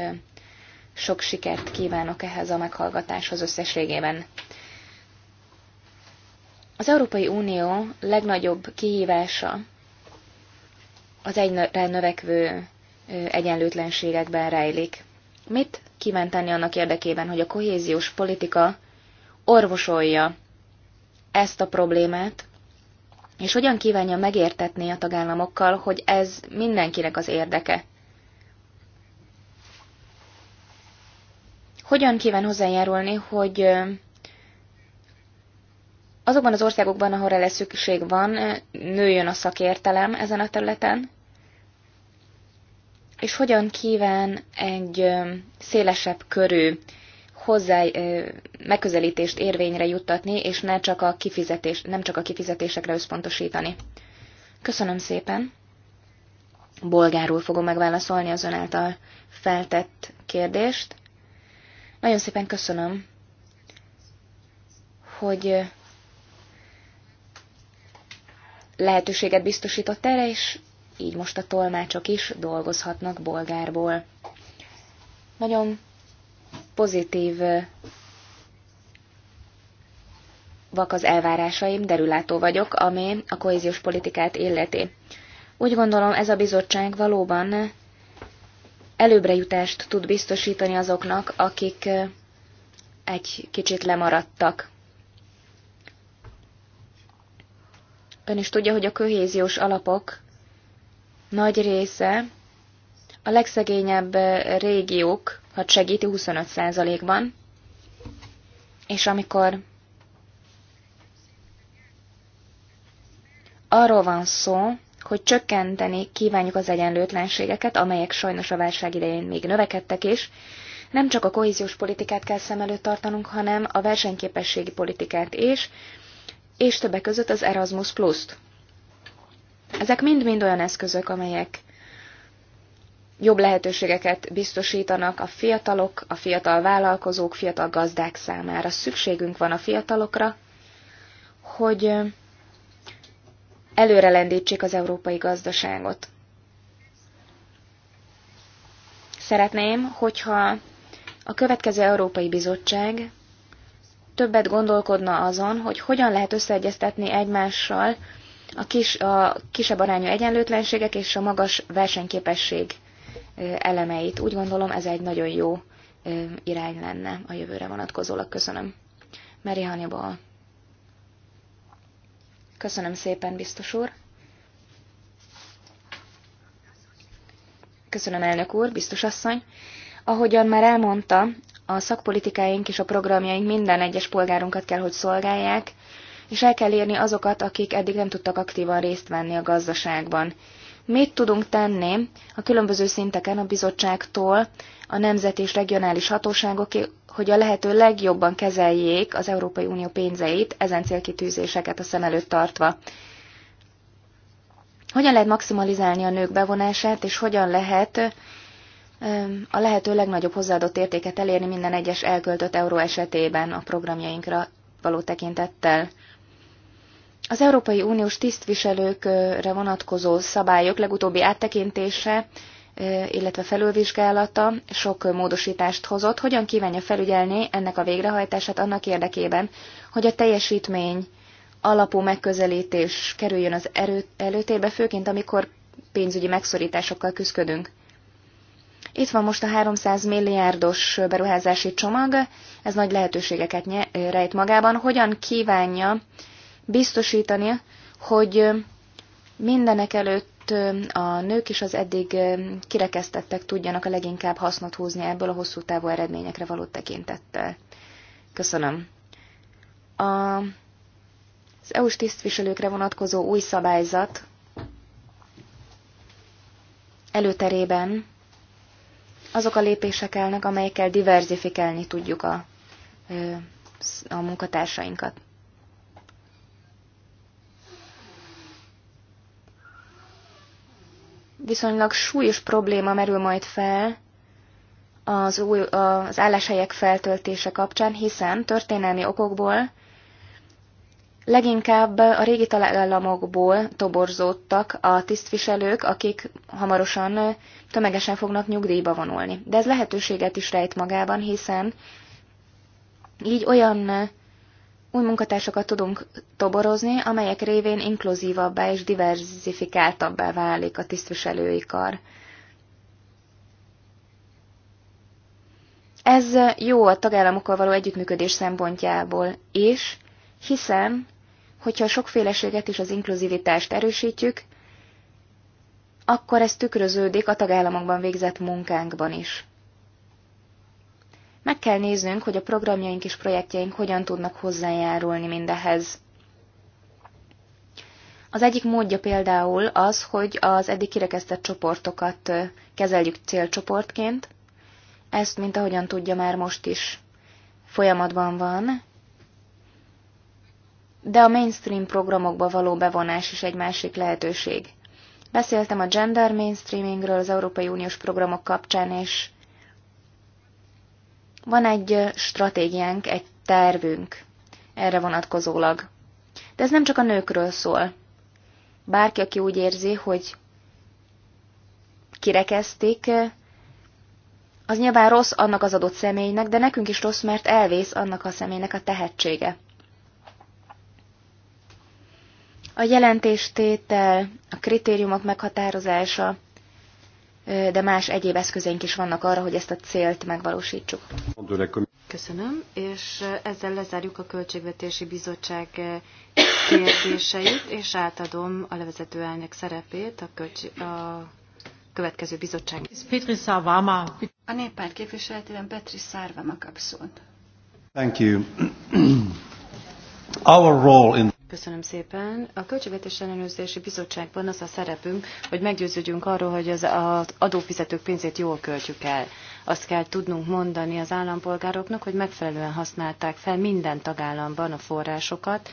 sok sikert kívánok ehhez a meghallgatáshoz összességében. Az Európai Unió legnagyobb kihívása az egyre növekvő egyenlőtlenségekben rejlik. Mit kíván tenni annak érdekében, hogy a kohéziós politika orvosolja ezt a problémát, és hogyan kívánja megértetni a tagállamokkal, hogy ez mindenkinek az érdeke? Hogyan kíván hozzájárulni, hogy azokban az országokban, ahol erre szükség van, nőjön a szakértelem ezen a területen, és hogyan kíván egy szélesebb körű hozzá megközelítést érvényre juttatni, és ne csak a kifizetés, nem csak a kifizetésekre összpontosítani. Köszönöm szépen. Bolgárul fogom megválaszolni az ön által feltett kérdést. Nagyon szépen köszönöm, hogy lehetőséget biztosított erre, és így most a tolmácsok is dolgozhatnak bolgárból. Nagyon pozitív vak az elvárásaim, derülátó vagyok, ami a kohéziós politikát illeti. Úgy gondolom, ez a bizottság valóban előbrejutást tud biztosítani azoknak, akik egy kicsit lemaradtak. Ön is tudja, hogy a kohéziós alapok nagy része a legszegényebb régiók, ha segíti, 25%-ban, és amikor arról van szó, hogy csökkenteni kívánjuk az egyenlőtlenségeket, amelyek sajnos a válság idején még növekedtek is, nem csak a kohéziós politikát kell szem előtt tartanunk, hanem a versenyképességi politikát is, és többek között az Erasmus Plus-t. Ezek mind-mind olyan eszközök, amelyek jobb lehetőségeket biztosítanak a fiatalok, a fiatal vállalkozók, fiatal gazdák számára. Szükségünk van a fiatalokra, hogy előrelendítsék az európai gazdaságot. Szeretném, hogyha a következő Európai Bizottság többet gondolkodna azon, hogy hogyan lehet összeegyeztetni egymással a, kis, a kisebb arányú egyenlőtlenségek és a magas versenyképesség elemeit. Úgy gondolom, ez egy nagyon jó irány lenne a jövőre vonatkozólag. Köszönöm. Meri Hannibal. Köszönöm szépen, biztos úr. Köszönöm, elnök úr, biztos asszony. Ahogyan már elmondta, a szakpolitikáink és a programjaink minden egyes polgárunkat kell, hogy szolgálják, és el kell érni azokat, akik eddig nem tudtak aktívan részt venni a gazdaságban. Mit tudunk tenni a különböző szinteken a bizottságtól a nemzeti és regionális hatóságok, hogy a lehető legjobban kezeljék az Európai Unió pénzeit, ezen célkitűzéseket a szem előtt tartva? Hogyan lehet maximalizálni a nők bevonását, és hogyan lehet a lehető legnagyobb hozzáadott értéket elérni minden egyes elköltött euró esetében a programjainkra való tekintettel. Az Európai Uniós tisztviselőkre vonatkozó szabályok legutóbbi áttekintése, illetve felülvizsgálata sok módosítást hozott, hogyan kívánja felügyelni ennek a végrehajtását annak érdekében, hogy a teljesítmény alapú megközelítés kerüljön az erő, előtébe, főként amikor pénzügyi megszorításokkal küzdködünk. Itt van most a 300 milliárdos beruházási csomag, ez nagy lehetőségeket rejt magában. Hogyan kívánja biztosítani, hogy mindenek előtt a nők és az eddig kirekesztettek tudjanak a leginkább hasznot húzni ebből a hosszú távú eredményekre való tekintettel. Köszönöm. A, az EU-s tisztviselőkre vonatkozó új szabályzat előterében azok a lépések elnek, amelyekkel diverzifikálni tudjuk a, a munkatársainkat. Viszonylag súlyos probléma merül majd fel az, új, az álláshelyek feltöltése kapcsán, hiszen történelmi okokból Leginkább a régi tagállamokból toborzódtak a tisztviselők, akik hamarosan tömegesen fognak nyugdíjba vonulni. De ez lehetőséget is rejt magában, hiszen így olyan új munkatársakat tudunk toborozni, amelyek révén inkluzívabbá és diversifikáltabbá válik a tisztviselői kar. Ez jó a tagállamokkal való együttműködés szempontjából is, hiszen hogyha a sokféleséget és az inkluzivitást erősítjük, akkor ez tükröződik a tagállamokban végzett munkánkban is. Meg kell néznünk, hogy a programjaink és projektjeink hogyan tudnak hozzájárulni mindehez. Az egyik módja például az, hogy az eddig kirekesztett csoportokat kezeljük célcsoportként. Ezt, mint ahogyan tudja, már most is folyamatban van, de a mainstream programokba való bevonás is egy másik lehetőség. Beszéltem a gender mainstreamingről az Európai Uniós programok kapcsán, és van egy stratégiánk, egy tervünk erre vonatkozólag. De ez nem csak a nőkről szól. Bárki, aki úgy érzi, hogy kirekezték, az nyilván rossz annak az adott személynek, de nekünk is rossz, mert elvész annak a személynek a tehetsége. A jelentéstétel, a kritériumok meghatározása, de más egyéb eszközeink is vannak arra, hogy ezt a célt megvalósítsuk. Köszönöm, és ezzel lezárjuk a Költségvetési Bizottság kérdéseit, és átadom a levezető elnök szerepét a, költség, a következő bizottság. A néppárt képviseletében Petri Szárvama kap szót. Thank you. Our role in Köszönöm szépen. A Költségvetés Ellenőrzési Bizottságban az a szerepünk, hogy meggyőződjünk arról, hogy az, adófizetők pénzét jól költjük el. Azt kell tudnunk mondani az állampolgároknak, hogy megfelelően használták fel minden tagállamban a forrásokat.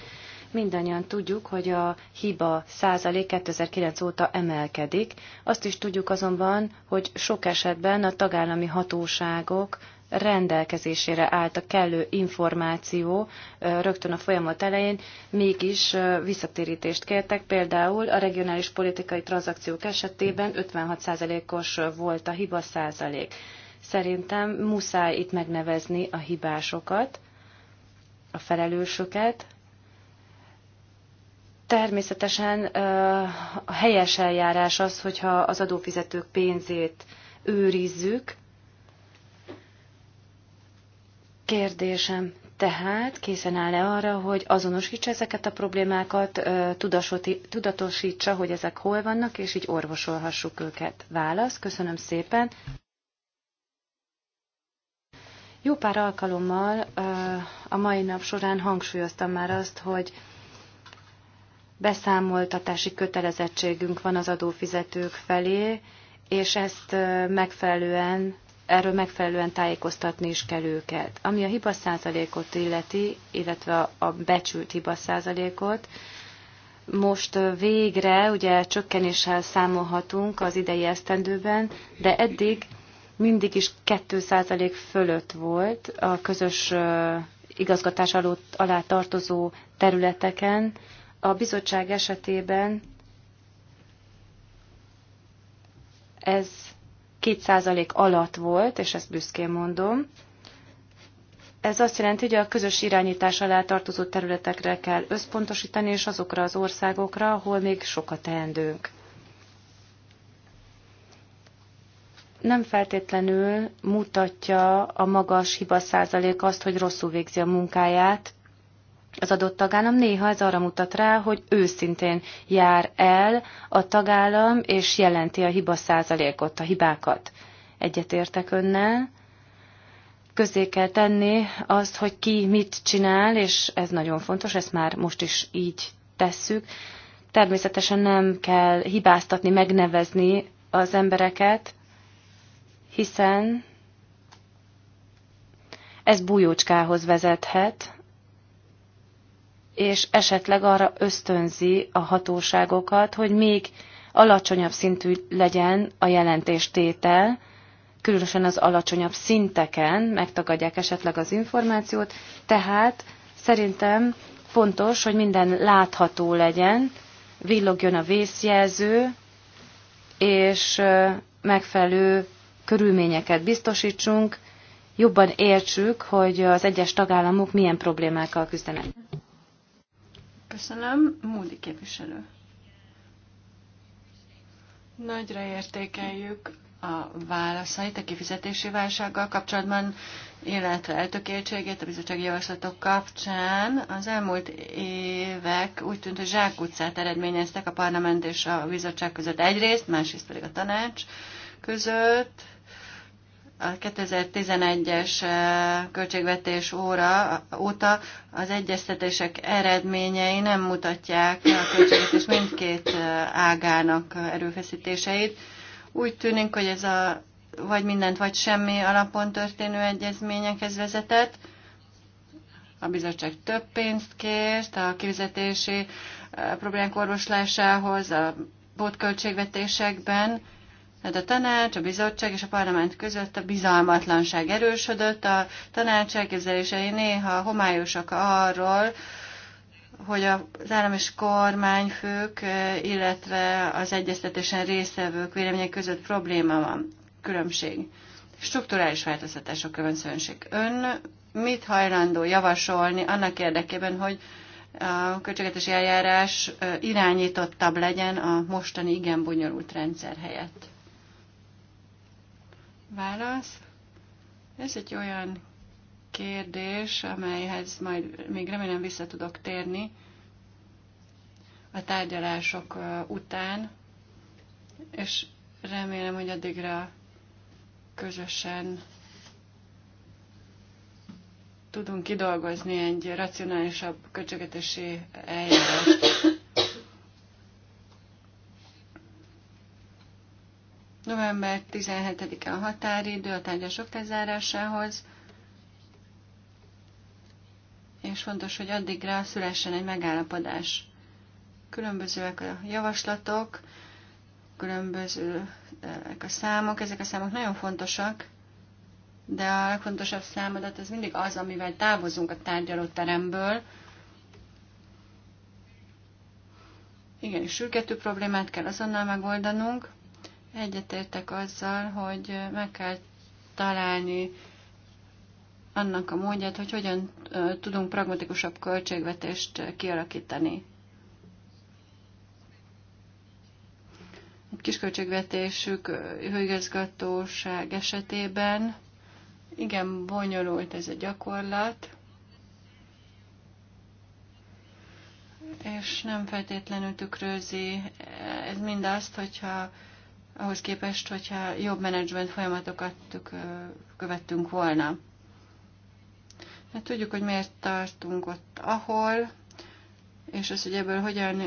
Mindannyian tudjuk, hogy a hiba százalék 2009 óta emelkedik. Azt is tudjuk azonban, hogy sok esetben a tagállami hatóságok rendelkezésére állt a kellő információ rögtön a folyamat elején, mégis visszatérítést kértek. Például a regionális politikai tranzakciók esetében 56%-os volt a hiba százalék. Szerintem muszáj itt megnevezni a hibásokat, a felelősöket, Természetesen a helyes eljárás az, hogyha az adófizetők pénzét őrizzük, Kérdésem tehát készen áll-e arra, hogy azonosítsa ezeket a problémákat, tudatosítsa, hogy ezek hol vannak, és így orvosolhassuk őket? Válasz, köszönöm szépen. Jó pár alkalommal a mai nap során hangsúlyoztam már azt, hogy beszámoltatási kötelezettségünk van az adófizetők felé, és ezt megfelelően erről megfelelően tájékoztatni is kell őket. Ami a hiba százalékot illeti, illetve a becsült hiba százalékot, most végre ugye csökkenéssel számolhatunk az idei esztendőben, de eddig mindig is 2% fölött volt a közös igazgatás alá tartozó területeken. A bizottság esetében ez 2% alatt volt, és ezt büszkén mondom. Ez azt jelenti, hogy a közös irányítás alá tartozó területekre kell összpontosítani, és azokra az országokra, ahol még sokat teendőnk. Nem feltétlenül mutatja a magas hiba százalék azt, hogy rosszul végzi a munkáját, az adott tagállam néha ez arra mutat rá, hogy őszintén jár el a tagállam, és jelenti a hiba százalékot, a hibákat. Egyetértek önnel. Közé kell tenni azt, hogy ki mit csinál, és ez nagyon fontos, ezt már most is így tesszük. Természetesen nem kell hibáztatni, megnevezni az embereket, hiszen ez bújócskához vezethet, és esetleg arra ösztönzi a hatóságokat, hogy még alacsonyabb szintű legyen a jelentéstétel, különösen az alacsonyabb szinteken megtagadják esetleg az információt, tehát szerintem fontos, hogy minden látható legyen, villogjon a vészjelző, és megfelelő körülményeket biztosítsunk, jobban értsük, hogy az egyes tagállamok milyen problémákkal küzdenek. Köszönöm. Módi képviselő. Nagyra értékeljük a válaszait a kifizetési válsággal kapcsolatban, illetve eltökéltségét a bizottsági javaslatok kapcsán. Az elmúlt évek úgy tűnt, hogy zsákutcát eredményeztek a parlament és a bizottság között egyrészt, másrészt pedig a tanács között. A 2011-es eh, költségvetés óra, óta az egyeztetések eredményei nem mutatják a költségvetés mindkét eh, ágának erőfeszítéseit. Úgy tűnik, hogy ez a vagy mindent, vagy semmi alapon történő egyezményekhez vezetett. A bizottság több pénzt kért a kivizetési eh, problémák orvoslásához, a pótköltségvetésekben, tehát a tanács, a bizottság és a parlament között a bizalmatlanság erősödött, a tanács elképzelései néha homályosak arról, hogy az állam és kormányfők, illetve az egyeztetésen résztvevők vélemények között probléma van, különbség. Strukturális változtatások következőség. Ön mit hajlandó javasolni annak érdekében, hogy a költségetési eljárás irányítottabb legyen a mostani igen bonyolult rendszer helyett? Válasz. Ez egy olyan kérdés, amelyhez majd még remélem vissza tudok térni a tárgyalások után, és remélem, hogy addigra közösen tudunk kidolgozni egy racionálisabb költségetési eljárást. November 17-e a határidő a tárgyasok lezárásához, és fontos, hogy addigra szülessen egy megállapodás. Különbözőek a javaslatok, különbözőek a számok, ezek a számok nagyon fontosak, de a legfontosabb számadat az mindig az, amivel távozunk a tárgyalóteremből. Igen, és sürgető problémát kell azonnal megoldanunk. Egyetértek azzal, hogy meg kell találni annak a módját, hogy hogyan tudunk pragmatikusabb költségvetést kialakítani. Egy kisköltségvetésük hőigazgatóság esetében igen bonyolult ez a gyakorlat, és nem feltétlenül tükrözi e, ez mindazt, hogyha ahhoz képest, hogyha jobb menedzsment folyamatokat követtünk volna. Hát tudjuk, hogy miért tartunk ott, ahol, és az, hogy ebből hogyan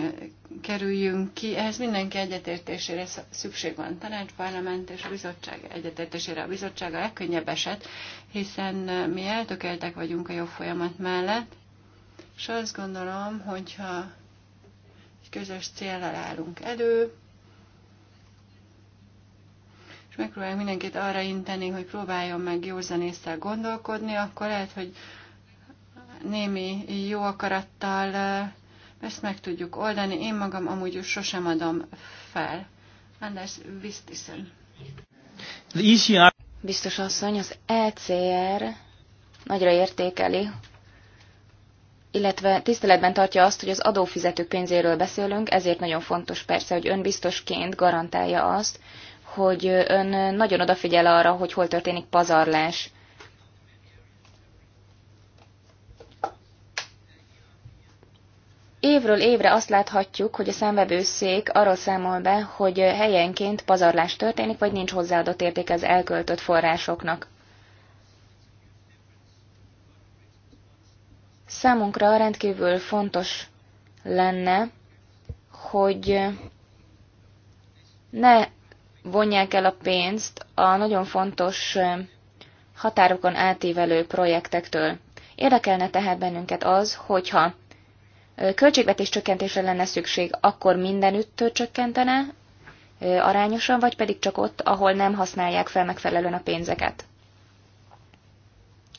kerüljünk ki, ehhez mindenki egyetértésére szükség van. Tanács, parlament és a bizottság egyetértésére. A bizottság a legkönnyebb eset, hiszen mi eltökéltek vagyunk a jobb folyamat mellett, és azt gondolom, hogyha egy közös célral állunk elő, és megpróbálunk mindenkit arra inteni, hogy próbáljon meg jó észre gondolkodni, akkor lehet, hogy némi jó akarattal ezt meg tudjuk oldani. Én magam amúgy sosem adom fel. Anders Vistisen. E Biztos asszony, az ECR nagyra értékeli, illetve tiszteletben tartja azt, hogy az adófizetők pénzéről beszélünk, ezért nagyon fontos persze, hogy önbiztosként garantálja azt, hogy ön nagyon odafigyel arra, hogy hol történik pazarlás. Évről évre azt láthatjuk, hogy a számvevőszék arról számol be, hogy helyenként pazarlás történik, vagy nincs hozzáadott értéke az elköltött forrásoknak. Számunkra rendkívül fontos lenne, hogy ne vonják el a pénzt a nagyon fontos határokon átívelő projektektől. Érdekelne tehát bennünket az, hogyha költségvetés csökkentésre lenne szükség, akkor mindenütt csökkentene arányosan, vagy pedig csak ott, ahol nem használják fel megfelelően a pénzeket?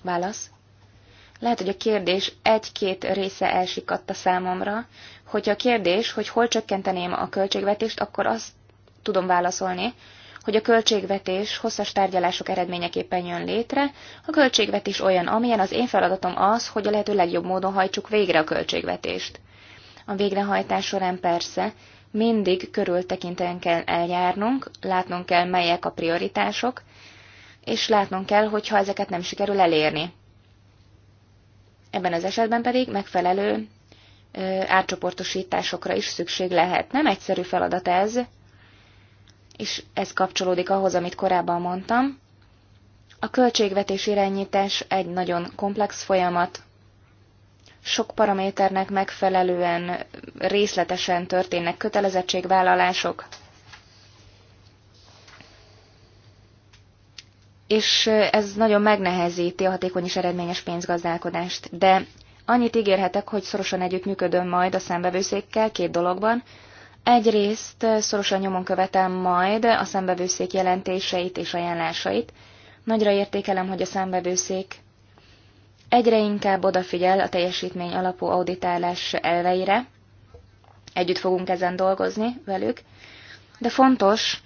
Válasz. Lehet, hogy a kérdés egy-két része elsikadt a számomra. Hogyha a kérdés, hogy hol csökkenteném a költségvetést, akkor azt tudom válaszolni, hogy a költségvetés hosszas tárgyalások eredményeképpen jön létre. A költségvetés olyan, amilyen az én feladatom az, hogy a lehető legjobb módon hajtsuk végre a költségvetést. A végrehajtás során persze mindig körültekintően kell eljárnunk, látnunk kell, melyek a prioritások, és látnunk kell, hogyha ezeket nem sikerül elérni. Ebben az esetben pedig megfelelő ö, átcsoportosításokra is szükség lehet. Nem egyszerű feladat ez, és ez kapcsolódik ahhoz, amit korábban mondtam. A költségvetés irányítás egy nagyon komplex folyamat, sok paraméternek megfelelően részletesen történnek kötelezettségvállalások, és ez nagyon megnehezíti a hatékony és eredményes pénzgazdálkodást. De annyit ígérhetek, hogy szorosan együttműködöm majd a számbevőszékkel két dologban. Egyrészt szorosan nyomon követem majd a szembevőszék jelentéseit és ajánlásait. Nagyra értékelem, hogy a szembevőszék egyre inkább odafigyel a teljesítmény alapú auditálás elveire. Együtt fogunk ezen dolgozni velük. De fontos,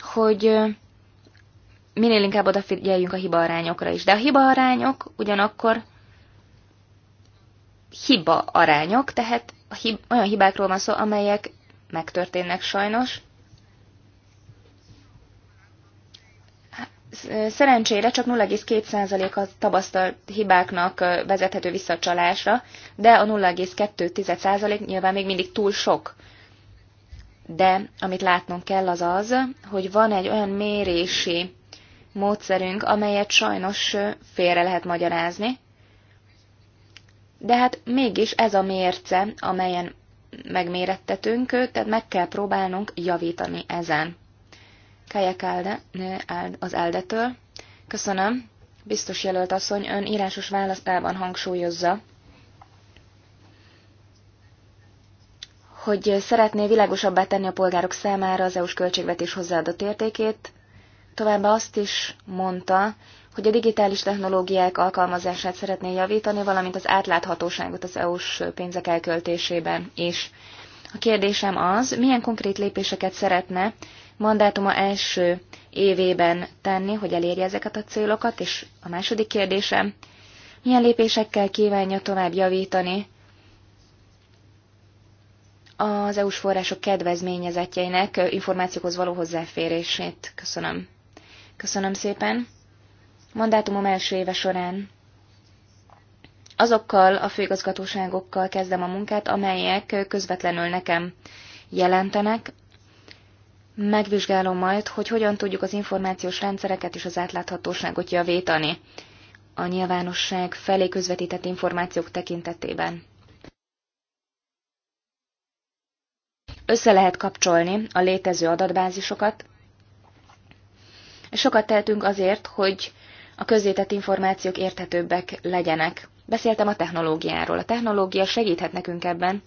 hogy minél inkább odafigyeljünk a hibaarányokra is. De a hibaarányok ugyanakkor hiba tehát a hib- olyan hibákról van szó, amelyek megtörténnek sajnos. Szerencsére csak 0,2% a tapasztalt hibáknak vezethető vissza a csalásra, de a 0,2% nyilván még mindig túl sok. De amit látnunk kell az az, hogy van egy olyan mérési módszerünk, amelyet sajnos félre lehet magyarázni, de hát mégis ez a mérce, amelyen megmérettetünk, tehát meg kell próbálnunk javítani ezen. Kajek Alde, az Eldetől. Köszönöm. Biztos jelölt asszony, ön írásos választában hangsúlyozza, hogy szeretné világosabbá tenni a polgárok számára az EU-s költségvetés hozzáadott értékét. Továbbá azt is mondta, hogy a digitális technológiák alkalmazását szeretné javítani, valamint az átláthatóságot az EU-s pénzek elköltésében is. A kérdésem az, milyen konkrét lépéseket szeretne mandátuma első évében tenni, hogy elérje ezeket a célokat, és a második kérdésem, milyen lépésekkel kívánja tovább javítani az EU-s források kedvezményezetjeinek információkhoz való hozzáférését. Köszönöm. Köszönöm szépen mandátumom első éve során. Azokkal a főigazgatóságokkal kezdem a munkát, amelyek közvetlenül nekem jelentenek. Megvizsgálom majd, hogy hogyan tudjuk az információs rendszereket és az átláthatóságot javítani a nyilvánosság felé közvetített információk tekintetében. Össze lehet kapcsolni a létező adatbázisokat. Sokat tehetünk azért, hogy a közzétett információk érthetőbbek legyenek. Beszéltem a technológiáról. A technológia segíthet nekünk ebben,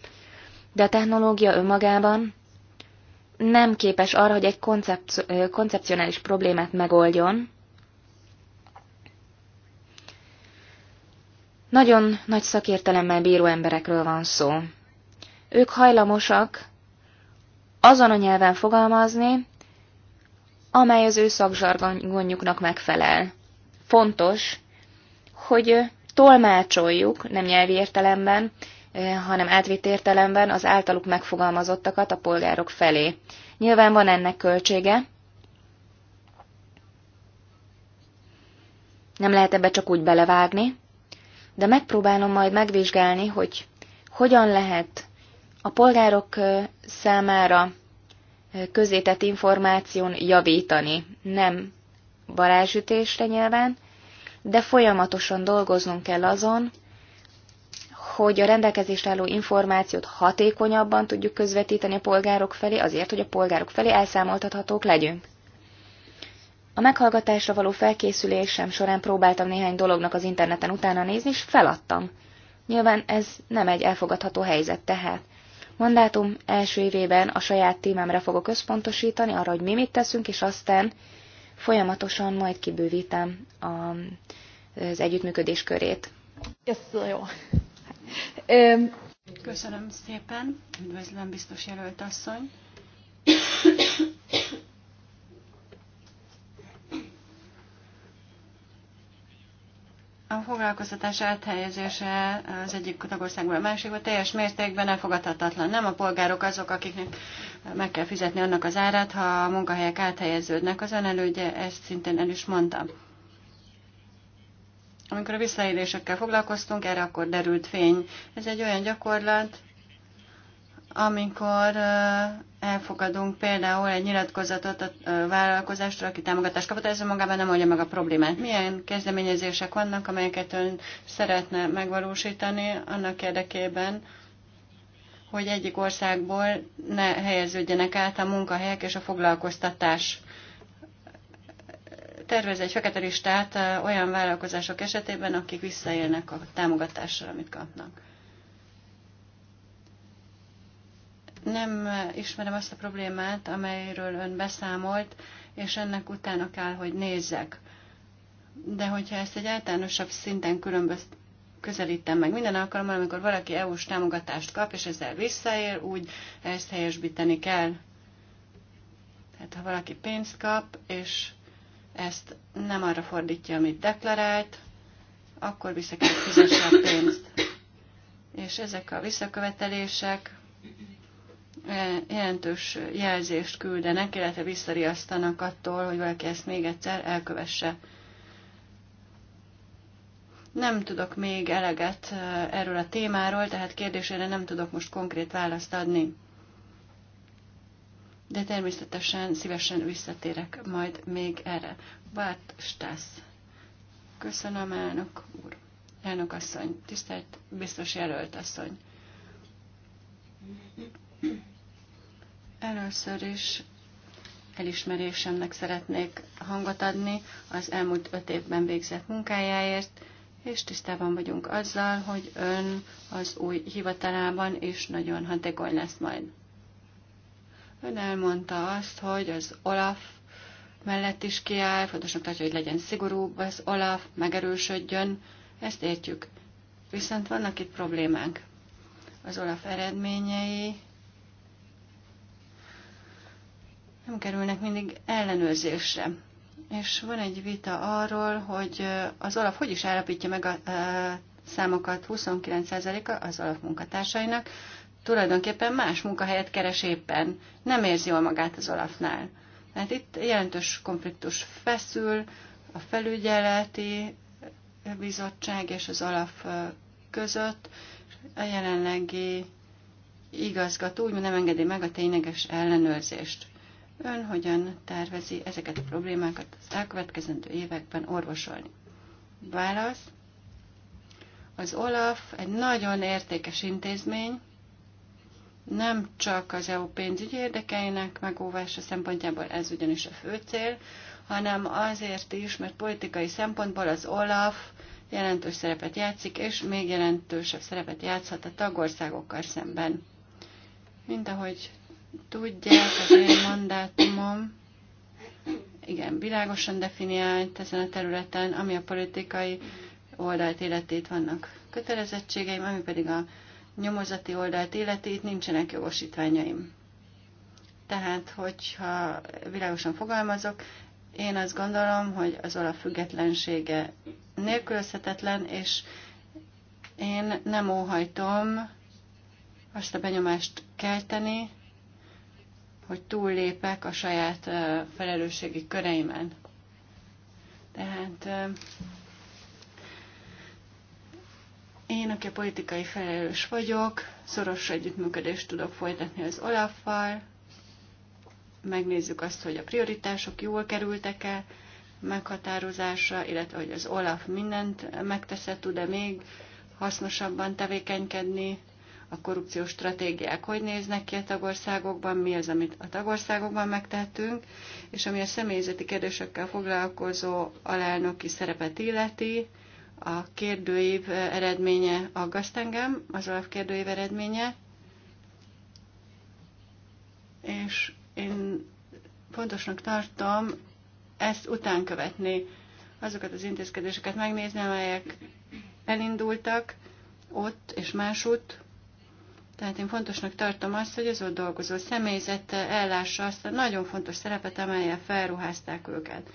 de a technológia önmagában nem képes arra, hogy egy koncepci- koncepcionális problémát megoldjon. Nagyon nagy szakértelemmel bíró emberekről van szó. Ők hajlamosak azon a nyelven fogalmazni, amely az ő szakzsargonjuknak megfelel fontos, hogy tolmácsoljuk, nem nyelvi értelemben, hanem átvitt értelemben az általuk megfogalmazottakat a polgárok felé. Nyilván van ennek költsége. Nem lehet ebbe csak úgy belevágni, de megpróbálom majd megvizsgálni, hogy hogyan lehet a polgárok számára közétett információn javítani, nem varázsütésre nyilván, de folyamatosan dolgoznunk kell azon, hogy a rendelkezésre álló információt hatékonyabban tudjuk közvetíteni a polgárok felé, azért, hogy a polgárok felé elszámoltathatók legyünk. A meghallgatásra való felkészülésem során próbáltam néhány dolognak az interneten utána nézni, és feladtam. Nyilván ez nem egy elfogadható helyzet tehát. Mandátum első évében a saját témámra fogok összpontosítani, arra, hogy mi mit teszünk, és aztán folyamatosan majd kibővítem a, az együttműködés körét. Köszönöm. jó. Köszönöm szépen, üdvözlöm biztos jelölt asszony. A foglalkoztatás áthelyezése az egyik tagországból a másikba teljes mértékben elfogadhatatlan. Nem a polgárok azok, akiknek meg kell fizetni annak az árát, ha a munkahelyek áthelyeződnek. Az önelődje ezt szintén el is mondta. Amikor a visszaélésekkel foglalkoztunk, erre akkor derült fény. Ez egy olyan gyakorlat, amikor elfogadunk például egy nyilatkozatot a vállalkozásról, aki támogatást kapott, ez magában nem oldja meg a problémát. Milyen kezdeményezések vannak, amelyeket ön szeretne megvalósítani annak érdekében, hogy egyik országból ne helyeződjenek át a munkahelyek és a foglalkoztatás. Tervez egy fekete listát olyan vállalkozások esetében, akik visszaélnek a támogatással, amit kapnak. Nem ismerem azt a problémát, amelyről ön beszámolt, és ennek utána kell, hogy nézzek. De hogyha ezt egy általánosabb szinten különböz, közelítem meg minden alkalommal, amikor valaki EU-s támogatást kap, és ezzel visszaél, úgy ezt helyesbíteni kell. Tehát ha valaki pénzt kap, és ezt nem arra fordítja, amit deklarált, akkor vissza kell fizetni a pénzt. És ezek a visszakövetelések eh, jelentős jelzést küldenek, illetve visszariasztanak attól, hogy valaki ezt még egyszer elkövesse. Nem tudok még eleget erről a témáról, tehát kérdésére nem tudok most konkrét választ adni. De természetesen szívesen visszatérek majd még erre. Várt Stász. Köszönöm, elnök úr. Elnök asszony, tisztelt biztos jelölt asszony. Először is elismerésemnek szeretnék hangot adni az elmúlt öt évben végzett munkájáért, és tisztában vagyunk azzal, hogy ön az új hivatalában is nagyon hatékony lesz majd. Ön elmondta azt, hogy az Olaf mellett is kiáll, fontosnak tartja, hogy legyen szigorúbb az Olaf, megerősödjön, ezt értjük. Viszont vannak itt problémánk. Az Olaf eredményei nem kerülnek mindig ellenőrzésre és van egy vita arról, hogy az Olaf hogy is állapítja meg a számokat 29%-a az Olaf munkatársainak, tulajdonképpen más munkahelyet keres éppen, nem érzi jól magát az Olafnál. mert hát itt jelentős konfliktus feszül, a felügyeleti bizottság és az Olaf között a jelenlegi igazgató úgymond nem engedi meg a tényleges ellenőrzést. Ön hogyan tervezi ezeket a problémákat az elkövetkezendő években orvosolni? Válasz. Az OLAF egy nagyon értékes intézmény, nem csak az EU pénzügyi érdekeinek megóvása szempontjából ez ugyanis a fő cél, hanem azért is, mert politikai szempontból az OLAF jelentős szerepet játszik, és még jelentősebb szerepet játszhat a tagországokkal szemben. Mint ahogy tudják, az én mandátumom igen, világosan definiált ezen a területen, ami a politikai oldalt életét vannak kötelezettségeim, ami pedig a nyomozati oldalt életét nincsenek jogosítványaim. Tehát, hogyha világosan fogalmazok, én azt gondolom, hogy az a függetlensége nélkülözhetetlen, és én nem óhajtom azt a benyomást kelteni, hogy túllépek a saját felelősségi köreimen. Tehát én, aki a politikai felelős vagyok, szoros együttműködést tudok folytatni az Olaffal, megnézzük azt, hogy a prioritások jól kerültek-e meghatározásra, illetve hogy az Olaf mindent megteszett, tud-e még hasznosabban tevékenykedni, a korrupciós stratégiák hogy néznek ki a tagországokban, mi az, amit a tagországokban megtettünk, és ami a személyzeti kérdésekkel foglalkozó alelnöki szerepet illeti, a kérdőív eredménye aggaszt engem, az Olaf kérdőív eredménye, és én fontosnak tartom ezt után követni, azokat az intézkedéseket megnézni, amelyek elindultak ott és másutt, tehát én fontosnak tartom azt, hogy az ott dolgozó személyzet ellássa azt a nagyon fontos szerepet, amelyen felruházták őket.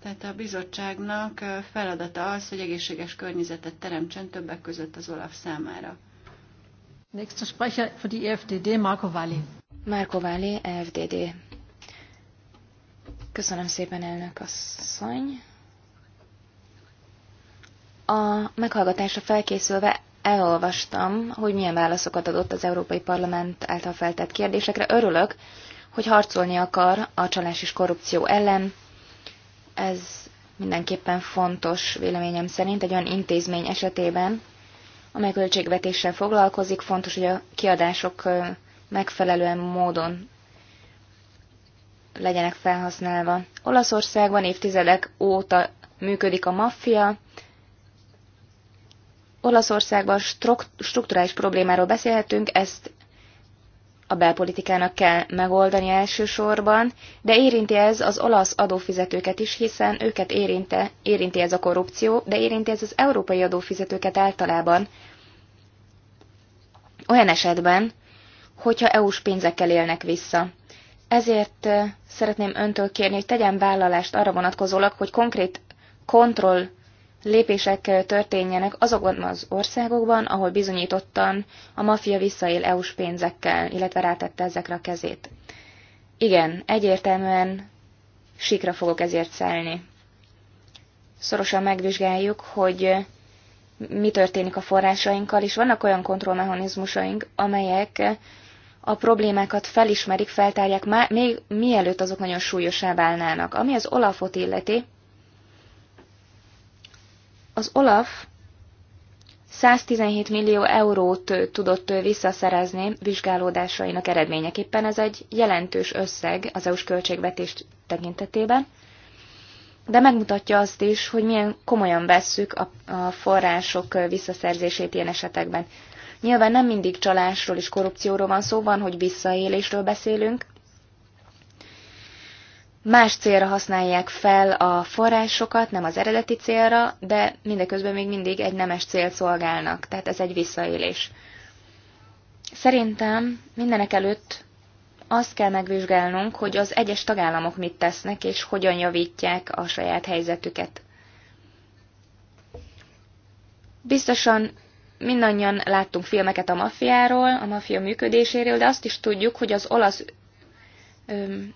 Tehát a bizottságnak feladata az, hogy egészséges környezetet teremtsen többek között az Olaf számára. Nächster Sprecher für die EFDD, Marco Valli. Marco Valli, EFDD. Köszönöm szépen, elnök asszony. A meghallgatásra felkészülve elolvastam, hogy milyen válaszokat adott az Európai Parlament által feltett kérdésekre. Örülök, hogy harcolni akar a csalás és korrupció ellen. Ez mindenképpen fontos véleményem szerint egy olyan intézmény esetében, amely költségvetéssel foglalkozik, fontos, hogy a kiadások megfelelően módon legyenek felhasználva. Olaszországban évtizedek óta működik a maffia, Olaszországban strukturális problémáról beszélhetünk, ezt a belpolitikának kell megoldani elsősorban, de érinti ez az olasz adófizetőket is, hiszen őket érinte, érinti ez a korrupció, de érinti ez az európai adófizetőket általában. Olyan esetben, hogyha EU-s pénzekkel élnek vissza. Ezért szeretném öntől kérni, hogy tegyen vállalást arra vonatkozólag, hogy konkrét kontroll lépések történjenek azokban az országokban, ahol bizonyítottan a maffia visszaél EU-s pénzekkel, illetve rátette ezekre a kezét. Igen, egyértelműen sikra fogok ezért szállni. Szorosan megvizsgáljuk, hogy mi történik a forrásainkkal, és vannak olyan kontrollmechanizmusaink, amelyek a problémákat felismerik, feltárják, már, még mielőtt azok nagyon súlyosá válnának. Ami az Olafot illeti, az Olaf 117 millió eurót tudott visszaszerezni vizsgálódásainak eredményeképpen. Ez egy jelentős összeg az EU-s költségvetést tekintetében, de megmutatja azt is, hogy milyen komolyan vesszük a, a források visszaszerzését ilyen esetekben. Nyilván nem mindig csalásról és korrupcióról van szó, van, hogy visszaélésről beszélünk, más célra használják fel a forrásokat, nem az eredeti célra, de mindeközben még mindig egy nemes cél szolgálnak, tehát ez egy visszaélés. Szerintem mindenek előtt azt kell megvizsgálnunk, hogy az egyes tagállamok mit tesznek, és hogyan javítják a saját helyzetüket. Biztosan mindannyian láttunk filmeket a maffiáról, a maffia működéséről, de azt is tudjuk, hogy az olasz öm,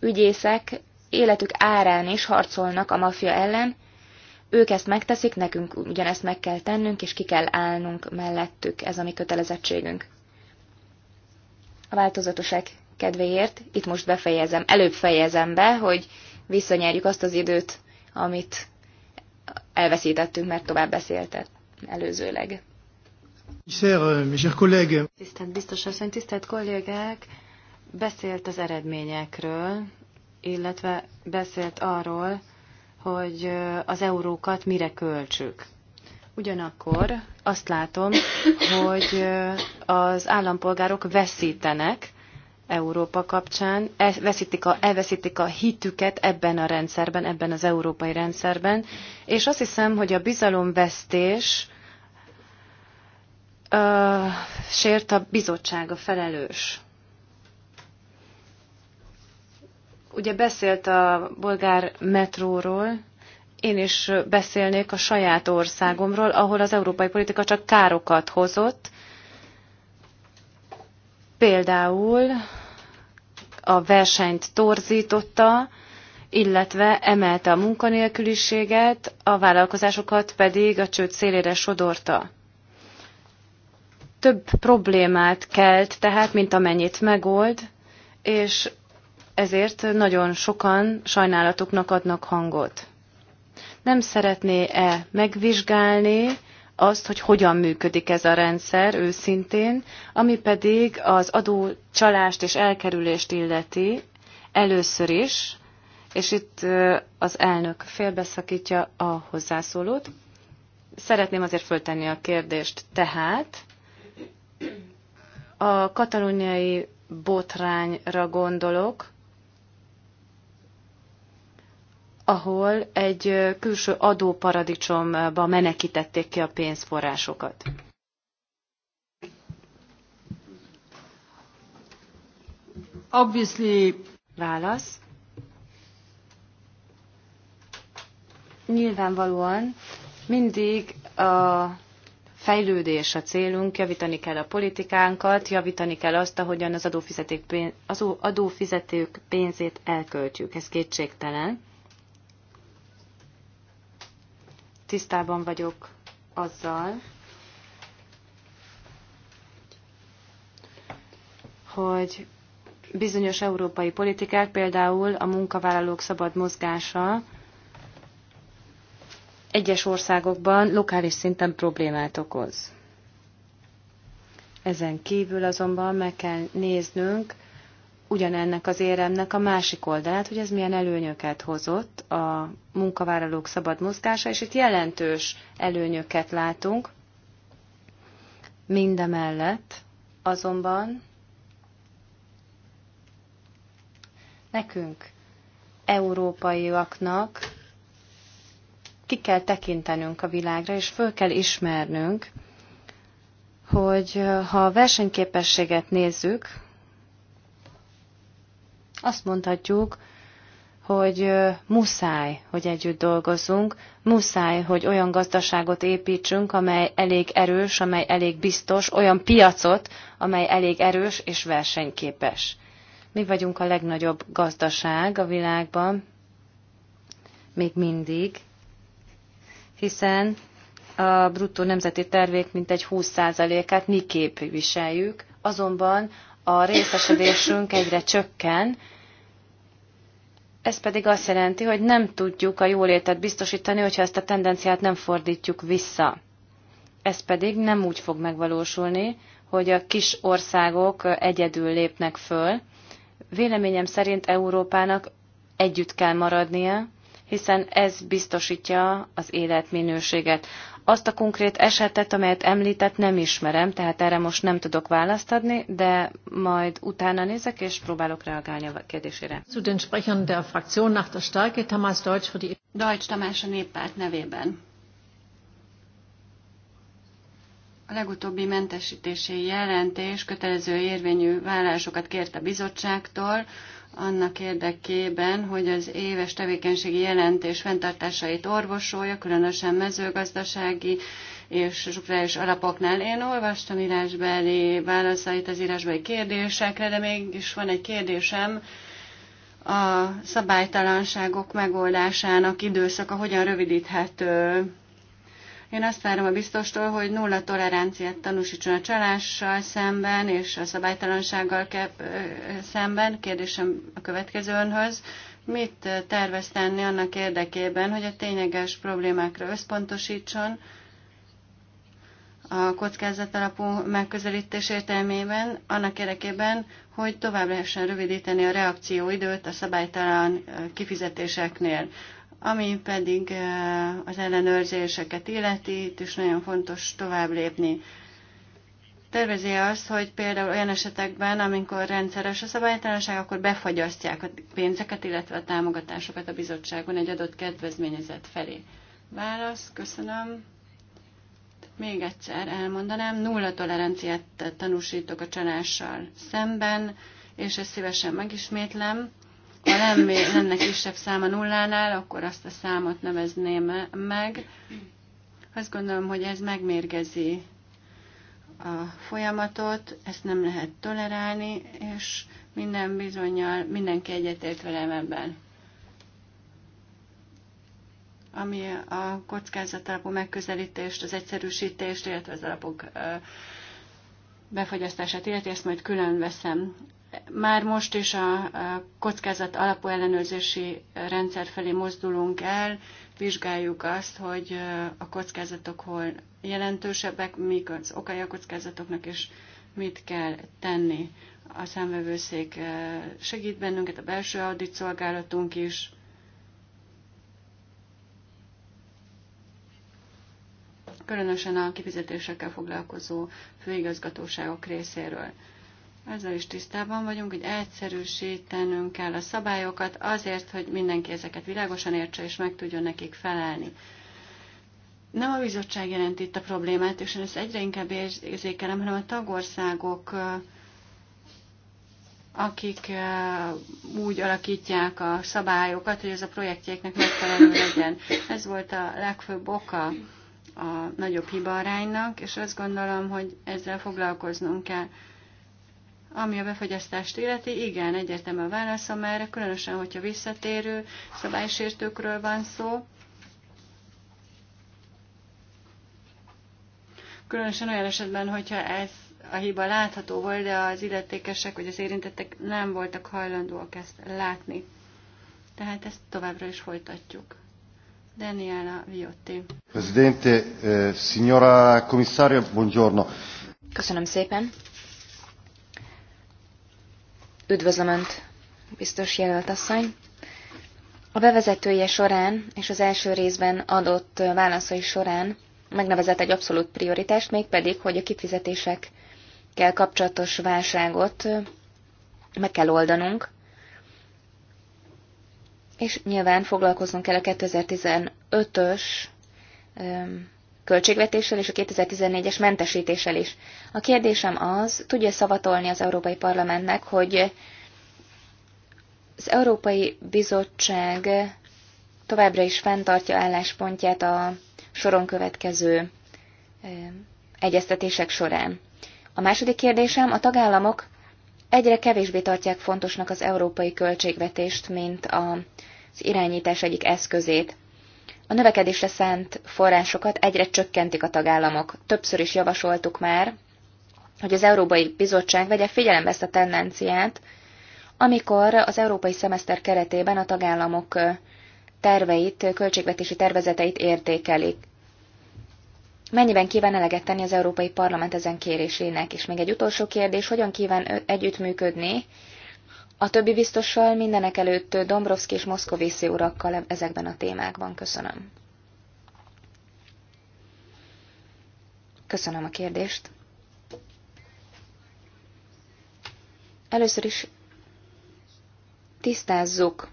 ügyészek életük árán is harcolnak a maffia ellen, ők ezt megteszik, nekünk ugyanezt meg kell tennünk, és ki kell állnunk mellettük, ez a mi kötelezettségünk. A változatosek kedvéért itt most befejezem, előbb fejezem be, hogy visszanyerjük azt az időt, amit elveszítettünk, mert tovább beszéltet előzőleg. Tisztelt eh, biztos asszony, tisztelt kollégák! beszélt az eredményekről, illetve beszélt arról, hogy az eurókat mire költsük. Ugyanakkor azt látom, hogy az állampolgárok veszítenek Európa kapcsán, elveszítik a, elveszítik a hitüket ebben a rendszerben, ebben az európai rendszerben, és azt hiszem, hogy a bizalomvesztés uh, sért a bizottsága felelős. Ugye beszélt a bolgár metróról, én is beszélnék a saját országomról, ahol az európai politika csak károkat hozott. Például a versenyt torzította, illetve emelte a munkanélküliséget, a vállalkozásokat pedig a csőd szélére sodorta. Több problémát kelt tehát, mint amennyit megold, és ezért nagyon sokan sajnálatuknak adnak hangot. Nem szeretné-e megvizsgálni azt, hogy hogyan működik ez a rendszer őszintén, ami pedig az adócsalást és elkerülést illeti először is, és itt az elnök félbeszakítja a hozzászólót. Szeretném azért föltenni a kérdést. Tehát a katalóniai botrányra gondolok, ahol egy külső adóparadicsomba menekítették ki a pénzforrásokat. Obviously. Válasz. Nyilvánvalóan mindig a fejlődés a célunk, javítani kell a politikánkat, javítani kell azt, ahogyan az adófizetők, az adófizetők pénzét elköltjük. Ez kétségtelen. tisztában vagyok azzal, hogy bizonyos európai politikák, például a munkavállalók szabad mozgása egyes országokban lokális szinten problémát okoz. Ezen kívül azonban meg kell néznünk, ugyanennek az éremnek a másik oldalát, hogy ez milyen előnyöket hozott a munkavállalók szabad mozgása, és itt jelentős előnyöket látunk. Mindemellett azonban nekünk, európaiaknak ki kell tekintenünk a világra, és föl kell ismernünk, hogy ha a versenyképességet nézzük, azt mondhatjuk, hogy muszáj, hogy együtt dolgozzunk, muszáj, hogy olyan gazdaságot építsünk, amely elég erős, amely elég biztos, olyan piacot, amely elég erős és versenyképes. Mi vagyunk a legnagyobb gazdaság a világban, még mindig, hiszen a bruttó nemzeti tervék mintegy 20%-át mi képviseljük, azonban a részesedésünk egyre csökken, ez pedig azt jelenti, hogy nem tudjuk a jólétet biztosítani, hogyha ezt a tendenciát nem fordítjuk vissza. Ez pedig nem úgy fog megvalósulni, hogy a kis országok egyedül lépnek föl. Véleményem szerint Európának együtt kell maradnia, hiszen ez biztosítja az életminőséget. Azt a konkrét esetet, amelyet említett, nem ismerem, tehát erre most nem tudok választ adni, de majd utána nézek, és próbálok reagálni a kérdésére. Zu den Sprechern der Fraktion nach der Stärke, Tamás Deutsch für die... Deutsch Tamás a néppárt nevében. A legutóbbi mentesítési jelentés kötelező érvényű vállásokat kért a bizottságtól, annak érdekében, hogy az éves tevékenységi jelentés fenntartásait orvosolja, különösen mezőgazdasági és zsukrális alapoknál. Én olvastam írásbeli válaszait az írásbeli kérdésekre, de mégis van egy kérdésem, a szabálytalanságok megoldásának időszaka hogyan rövidíthető én azt várom a biztostól, hogy nulla toleranciát tanúsítson a csalással szemben és a szabálytalansággal szemben. Kérdésem a következő önhöz. Mit tervez tenni annak érdekében, hogy a tényleges problémákra összpontosítson a kockázat alapú megközelítés értelmében, annak érdekében, hogy tovább lehessen rövidíteni a reakcióidőt a szabálytalan kifizetéseknél. Ami pedig az ellenőrzéseket illeti, itt is nagyon fontos tovább lépni. Tervezi azt, hogy például olyan esetekben, amikor rendszeres a szabálytalanság, akkor befagyasztják a pénzeket, illetve a támogatásokat a bizottságon egy adott kedvezményezet felé. Válasz, köszönöm. Még egyszer elmondanám, nulla toleranciát tanúsítok a csalással szemben, és ezt szívesen megismétlem. Ha nem lenne kisebb száma nullánál, akkor azt a számot nevezném meg. Azt gondolom, hogy ez megmérgezi a folyamatot, ezt nem lehet tolerálni, és minden bizonyal mindenki egyetért velem ebben. Ami a kockázatalapú megközelítést, az egyszerűsítést, illetve az alapok befogyasztását illeti, ezt majd külön veszem már most is a kockázat alapú ellenőrzési rendszer felé mozdulunk el, vizsgáljuk azt, hogy a kockázatok hol jelentősebbek, mik az okai a kockázatoknak, és mit kell tenni. A számvevőszék segít bennünket, a belső audit szolgálatunk is. Különösen a kifizetésekkel foglalkozó főigazgatóságok részéről. Ezzel is tisztában vagyunk, hogy egyszerűsítenünk kell a szabályokat azért, hogy mindenki ezeket világosan értse és meg tudjon nekik felelni. Nem a bizottság jelent itt a problémát, és én ezt egyre inkább érzékelem, hanem a tagországok, akik úgy alakítják a szabályokat, hogy ez a projektjéknek megfelelő legyen. Ez volt a legfőbb oka a nagyobb hibaránynak, és azt gondolom, hogy ezzel foglalkoznunk kell. Ami a befagyasztást illeti, igen, egyértelmű a válaszom erre, különösen, hogyha visszatérő szabálysértőkről van szó. Különösen olyan esetben, hogyha ez a hiba látható volt, de az illetékesek vagy az érintettek nem voltak hajlandóak ezt látni. Tehát ezt továbbra is folytatjuk. Daniela Viotti. Presidente, eh, signora commissario, buongiorno. Köszönöm szépen. Üdvözlöm Önt, biztos jelölt asszony. A bevezetője során és az első részben adott válaszai során megnevezett egy abszolút prioritást, mégpedig, hogy a kifizetésekkel kapcsolatos válságot meg kell oldanunk, és nyilván foglalkoznunk kell a 2015-ös költségvetéssel és a 2014-es mentesítéssel is. A kérdésem az, tudja szavatolni az Európai Parlamentnek, hogy az Európai Bizottság továbbra is fenntartja álláspontját a soron következő egyeztetések során. A második kérdésem, a tagállamok egyre kevésbé tartják fontosnak az európai költségvetést, mint az irányítás egyik eszközét. A növekedésre szánt forrásokat egyre csökkentik a tagállamok. Többször is javasoltuk már, hogy az Európai Bizottság vegye figyelembe ezt a tendenciát, amikor az európai szemeszter keretében a tagállamok terveit, költségvetési tervezeteit értékelik. Mennyiben kíván eleget tenni az Európai Parlament ezen kérésének? És még egy utolsó kérdés, hogyan kíván együttműködni a többi biztossal mindenek előtt Dombrovszki és Moszkovészi urakkal e- ezekben a témákban köszönöm. Köszönöm a kérdést. Először is tisztázzuk.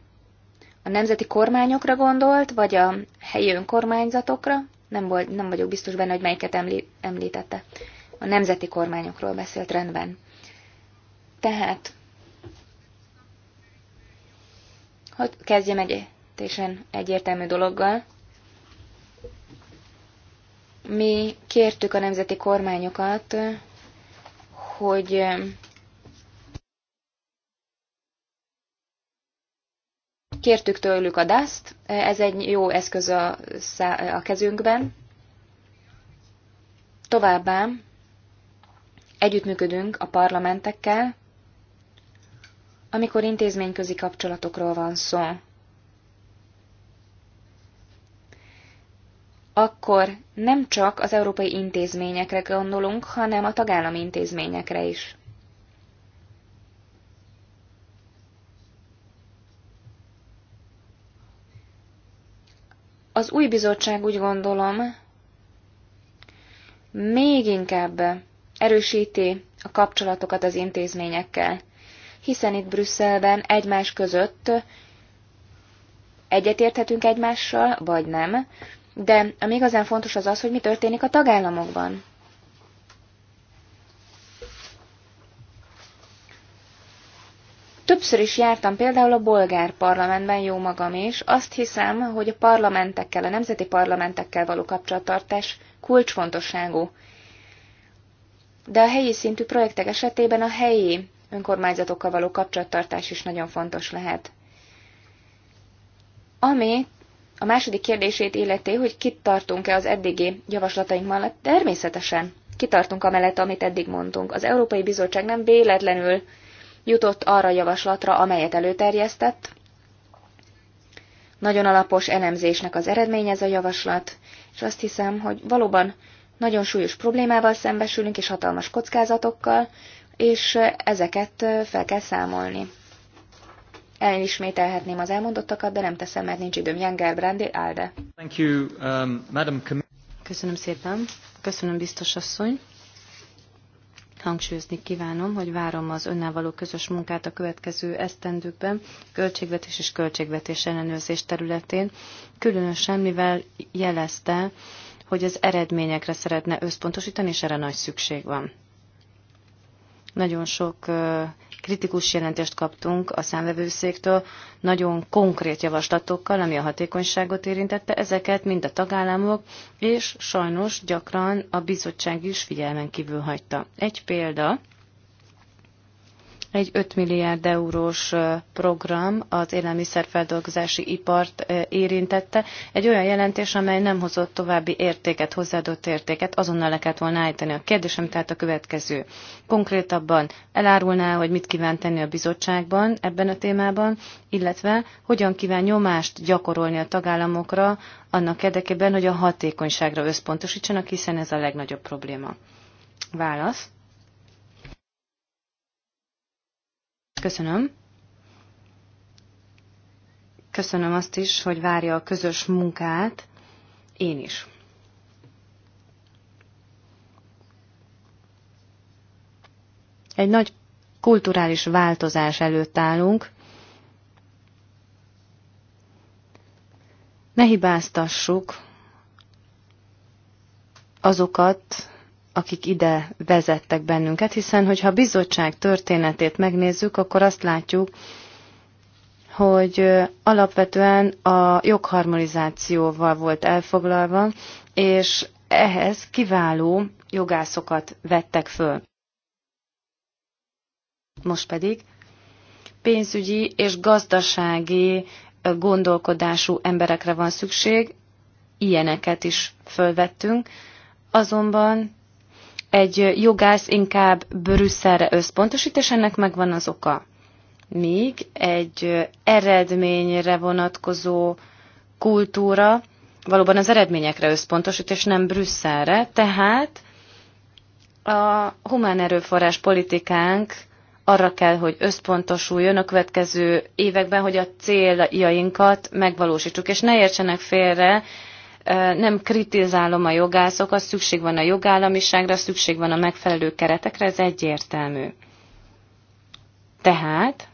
A nemzeti kormányokra gondolt, vagy a helyi önkormányzatokra? Nem, volt, nem vagyok biztos benne, hogy melyiket említette. A nemzeti kormányokról beszélt rendben. Tehát Hogy kezdjem egy teljesen egyértelmű dologgal. Mi kértük a nemzeti kormányokat, hogy kértük tőlük a DAST, ez egy jó eszköz a, a kezünkben. Továbbá együttműködünk a parlamentekkel, amikor intézményközi kapcsolatokról van szó. Akkor nem csak az európai intézményekre gondolunk, hanem a tagállami intézményekre is. Az új bizottság úgy gondolom még inkább erősíti a kapcsolatokat az intézményekkel hiszen itt Brüsszelben egymás között egyetérthetünk egymással, vagy nem, de ami igazán fontos az az, hogy mi történik a tagállamokban. Többször is jártam például a bolgár parlamentben, jó magam is. Azt hiszem, hogy a parlamentekkel, a nemzeti parlamentekkel való kapcsolattartás kulcsfontosságú. De a helyi szintű projektek esetében a helyi önkormányzatokkal való kapcsolattartás is nagyon fontos lehet. Ami a második kérdését illeti, hogy kit tartunk-e az eddigi javaslataink mellett, természetesen kitartunk amellett, amit eddig mondtunk. Az Európai Bizottság nem véletlenül jutott arra a javaslatra, amelyet előterjesztett. Nagyon alapos elemzésnek az eredménye ez a javaslat, és azt hiszem, hogy valóban nagyon súlyos problémával szembesülünk, és hatalmas kockázatokkal, és ezeket fel kell számolni. Elismételhetném az elmondottakat, de nem teszem, mert nincs időm. Jan Gerbrandi, Alde. Thank you, um, Madam Köszönöm szépen. Köszönöm, biztos asszony. Hangsúlyozni kívánom, hogy várom az önnel való közös munkát a következő esztendőkben, költségvetés és költségvetés ellenőrzés területén, különösen mivel jelezte, hogy az eredményekre szeretne összpontosítani, és erre nagy szükség van. Nagyon sok kritikus jelentést kaptunk a számvevőszéktől, nagyon konkrét javaslatokkal, ami a hatékonyságot érintette, ezeket mind a tagállamok, és sajnos gyakran a bizottság is figyelmen kívül hagyta. Egy példa, egy 5 milliárd eurós program az élelmiszerfeldolgozási ipart érintette. Egy olyan jelentés, amely nem hozott további értéket, hozzáadott értéket, azonnal le kellett volna állítani. A kérdésem tehát a következő. Konkrétabban elárulná, hogy mit kíván tenni a bizottságban ebben a témában, illetve hogyan kíván nyomást gyakorolni a tagállamokra annak érdekében, hogy a hatékonyságra összpontosítsanak, hiszen ez a legnagyobb probléma. Válasz. Köszönöm. Köszönöm azt is, hogy várja a közös munkát. Én is. Egy nagy kulturális változás előtt állunk. Ne hibáztassuk azokat, akik ide vezettek bennünket, hiszen hogyha a bizottság történetét megnézzük, akkor azt látjuk, hogy alapvetően a jogharmonizációval volt elfoglalva, és ehhez kiváló jogászokat vettek föl. Most pedig pénzügyi és gazdasági gondolkodású emberekre van szükség, ilyeneket is fölvettünk, azonban egy jogász inkább Brüsszelre összpontosít, és ennek megvan az oka. Míg egy eredményre vonatkozó kultúra valóban az eredményekre összpontosít, és nem Brüsszelre, tehát a humán erőforrás politikánk arra kell, hogy összpontosuljon a következő években, hogy a céljainkat megvalósítsuk. És ne értsenek félre, nem kritizálom a jogászokat, szükség van a jogállamiságra, szükség van a megfelelő keretekre, ez egyértelmű. Tehát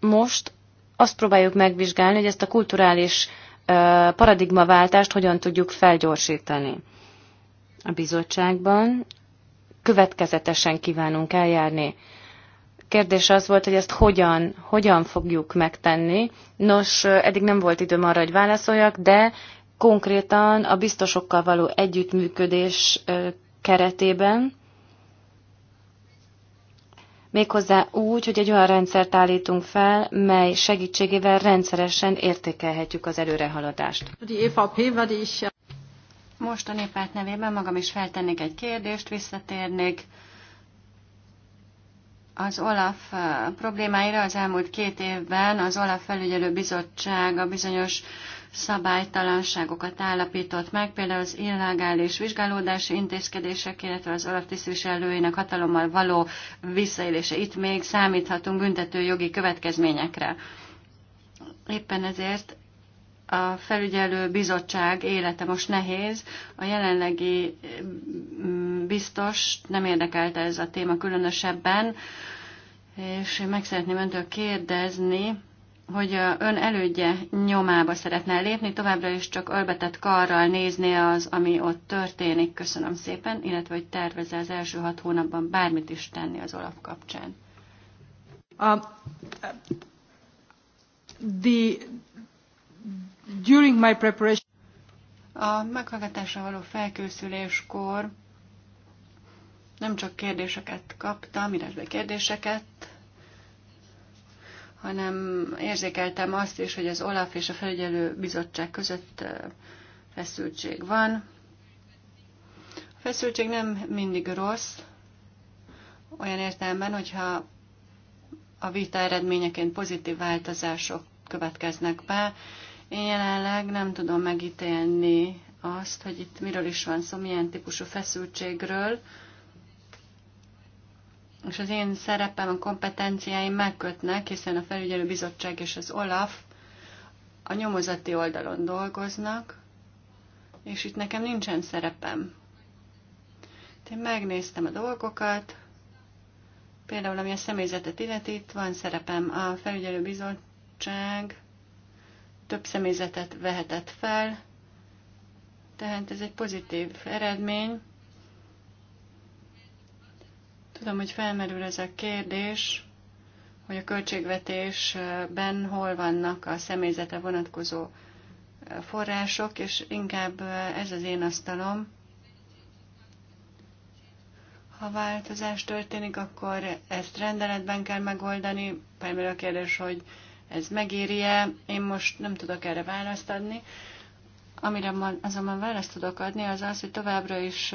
most azt próbáljuk megvizsgálni, hogy ezt a kulturális paradigmaváltást hogyan tudjuk felgyorsítani. A bizottságban következetesen kívánunk eljárni kérdés az volt, hogy ezt hogyan, hogyan fogjuk megtenni. Nos, eddig nem volt időm arra, hogy válaszoljak, de konkrétan a biztosokkal való együttműködés keretében, méghozzá úgy, hogy egy olyan rendszert állítunk fel, mely segítségével rendszeresen értékelhetjük az előrehaladást. E Most a néppárt nevében magam is feltennék egy kérdést, visszatérnék az OLAF problémáira az elmúlt két évben az OLAF felügyelő a bizonyos szabálytalanságokat állapított meg, például az illegális vizsgálódási intézkedések, illetve az OLAF tisztviselőinek hatalommal való visszaélése. Itt még számíthatunk büntető jogi következményekre. Éppen ezért a felügyelő bizottság élete most nehéz. A jelenlegi mm, biztos nem érdekelte ez a téma különösebben, és én meg szeretném öntől kérdezni, hogy ön elődje nyomába szeretne lépni, továbbra is csak ölbetett karral nézni az, ami ott történik. Köszönöm szépen, illetve hogy tervezze az első hat hónapban bármit is tenni az olap kapcsán. A, the, During my preparation... A meghallgatásra való felkészüléskor nem csak kérdéseket kaptam, illetve kérdéseket, hanem érzékeltem azt is, hogy az OLAF és a felügyelő bizottság között feszültség van. A feszültség nem mindig rossz, olyan értelemben, hogyha a vita eredményeként pozitív változások következnek be, én jelenleg nem tudom megítélni azt, hogy itt miről is van szó, milyen típusú feszültségről, és az én szerepem, a kompetenciáim megkötnek, hiszen a felügyelő bizottság és az OLAF a nyomozati oldalon dolgoznak, és itt nekem nincsen szerepem. Én megnéztem a dolgokat, például ami a személyzetet illeti, itt van szerepem a felügyelő bizottság, több személyzetet vehetett fel, tehát ez egy pozitív eredmény. Tudom, hogy felmerül ez a kérdés, hogy a költségvetésben hol vannak a személyzete vonatkozó források, és inkább ez az én asztalom. Ha változás történik, akkor ezt rendeletben kell megoldani. Például a kérdés, hogy ez megéri-e, én most nem tudok erre választ adni. Amire azonban választ tudok adni, az az, hogy továbbra is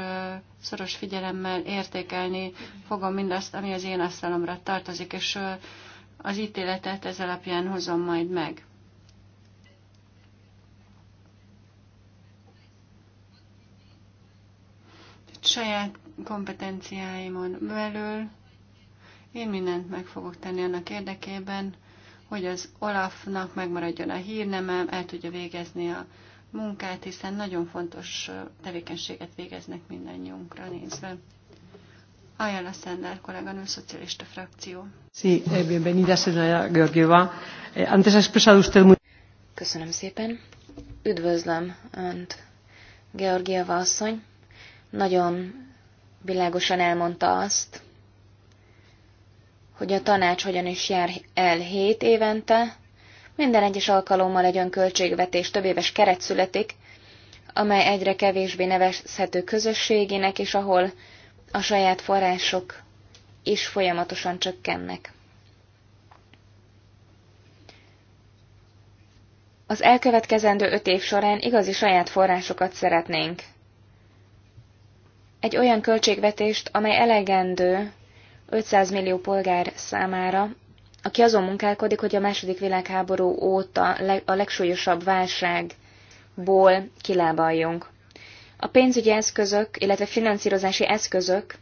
szoros figyelemmel értékelni fogom mindazt, ami az én asztalomra tartozik, és az ítéletet ez alapján hozom majd meg. Saját kompetenciáimon belül én mindent meg fogok tenni annak érdekében, hogy az Olafnak megmaradjon a hírnemem, el tudja végezni a munkát, hiszen nagyon fontos tevékenységet végeznek mindannyiunkra nézve. Ajánl a Szender kolléganő, szocialista frakció. Sí, eh, bienvenida, señora Georgieva. Eh, antes ha expresado usted muy... Köszönöm szépen. Üdvözlöm Önt, Georgieva asszony. Nagyon világosan elmondta azt, hogy a tanács hogyan is jár el hét évente, minden egyes alkalommal egy olyan költségvetés több éves keret születik, amely egyre kevésbé nevezhető közösségének, és ahol a saját források is folyamatosan csökkennek. Az elkövetkezendő öt év során igazi saját forrásokat szeretnénk. Egy olyan költségvetést, amely elegendő 500 millió polgár számára, aki azon munkálkodik, hogy a második világháború óta a legsúlyosabb válságból kilábaljunk. A pénzügyi eszközök, illetve finanszírozási eszközök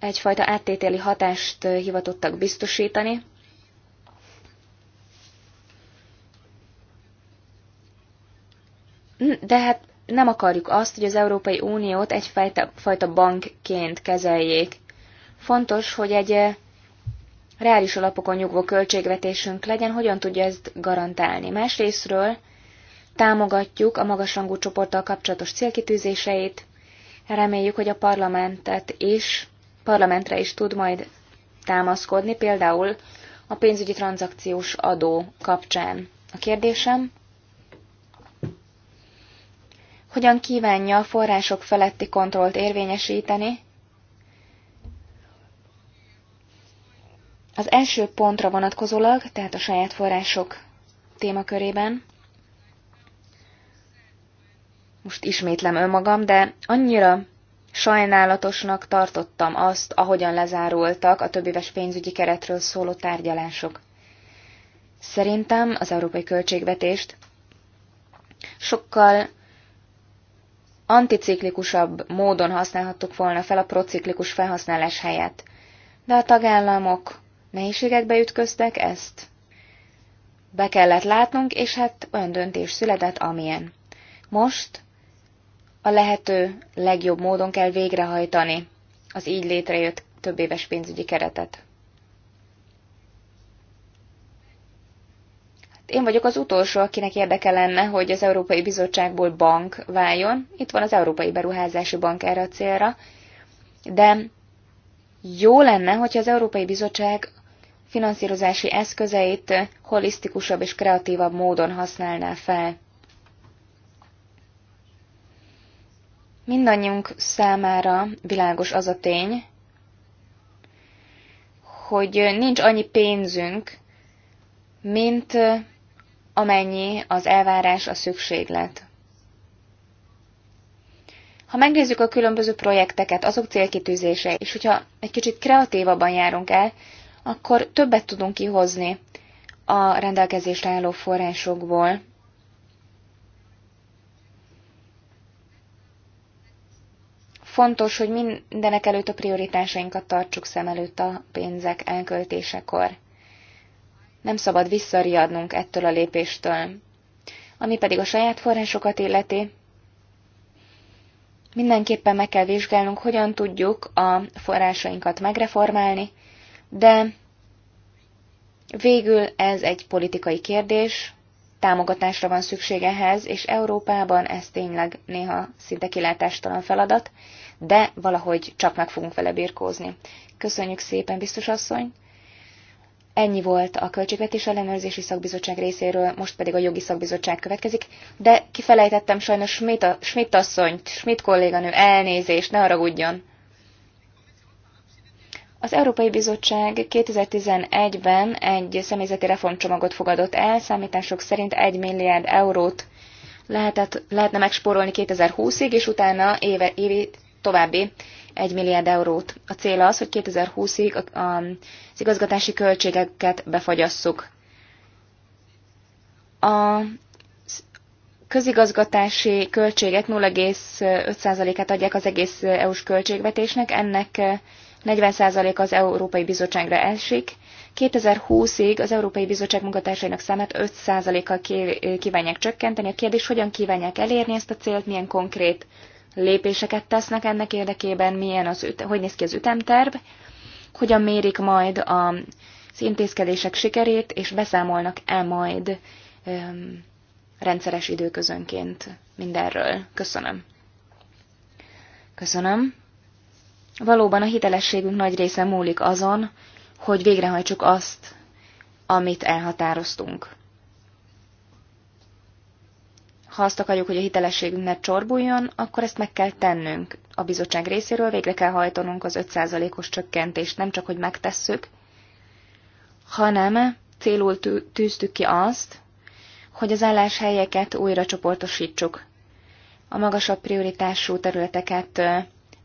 egyfajta áttételi hatást hivatottak biztosítani, hm, De hát nem akarjuk azt, hogy az Európai Uniót egyfajta fajta bankként kezeljék. Fontos, hogy egy reális alapokon nyugvó költségvetésünk legyen, hogyan tudja ezt garantálni. Másrésztről támogatjuk a magasrangú csoporttal kapcsolatos célkitűzéseit, reméljük, hogy a parlamentet is, parlamentre is tud majd támaszkodni, például a pénzügyi tranzakciós adó kapcsán. A kérdésem, hogyan kívánja a források feletti kontrollt érvényesíteni, Az első pontra vonatkozólag, tehát a saját források témakörében, most ismétlem önmagam, de annyira sajnálatosnak tartottam azt, ahogyan lezárultak a többéves pénzügyi keretről szóló tárgyalások. Szerintem az európai költségvetést sokkal anticiklikusabb módon használhattuk volna fel a prociklikus felhasználás helyett. De a tagállamok nehézségekbe ütköztek, ezt be kellett látnunk, és hát olyan döntés született, amilyen. Most a lehető legjobb módon kell végrehajtani az így létrejött több éves pénzügyi keretet. Hát én vagyok az utolsó, akinek érdeke lenne, hogy az Európai Bizottságból bank váljon. Itt van az Európai Beruházási Bank erre a célra. De jó lenne, hogyha az Európai Bizottság finanszírozási eszközeit holisztikusabb és kreatívabb módon használná fel. Mindannyiunk számára világos az a tény, hogy nincs annyi pénzünk, mint amennyi az elvárás, a szükséglet. Ha megnézzük a különböző projekteket, azok célkitűzése, és hogyha egy kicsit kreatívabban járunk el, akkor többet tudunk kihozni a rendelkezésre álló forrásokból. Fontos, hogy mindenek előtt a prioritásainkat tartsuk szem előtt a pénzek elköltésekor. Nem szabad visszariadnunk ettől a lépéstől. Ami pedig a saját forrásokat illeti, Mindenképpen meg kell vizsgálnunk, hogyan tudjuk a forrásainkat megreformálni, de végül ez egy politikai kérdés, támogatásra van szükség ehhez, és Európában ez tényleg néha szinte kilátástalan feladat, de valahogy csak meg fogunk vele birkózni. Köszönjük szépen, biztos asszony! Ennyi volt a Költségvetés Ellenőrzési Szakbizottság részéről, most pedig a Jogi Szakbizottság következik, de kifelejtettem sajnos Schmidt, a, Schmidt asszonyt, Schmidt kolléganő, elnézést, ne haragudjon. Az Európai Bizottság 2011-ben egy személyzeti reformcsomagot fogadott el, számítások szerint 1 milliárd eurót lehetett, lehetne megspórolni 2020-ig, és utána éve, évi további 1 milliárd eurót. A cél az, hogy 2020-ig az igazgatási költségeket befagyasszuk. A közigazgatási költségek 0,5%-át adják az egész EU-s költségvetésnek, ennek 40% az Európai Bizottságra esik. 2020-ig az Európai Bizottság munkatársainak számát 5%-kal kívánják csökkenteni. A kérdés, hogyan kívánják elérni ezt a célt, milyen konkrét lépéseket tesznek ennek érdekében, milyen az hogy néz ki az ütemterv, hogyan mérik majd a, az intézkedések sikerét, és beszámolnak-e majd öm, rendszeres időközönként mindenről. Köszönöm. Köszönöm. Valóban a hitelességünk nagy része múlik azon, hogy végrehajtsuk azt, amit elhatároztunk. Ha azt akarjuk, hogy a hitelességünk ne csorbuljon, akkor ezt meg kell tennünk. A bizottság részéről végre kell hajtanunk az 5%-os csökkentést, nem csak, hogy megtesszük, hanem célul tűztük ki azt, hogy az álláshelyeket újra csoportosítsuk. A magasabb prioritású területeket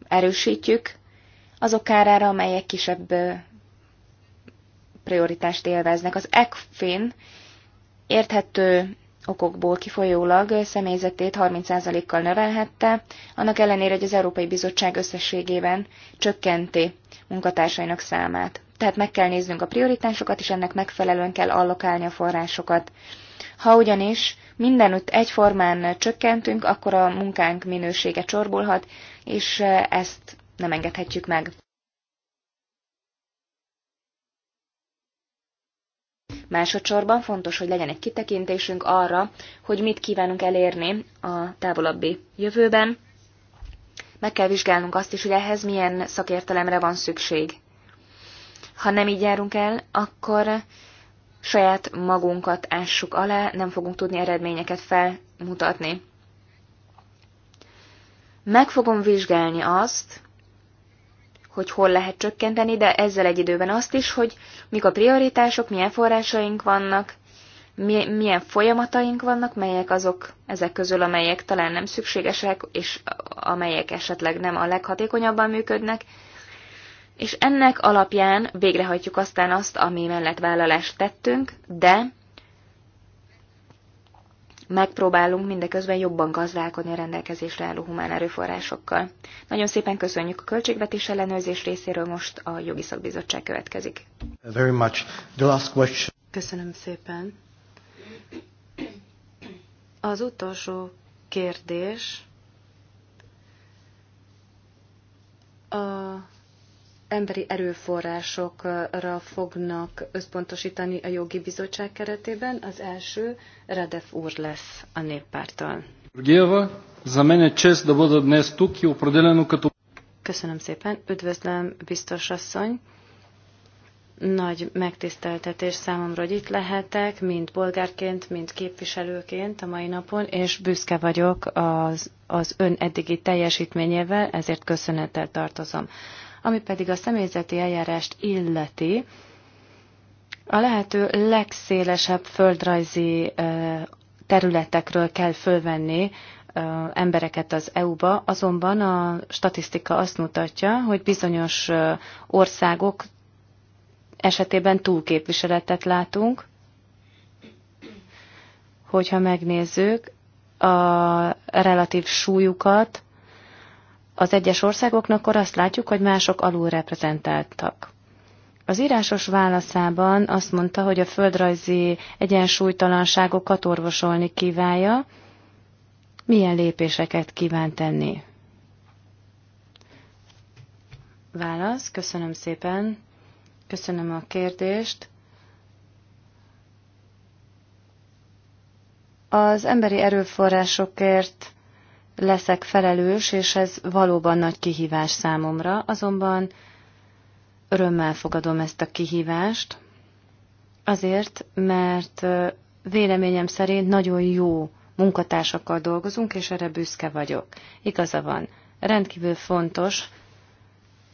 erősítjük, azok kárára, amelyek kisebb prioritást élveznek. Az ECFIN érthető okokból kifolyólag személyzetét 30%-kal növelhette, annak ellenére, hogy az Európai Bizottság összességében csökkenti munkatársainak számát. Tehát meg kell néznünk a prioritásokat, és ennek megfelelően kell allokálni a forrásokat. Ha ugyanis mindenütt egyformán csökkentünk, akkor a munkánk minősége csorbulhat, és ezt nem engedhetjük meg. Másodszorban fontos, hogy legyen egy kitekintésünk arra, hogy mit kívánunk elérni a távolabbi jövőben. Meg kell vizsgálnunk azt is, hogy ehhez milyen szakértelemre van szükség. Ha nem így járunk el, akkor saját magunkat ássuk alá, nem fogunk tudni eredményeket felmutatni. Meg fogom vizsgálni azt, hogy hol lehet csökkenteni, de ezzel egy időben azt is, hogy mik a prioritások, milyen forrásaink vannak, milyen folyamataink vannak, melyek azok ezek közül, amelyek talán nem szükségesek, és amelyek esetleg nem a leghatékonyabban működnek, és ennek alapján végrehajtjuk aztán azt, ami mellett vállalást tettünk, de megpróbálunk mindeközben jobban gazdálkodni a rendelkezésre álló humán erőforrásokkal. Nagyon szépen köszönjük a költségvetés ellenőrzés részéről, most a jogi szakbizottság következik. Very much. The last question. Köszönöm szépen. Az utolsó kérdés a emberi erőforrásokra fognak összpontosítani a jogi bizottság keretében. Az első Radev úr lesz a néppártól. Köszönöm szépen, üdvözlöm, biztos asszony. Nagy megtiszteltetés számomra, hogy itt lehetek, mint bolgárként, mint képviselőként a mai napon, és büszke vagyok az, az ön eddigi teljesítményével, ezért köszönettel tartozom. Ami pedig a személyzeti eljárást illeti, a lehető legszélesebb földrajzi területekről kell fölvenni embereket az EU-ba, azonban a statisztika azt mutatja, hogy bizonyos országok esetében túlképviseletet látunk. Hogyha megnézzük a relatív súlyukat, az egyes országoknak, akkor azt látjuk, hogy mások alulreprezentáltak. Az írásos válaszában azt mondta, hogy a földrajzi egyensúlytalanságokat orvosolni kívánja, milyen lépéseket kíván tenni. Válasz, köszönöm szépen, köszönöm a kérdést. Az emberi erőforrásokért leszek felelős, és ez valóban nagy kihívás számomra, azonban örömmel fogadom ezt a kihívást, azért, mert véleményem szerint nagyon jó munkatársakkal dolgozunk, és erre büszke vagyok. Igaza van, rendkívül fontos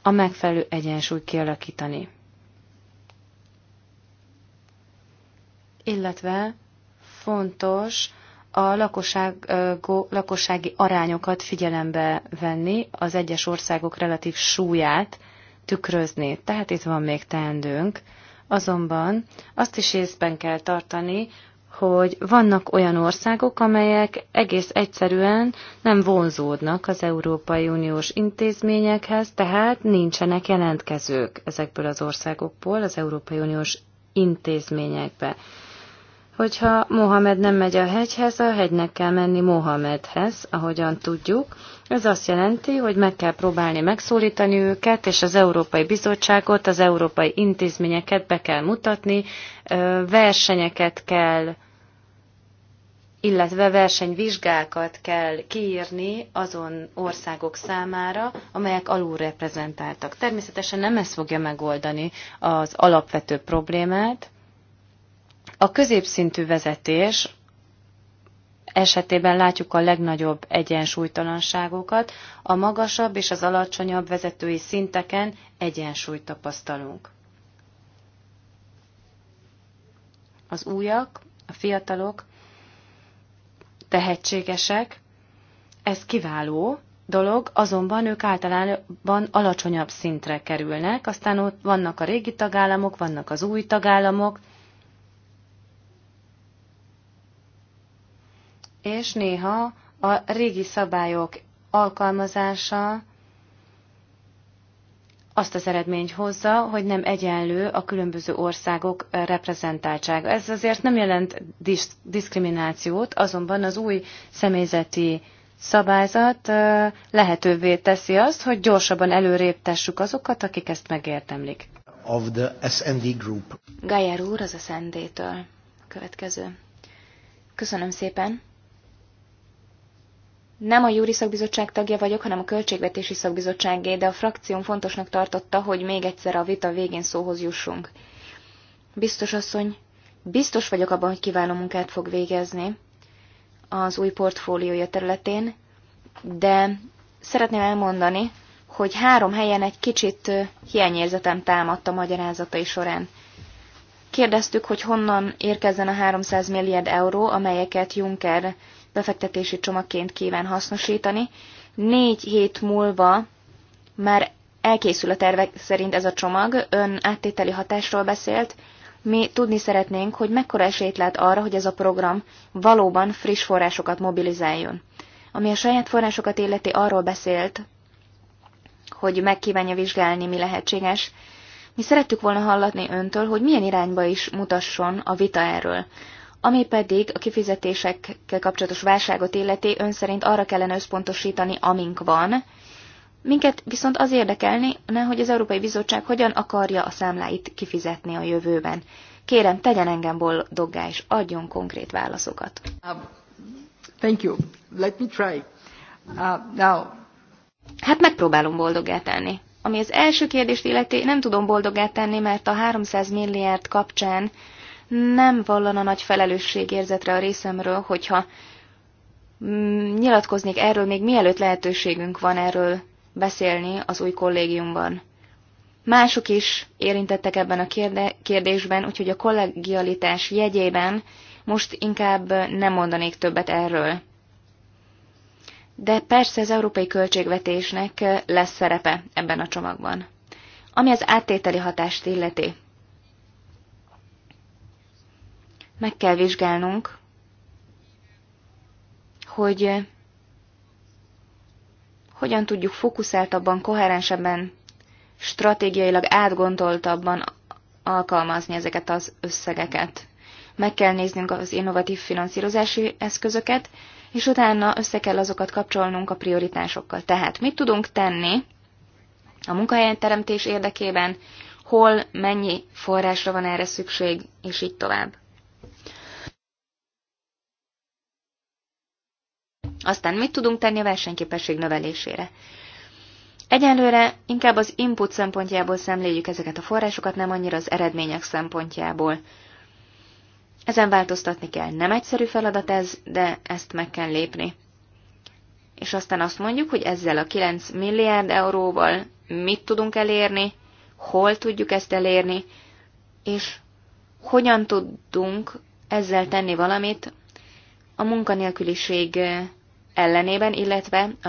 a megfelelő egyensúly kialakítani. Illetve fontos, a lakosság, lakossági arányokat figyelembe venni, az egyes országok relatív súlyát tükrözni. Tehát itt van még teendőnk. Azonban azt is észben kell tartani, hogy vannak olyan országok, amelyek egész egyszerűen nem vonzódnak az Európai Uniós intézményekhez, tehát nincsenek jelentkezők ezekből az országokból az Európai Uniós intézményekbe hogyha Mohamed nem megy a hegyhez, a hegynek kell menni Mohamedhez, ahogyan tudjuk. Ez azt jelenti, hogy meg kell próbálni megszólítani őket, és az Európai Bizottságot, az európai intézményeket be kell mutatni, versenyeket kell, illetve versenyvizsgákat kell kiírni azon országok számára, amelyek alulreprezentáltak. Természetesen nem ez fogja megoldani az alapvető problémát, a középszintű vezetés esetében látjuk a legnagyobb egyensúlytalanságokat, a magasabb és az alacsonyabb vezetői szinteken egyensúlyt tapasztalunk. Az újak, a fiatalok tehetségesek, ez kiváló dolog, azonban ők általában alacsonyabb szintre kerülnek, aztán ott vannak a régi tagállamok, vannak az új tagállamok, és néha a régi szabályok alkalmazása azt az eredményt hozza, hogy nem egyenlő a különböző országok reprezentáltsága. Ez azért nem jelent disz diszkriminációt, azonban az új személyzeti szabályzat lehetővé teszi azt, hogy gyorsabban előrébb tessük azokat, akik ezt megérdemlik. Of the SND Group. Gajer úr az SND-től. Következő. Köszönöm szépen nem a Júri Szakbizottság tagja vagyok, hanem a Költségvetési Szakbizottságé, de a frakcióm fontosnak tartotta, hogy még egyszer a vita végén szóhoz jussunk. Biztos asszony, biztos vagyok abban, hogy kiváló munkát fog végezni az új portfóliója területén, de szeretném elmondani, hogy három helyen egy kicsit hiányérzetem támadt a magyarázatai során. Kérdeztük, hogy honnan érkezzen a 300 milliárd euró, amelyeket Juncker befektetési csomagként kíván hasznosítani. Négy hét múlva már elkészül a tervek szerint ez a csomag, ön áttételi hatásról beszélt, mi tudni szeretnénk, hogy mekkora esélyt lát arra, hogy ez a program valóban friss forrásokat mobilizáljon. Ami a saját forrásokat illeti, arról beszélt, hogy megkívánja vizsgálni, mi lehetséges. Mi szerettük volna hallatni öntől, hogy milyen irányba is mutasson a vita erről. Ami pedig a kifizetésekkel kapcsolatos válságot illeti, ön szerint arra kellene összpontosítani, amink van. Minket viszont az érdekelni, hogy az Európai Bizottság hogyan akarja a számláit kifizetni a jövőben. Kérem, tegyen engem boldoggá, és adjon konkrét válaszokat. Uh, thank you. Let me try. Uh, now. Hát megpróbálom boldoggá tenni. Ami az első kérdést illeti, nem tudom boldoggá tenni, mert a 300 milliárd kapcsán nem vallana nagy felelősségérzetre a részemről, hogyha nyilatkoznék erről még mielőtt lehetőségünk van erről beszélni az új kollégiumban. Mások is érintettek ebben a kérdésben, úgyhogy a kollegialitás jegyében most inkább nem mondanék többet erről. De persze az európai költségvetésnek lesz szerepe ebben a csomagban. Ami az áttételi hatást illeti. meg kell vizsgálnunk, hogy eh, hogyan tudjuk fókuszáltabban, koherensebben, stratégiailag átgondoltabban alkalmazni ezeket az összegeket. Meg kell néznünk az innovatív finanszírozási eszközöket, és utána össze kell azokat kapcsolnunk a prioritásokkal. Tehát mit tudunk tenni a teremtés érdekében, hol mennyi forrásra van erre szükség, és így tovább. Aztán mit tudunk tenni a versenyképesség növelésére? Egyenlőre inkább az input szempontjából szemléljük ezeket a forrásokat, nem annyira az eredmények szempontjából. Ezen változtatni kell. Nem egyszerű feladat ez, de ezt meg kell lépni. És aztán azt mondjuk, hogy ezzel a 9 milliárd euróval mit tudunk elérni, hol tudjuk ezt elérni, és hogyan tudunk ezzel tenni valamit a munkanélküliség ellenében, illetve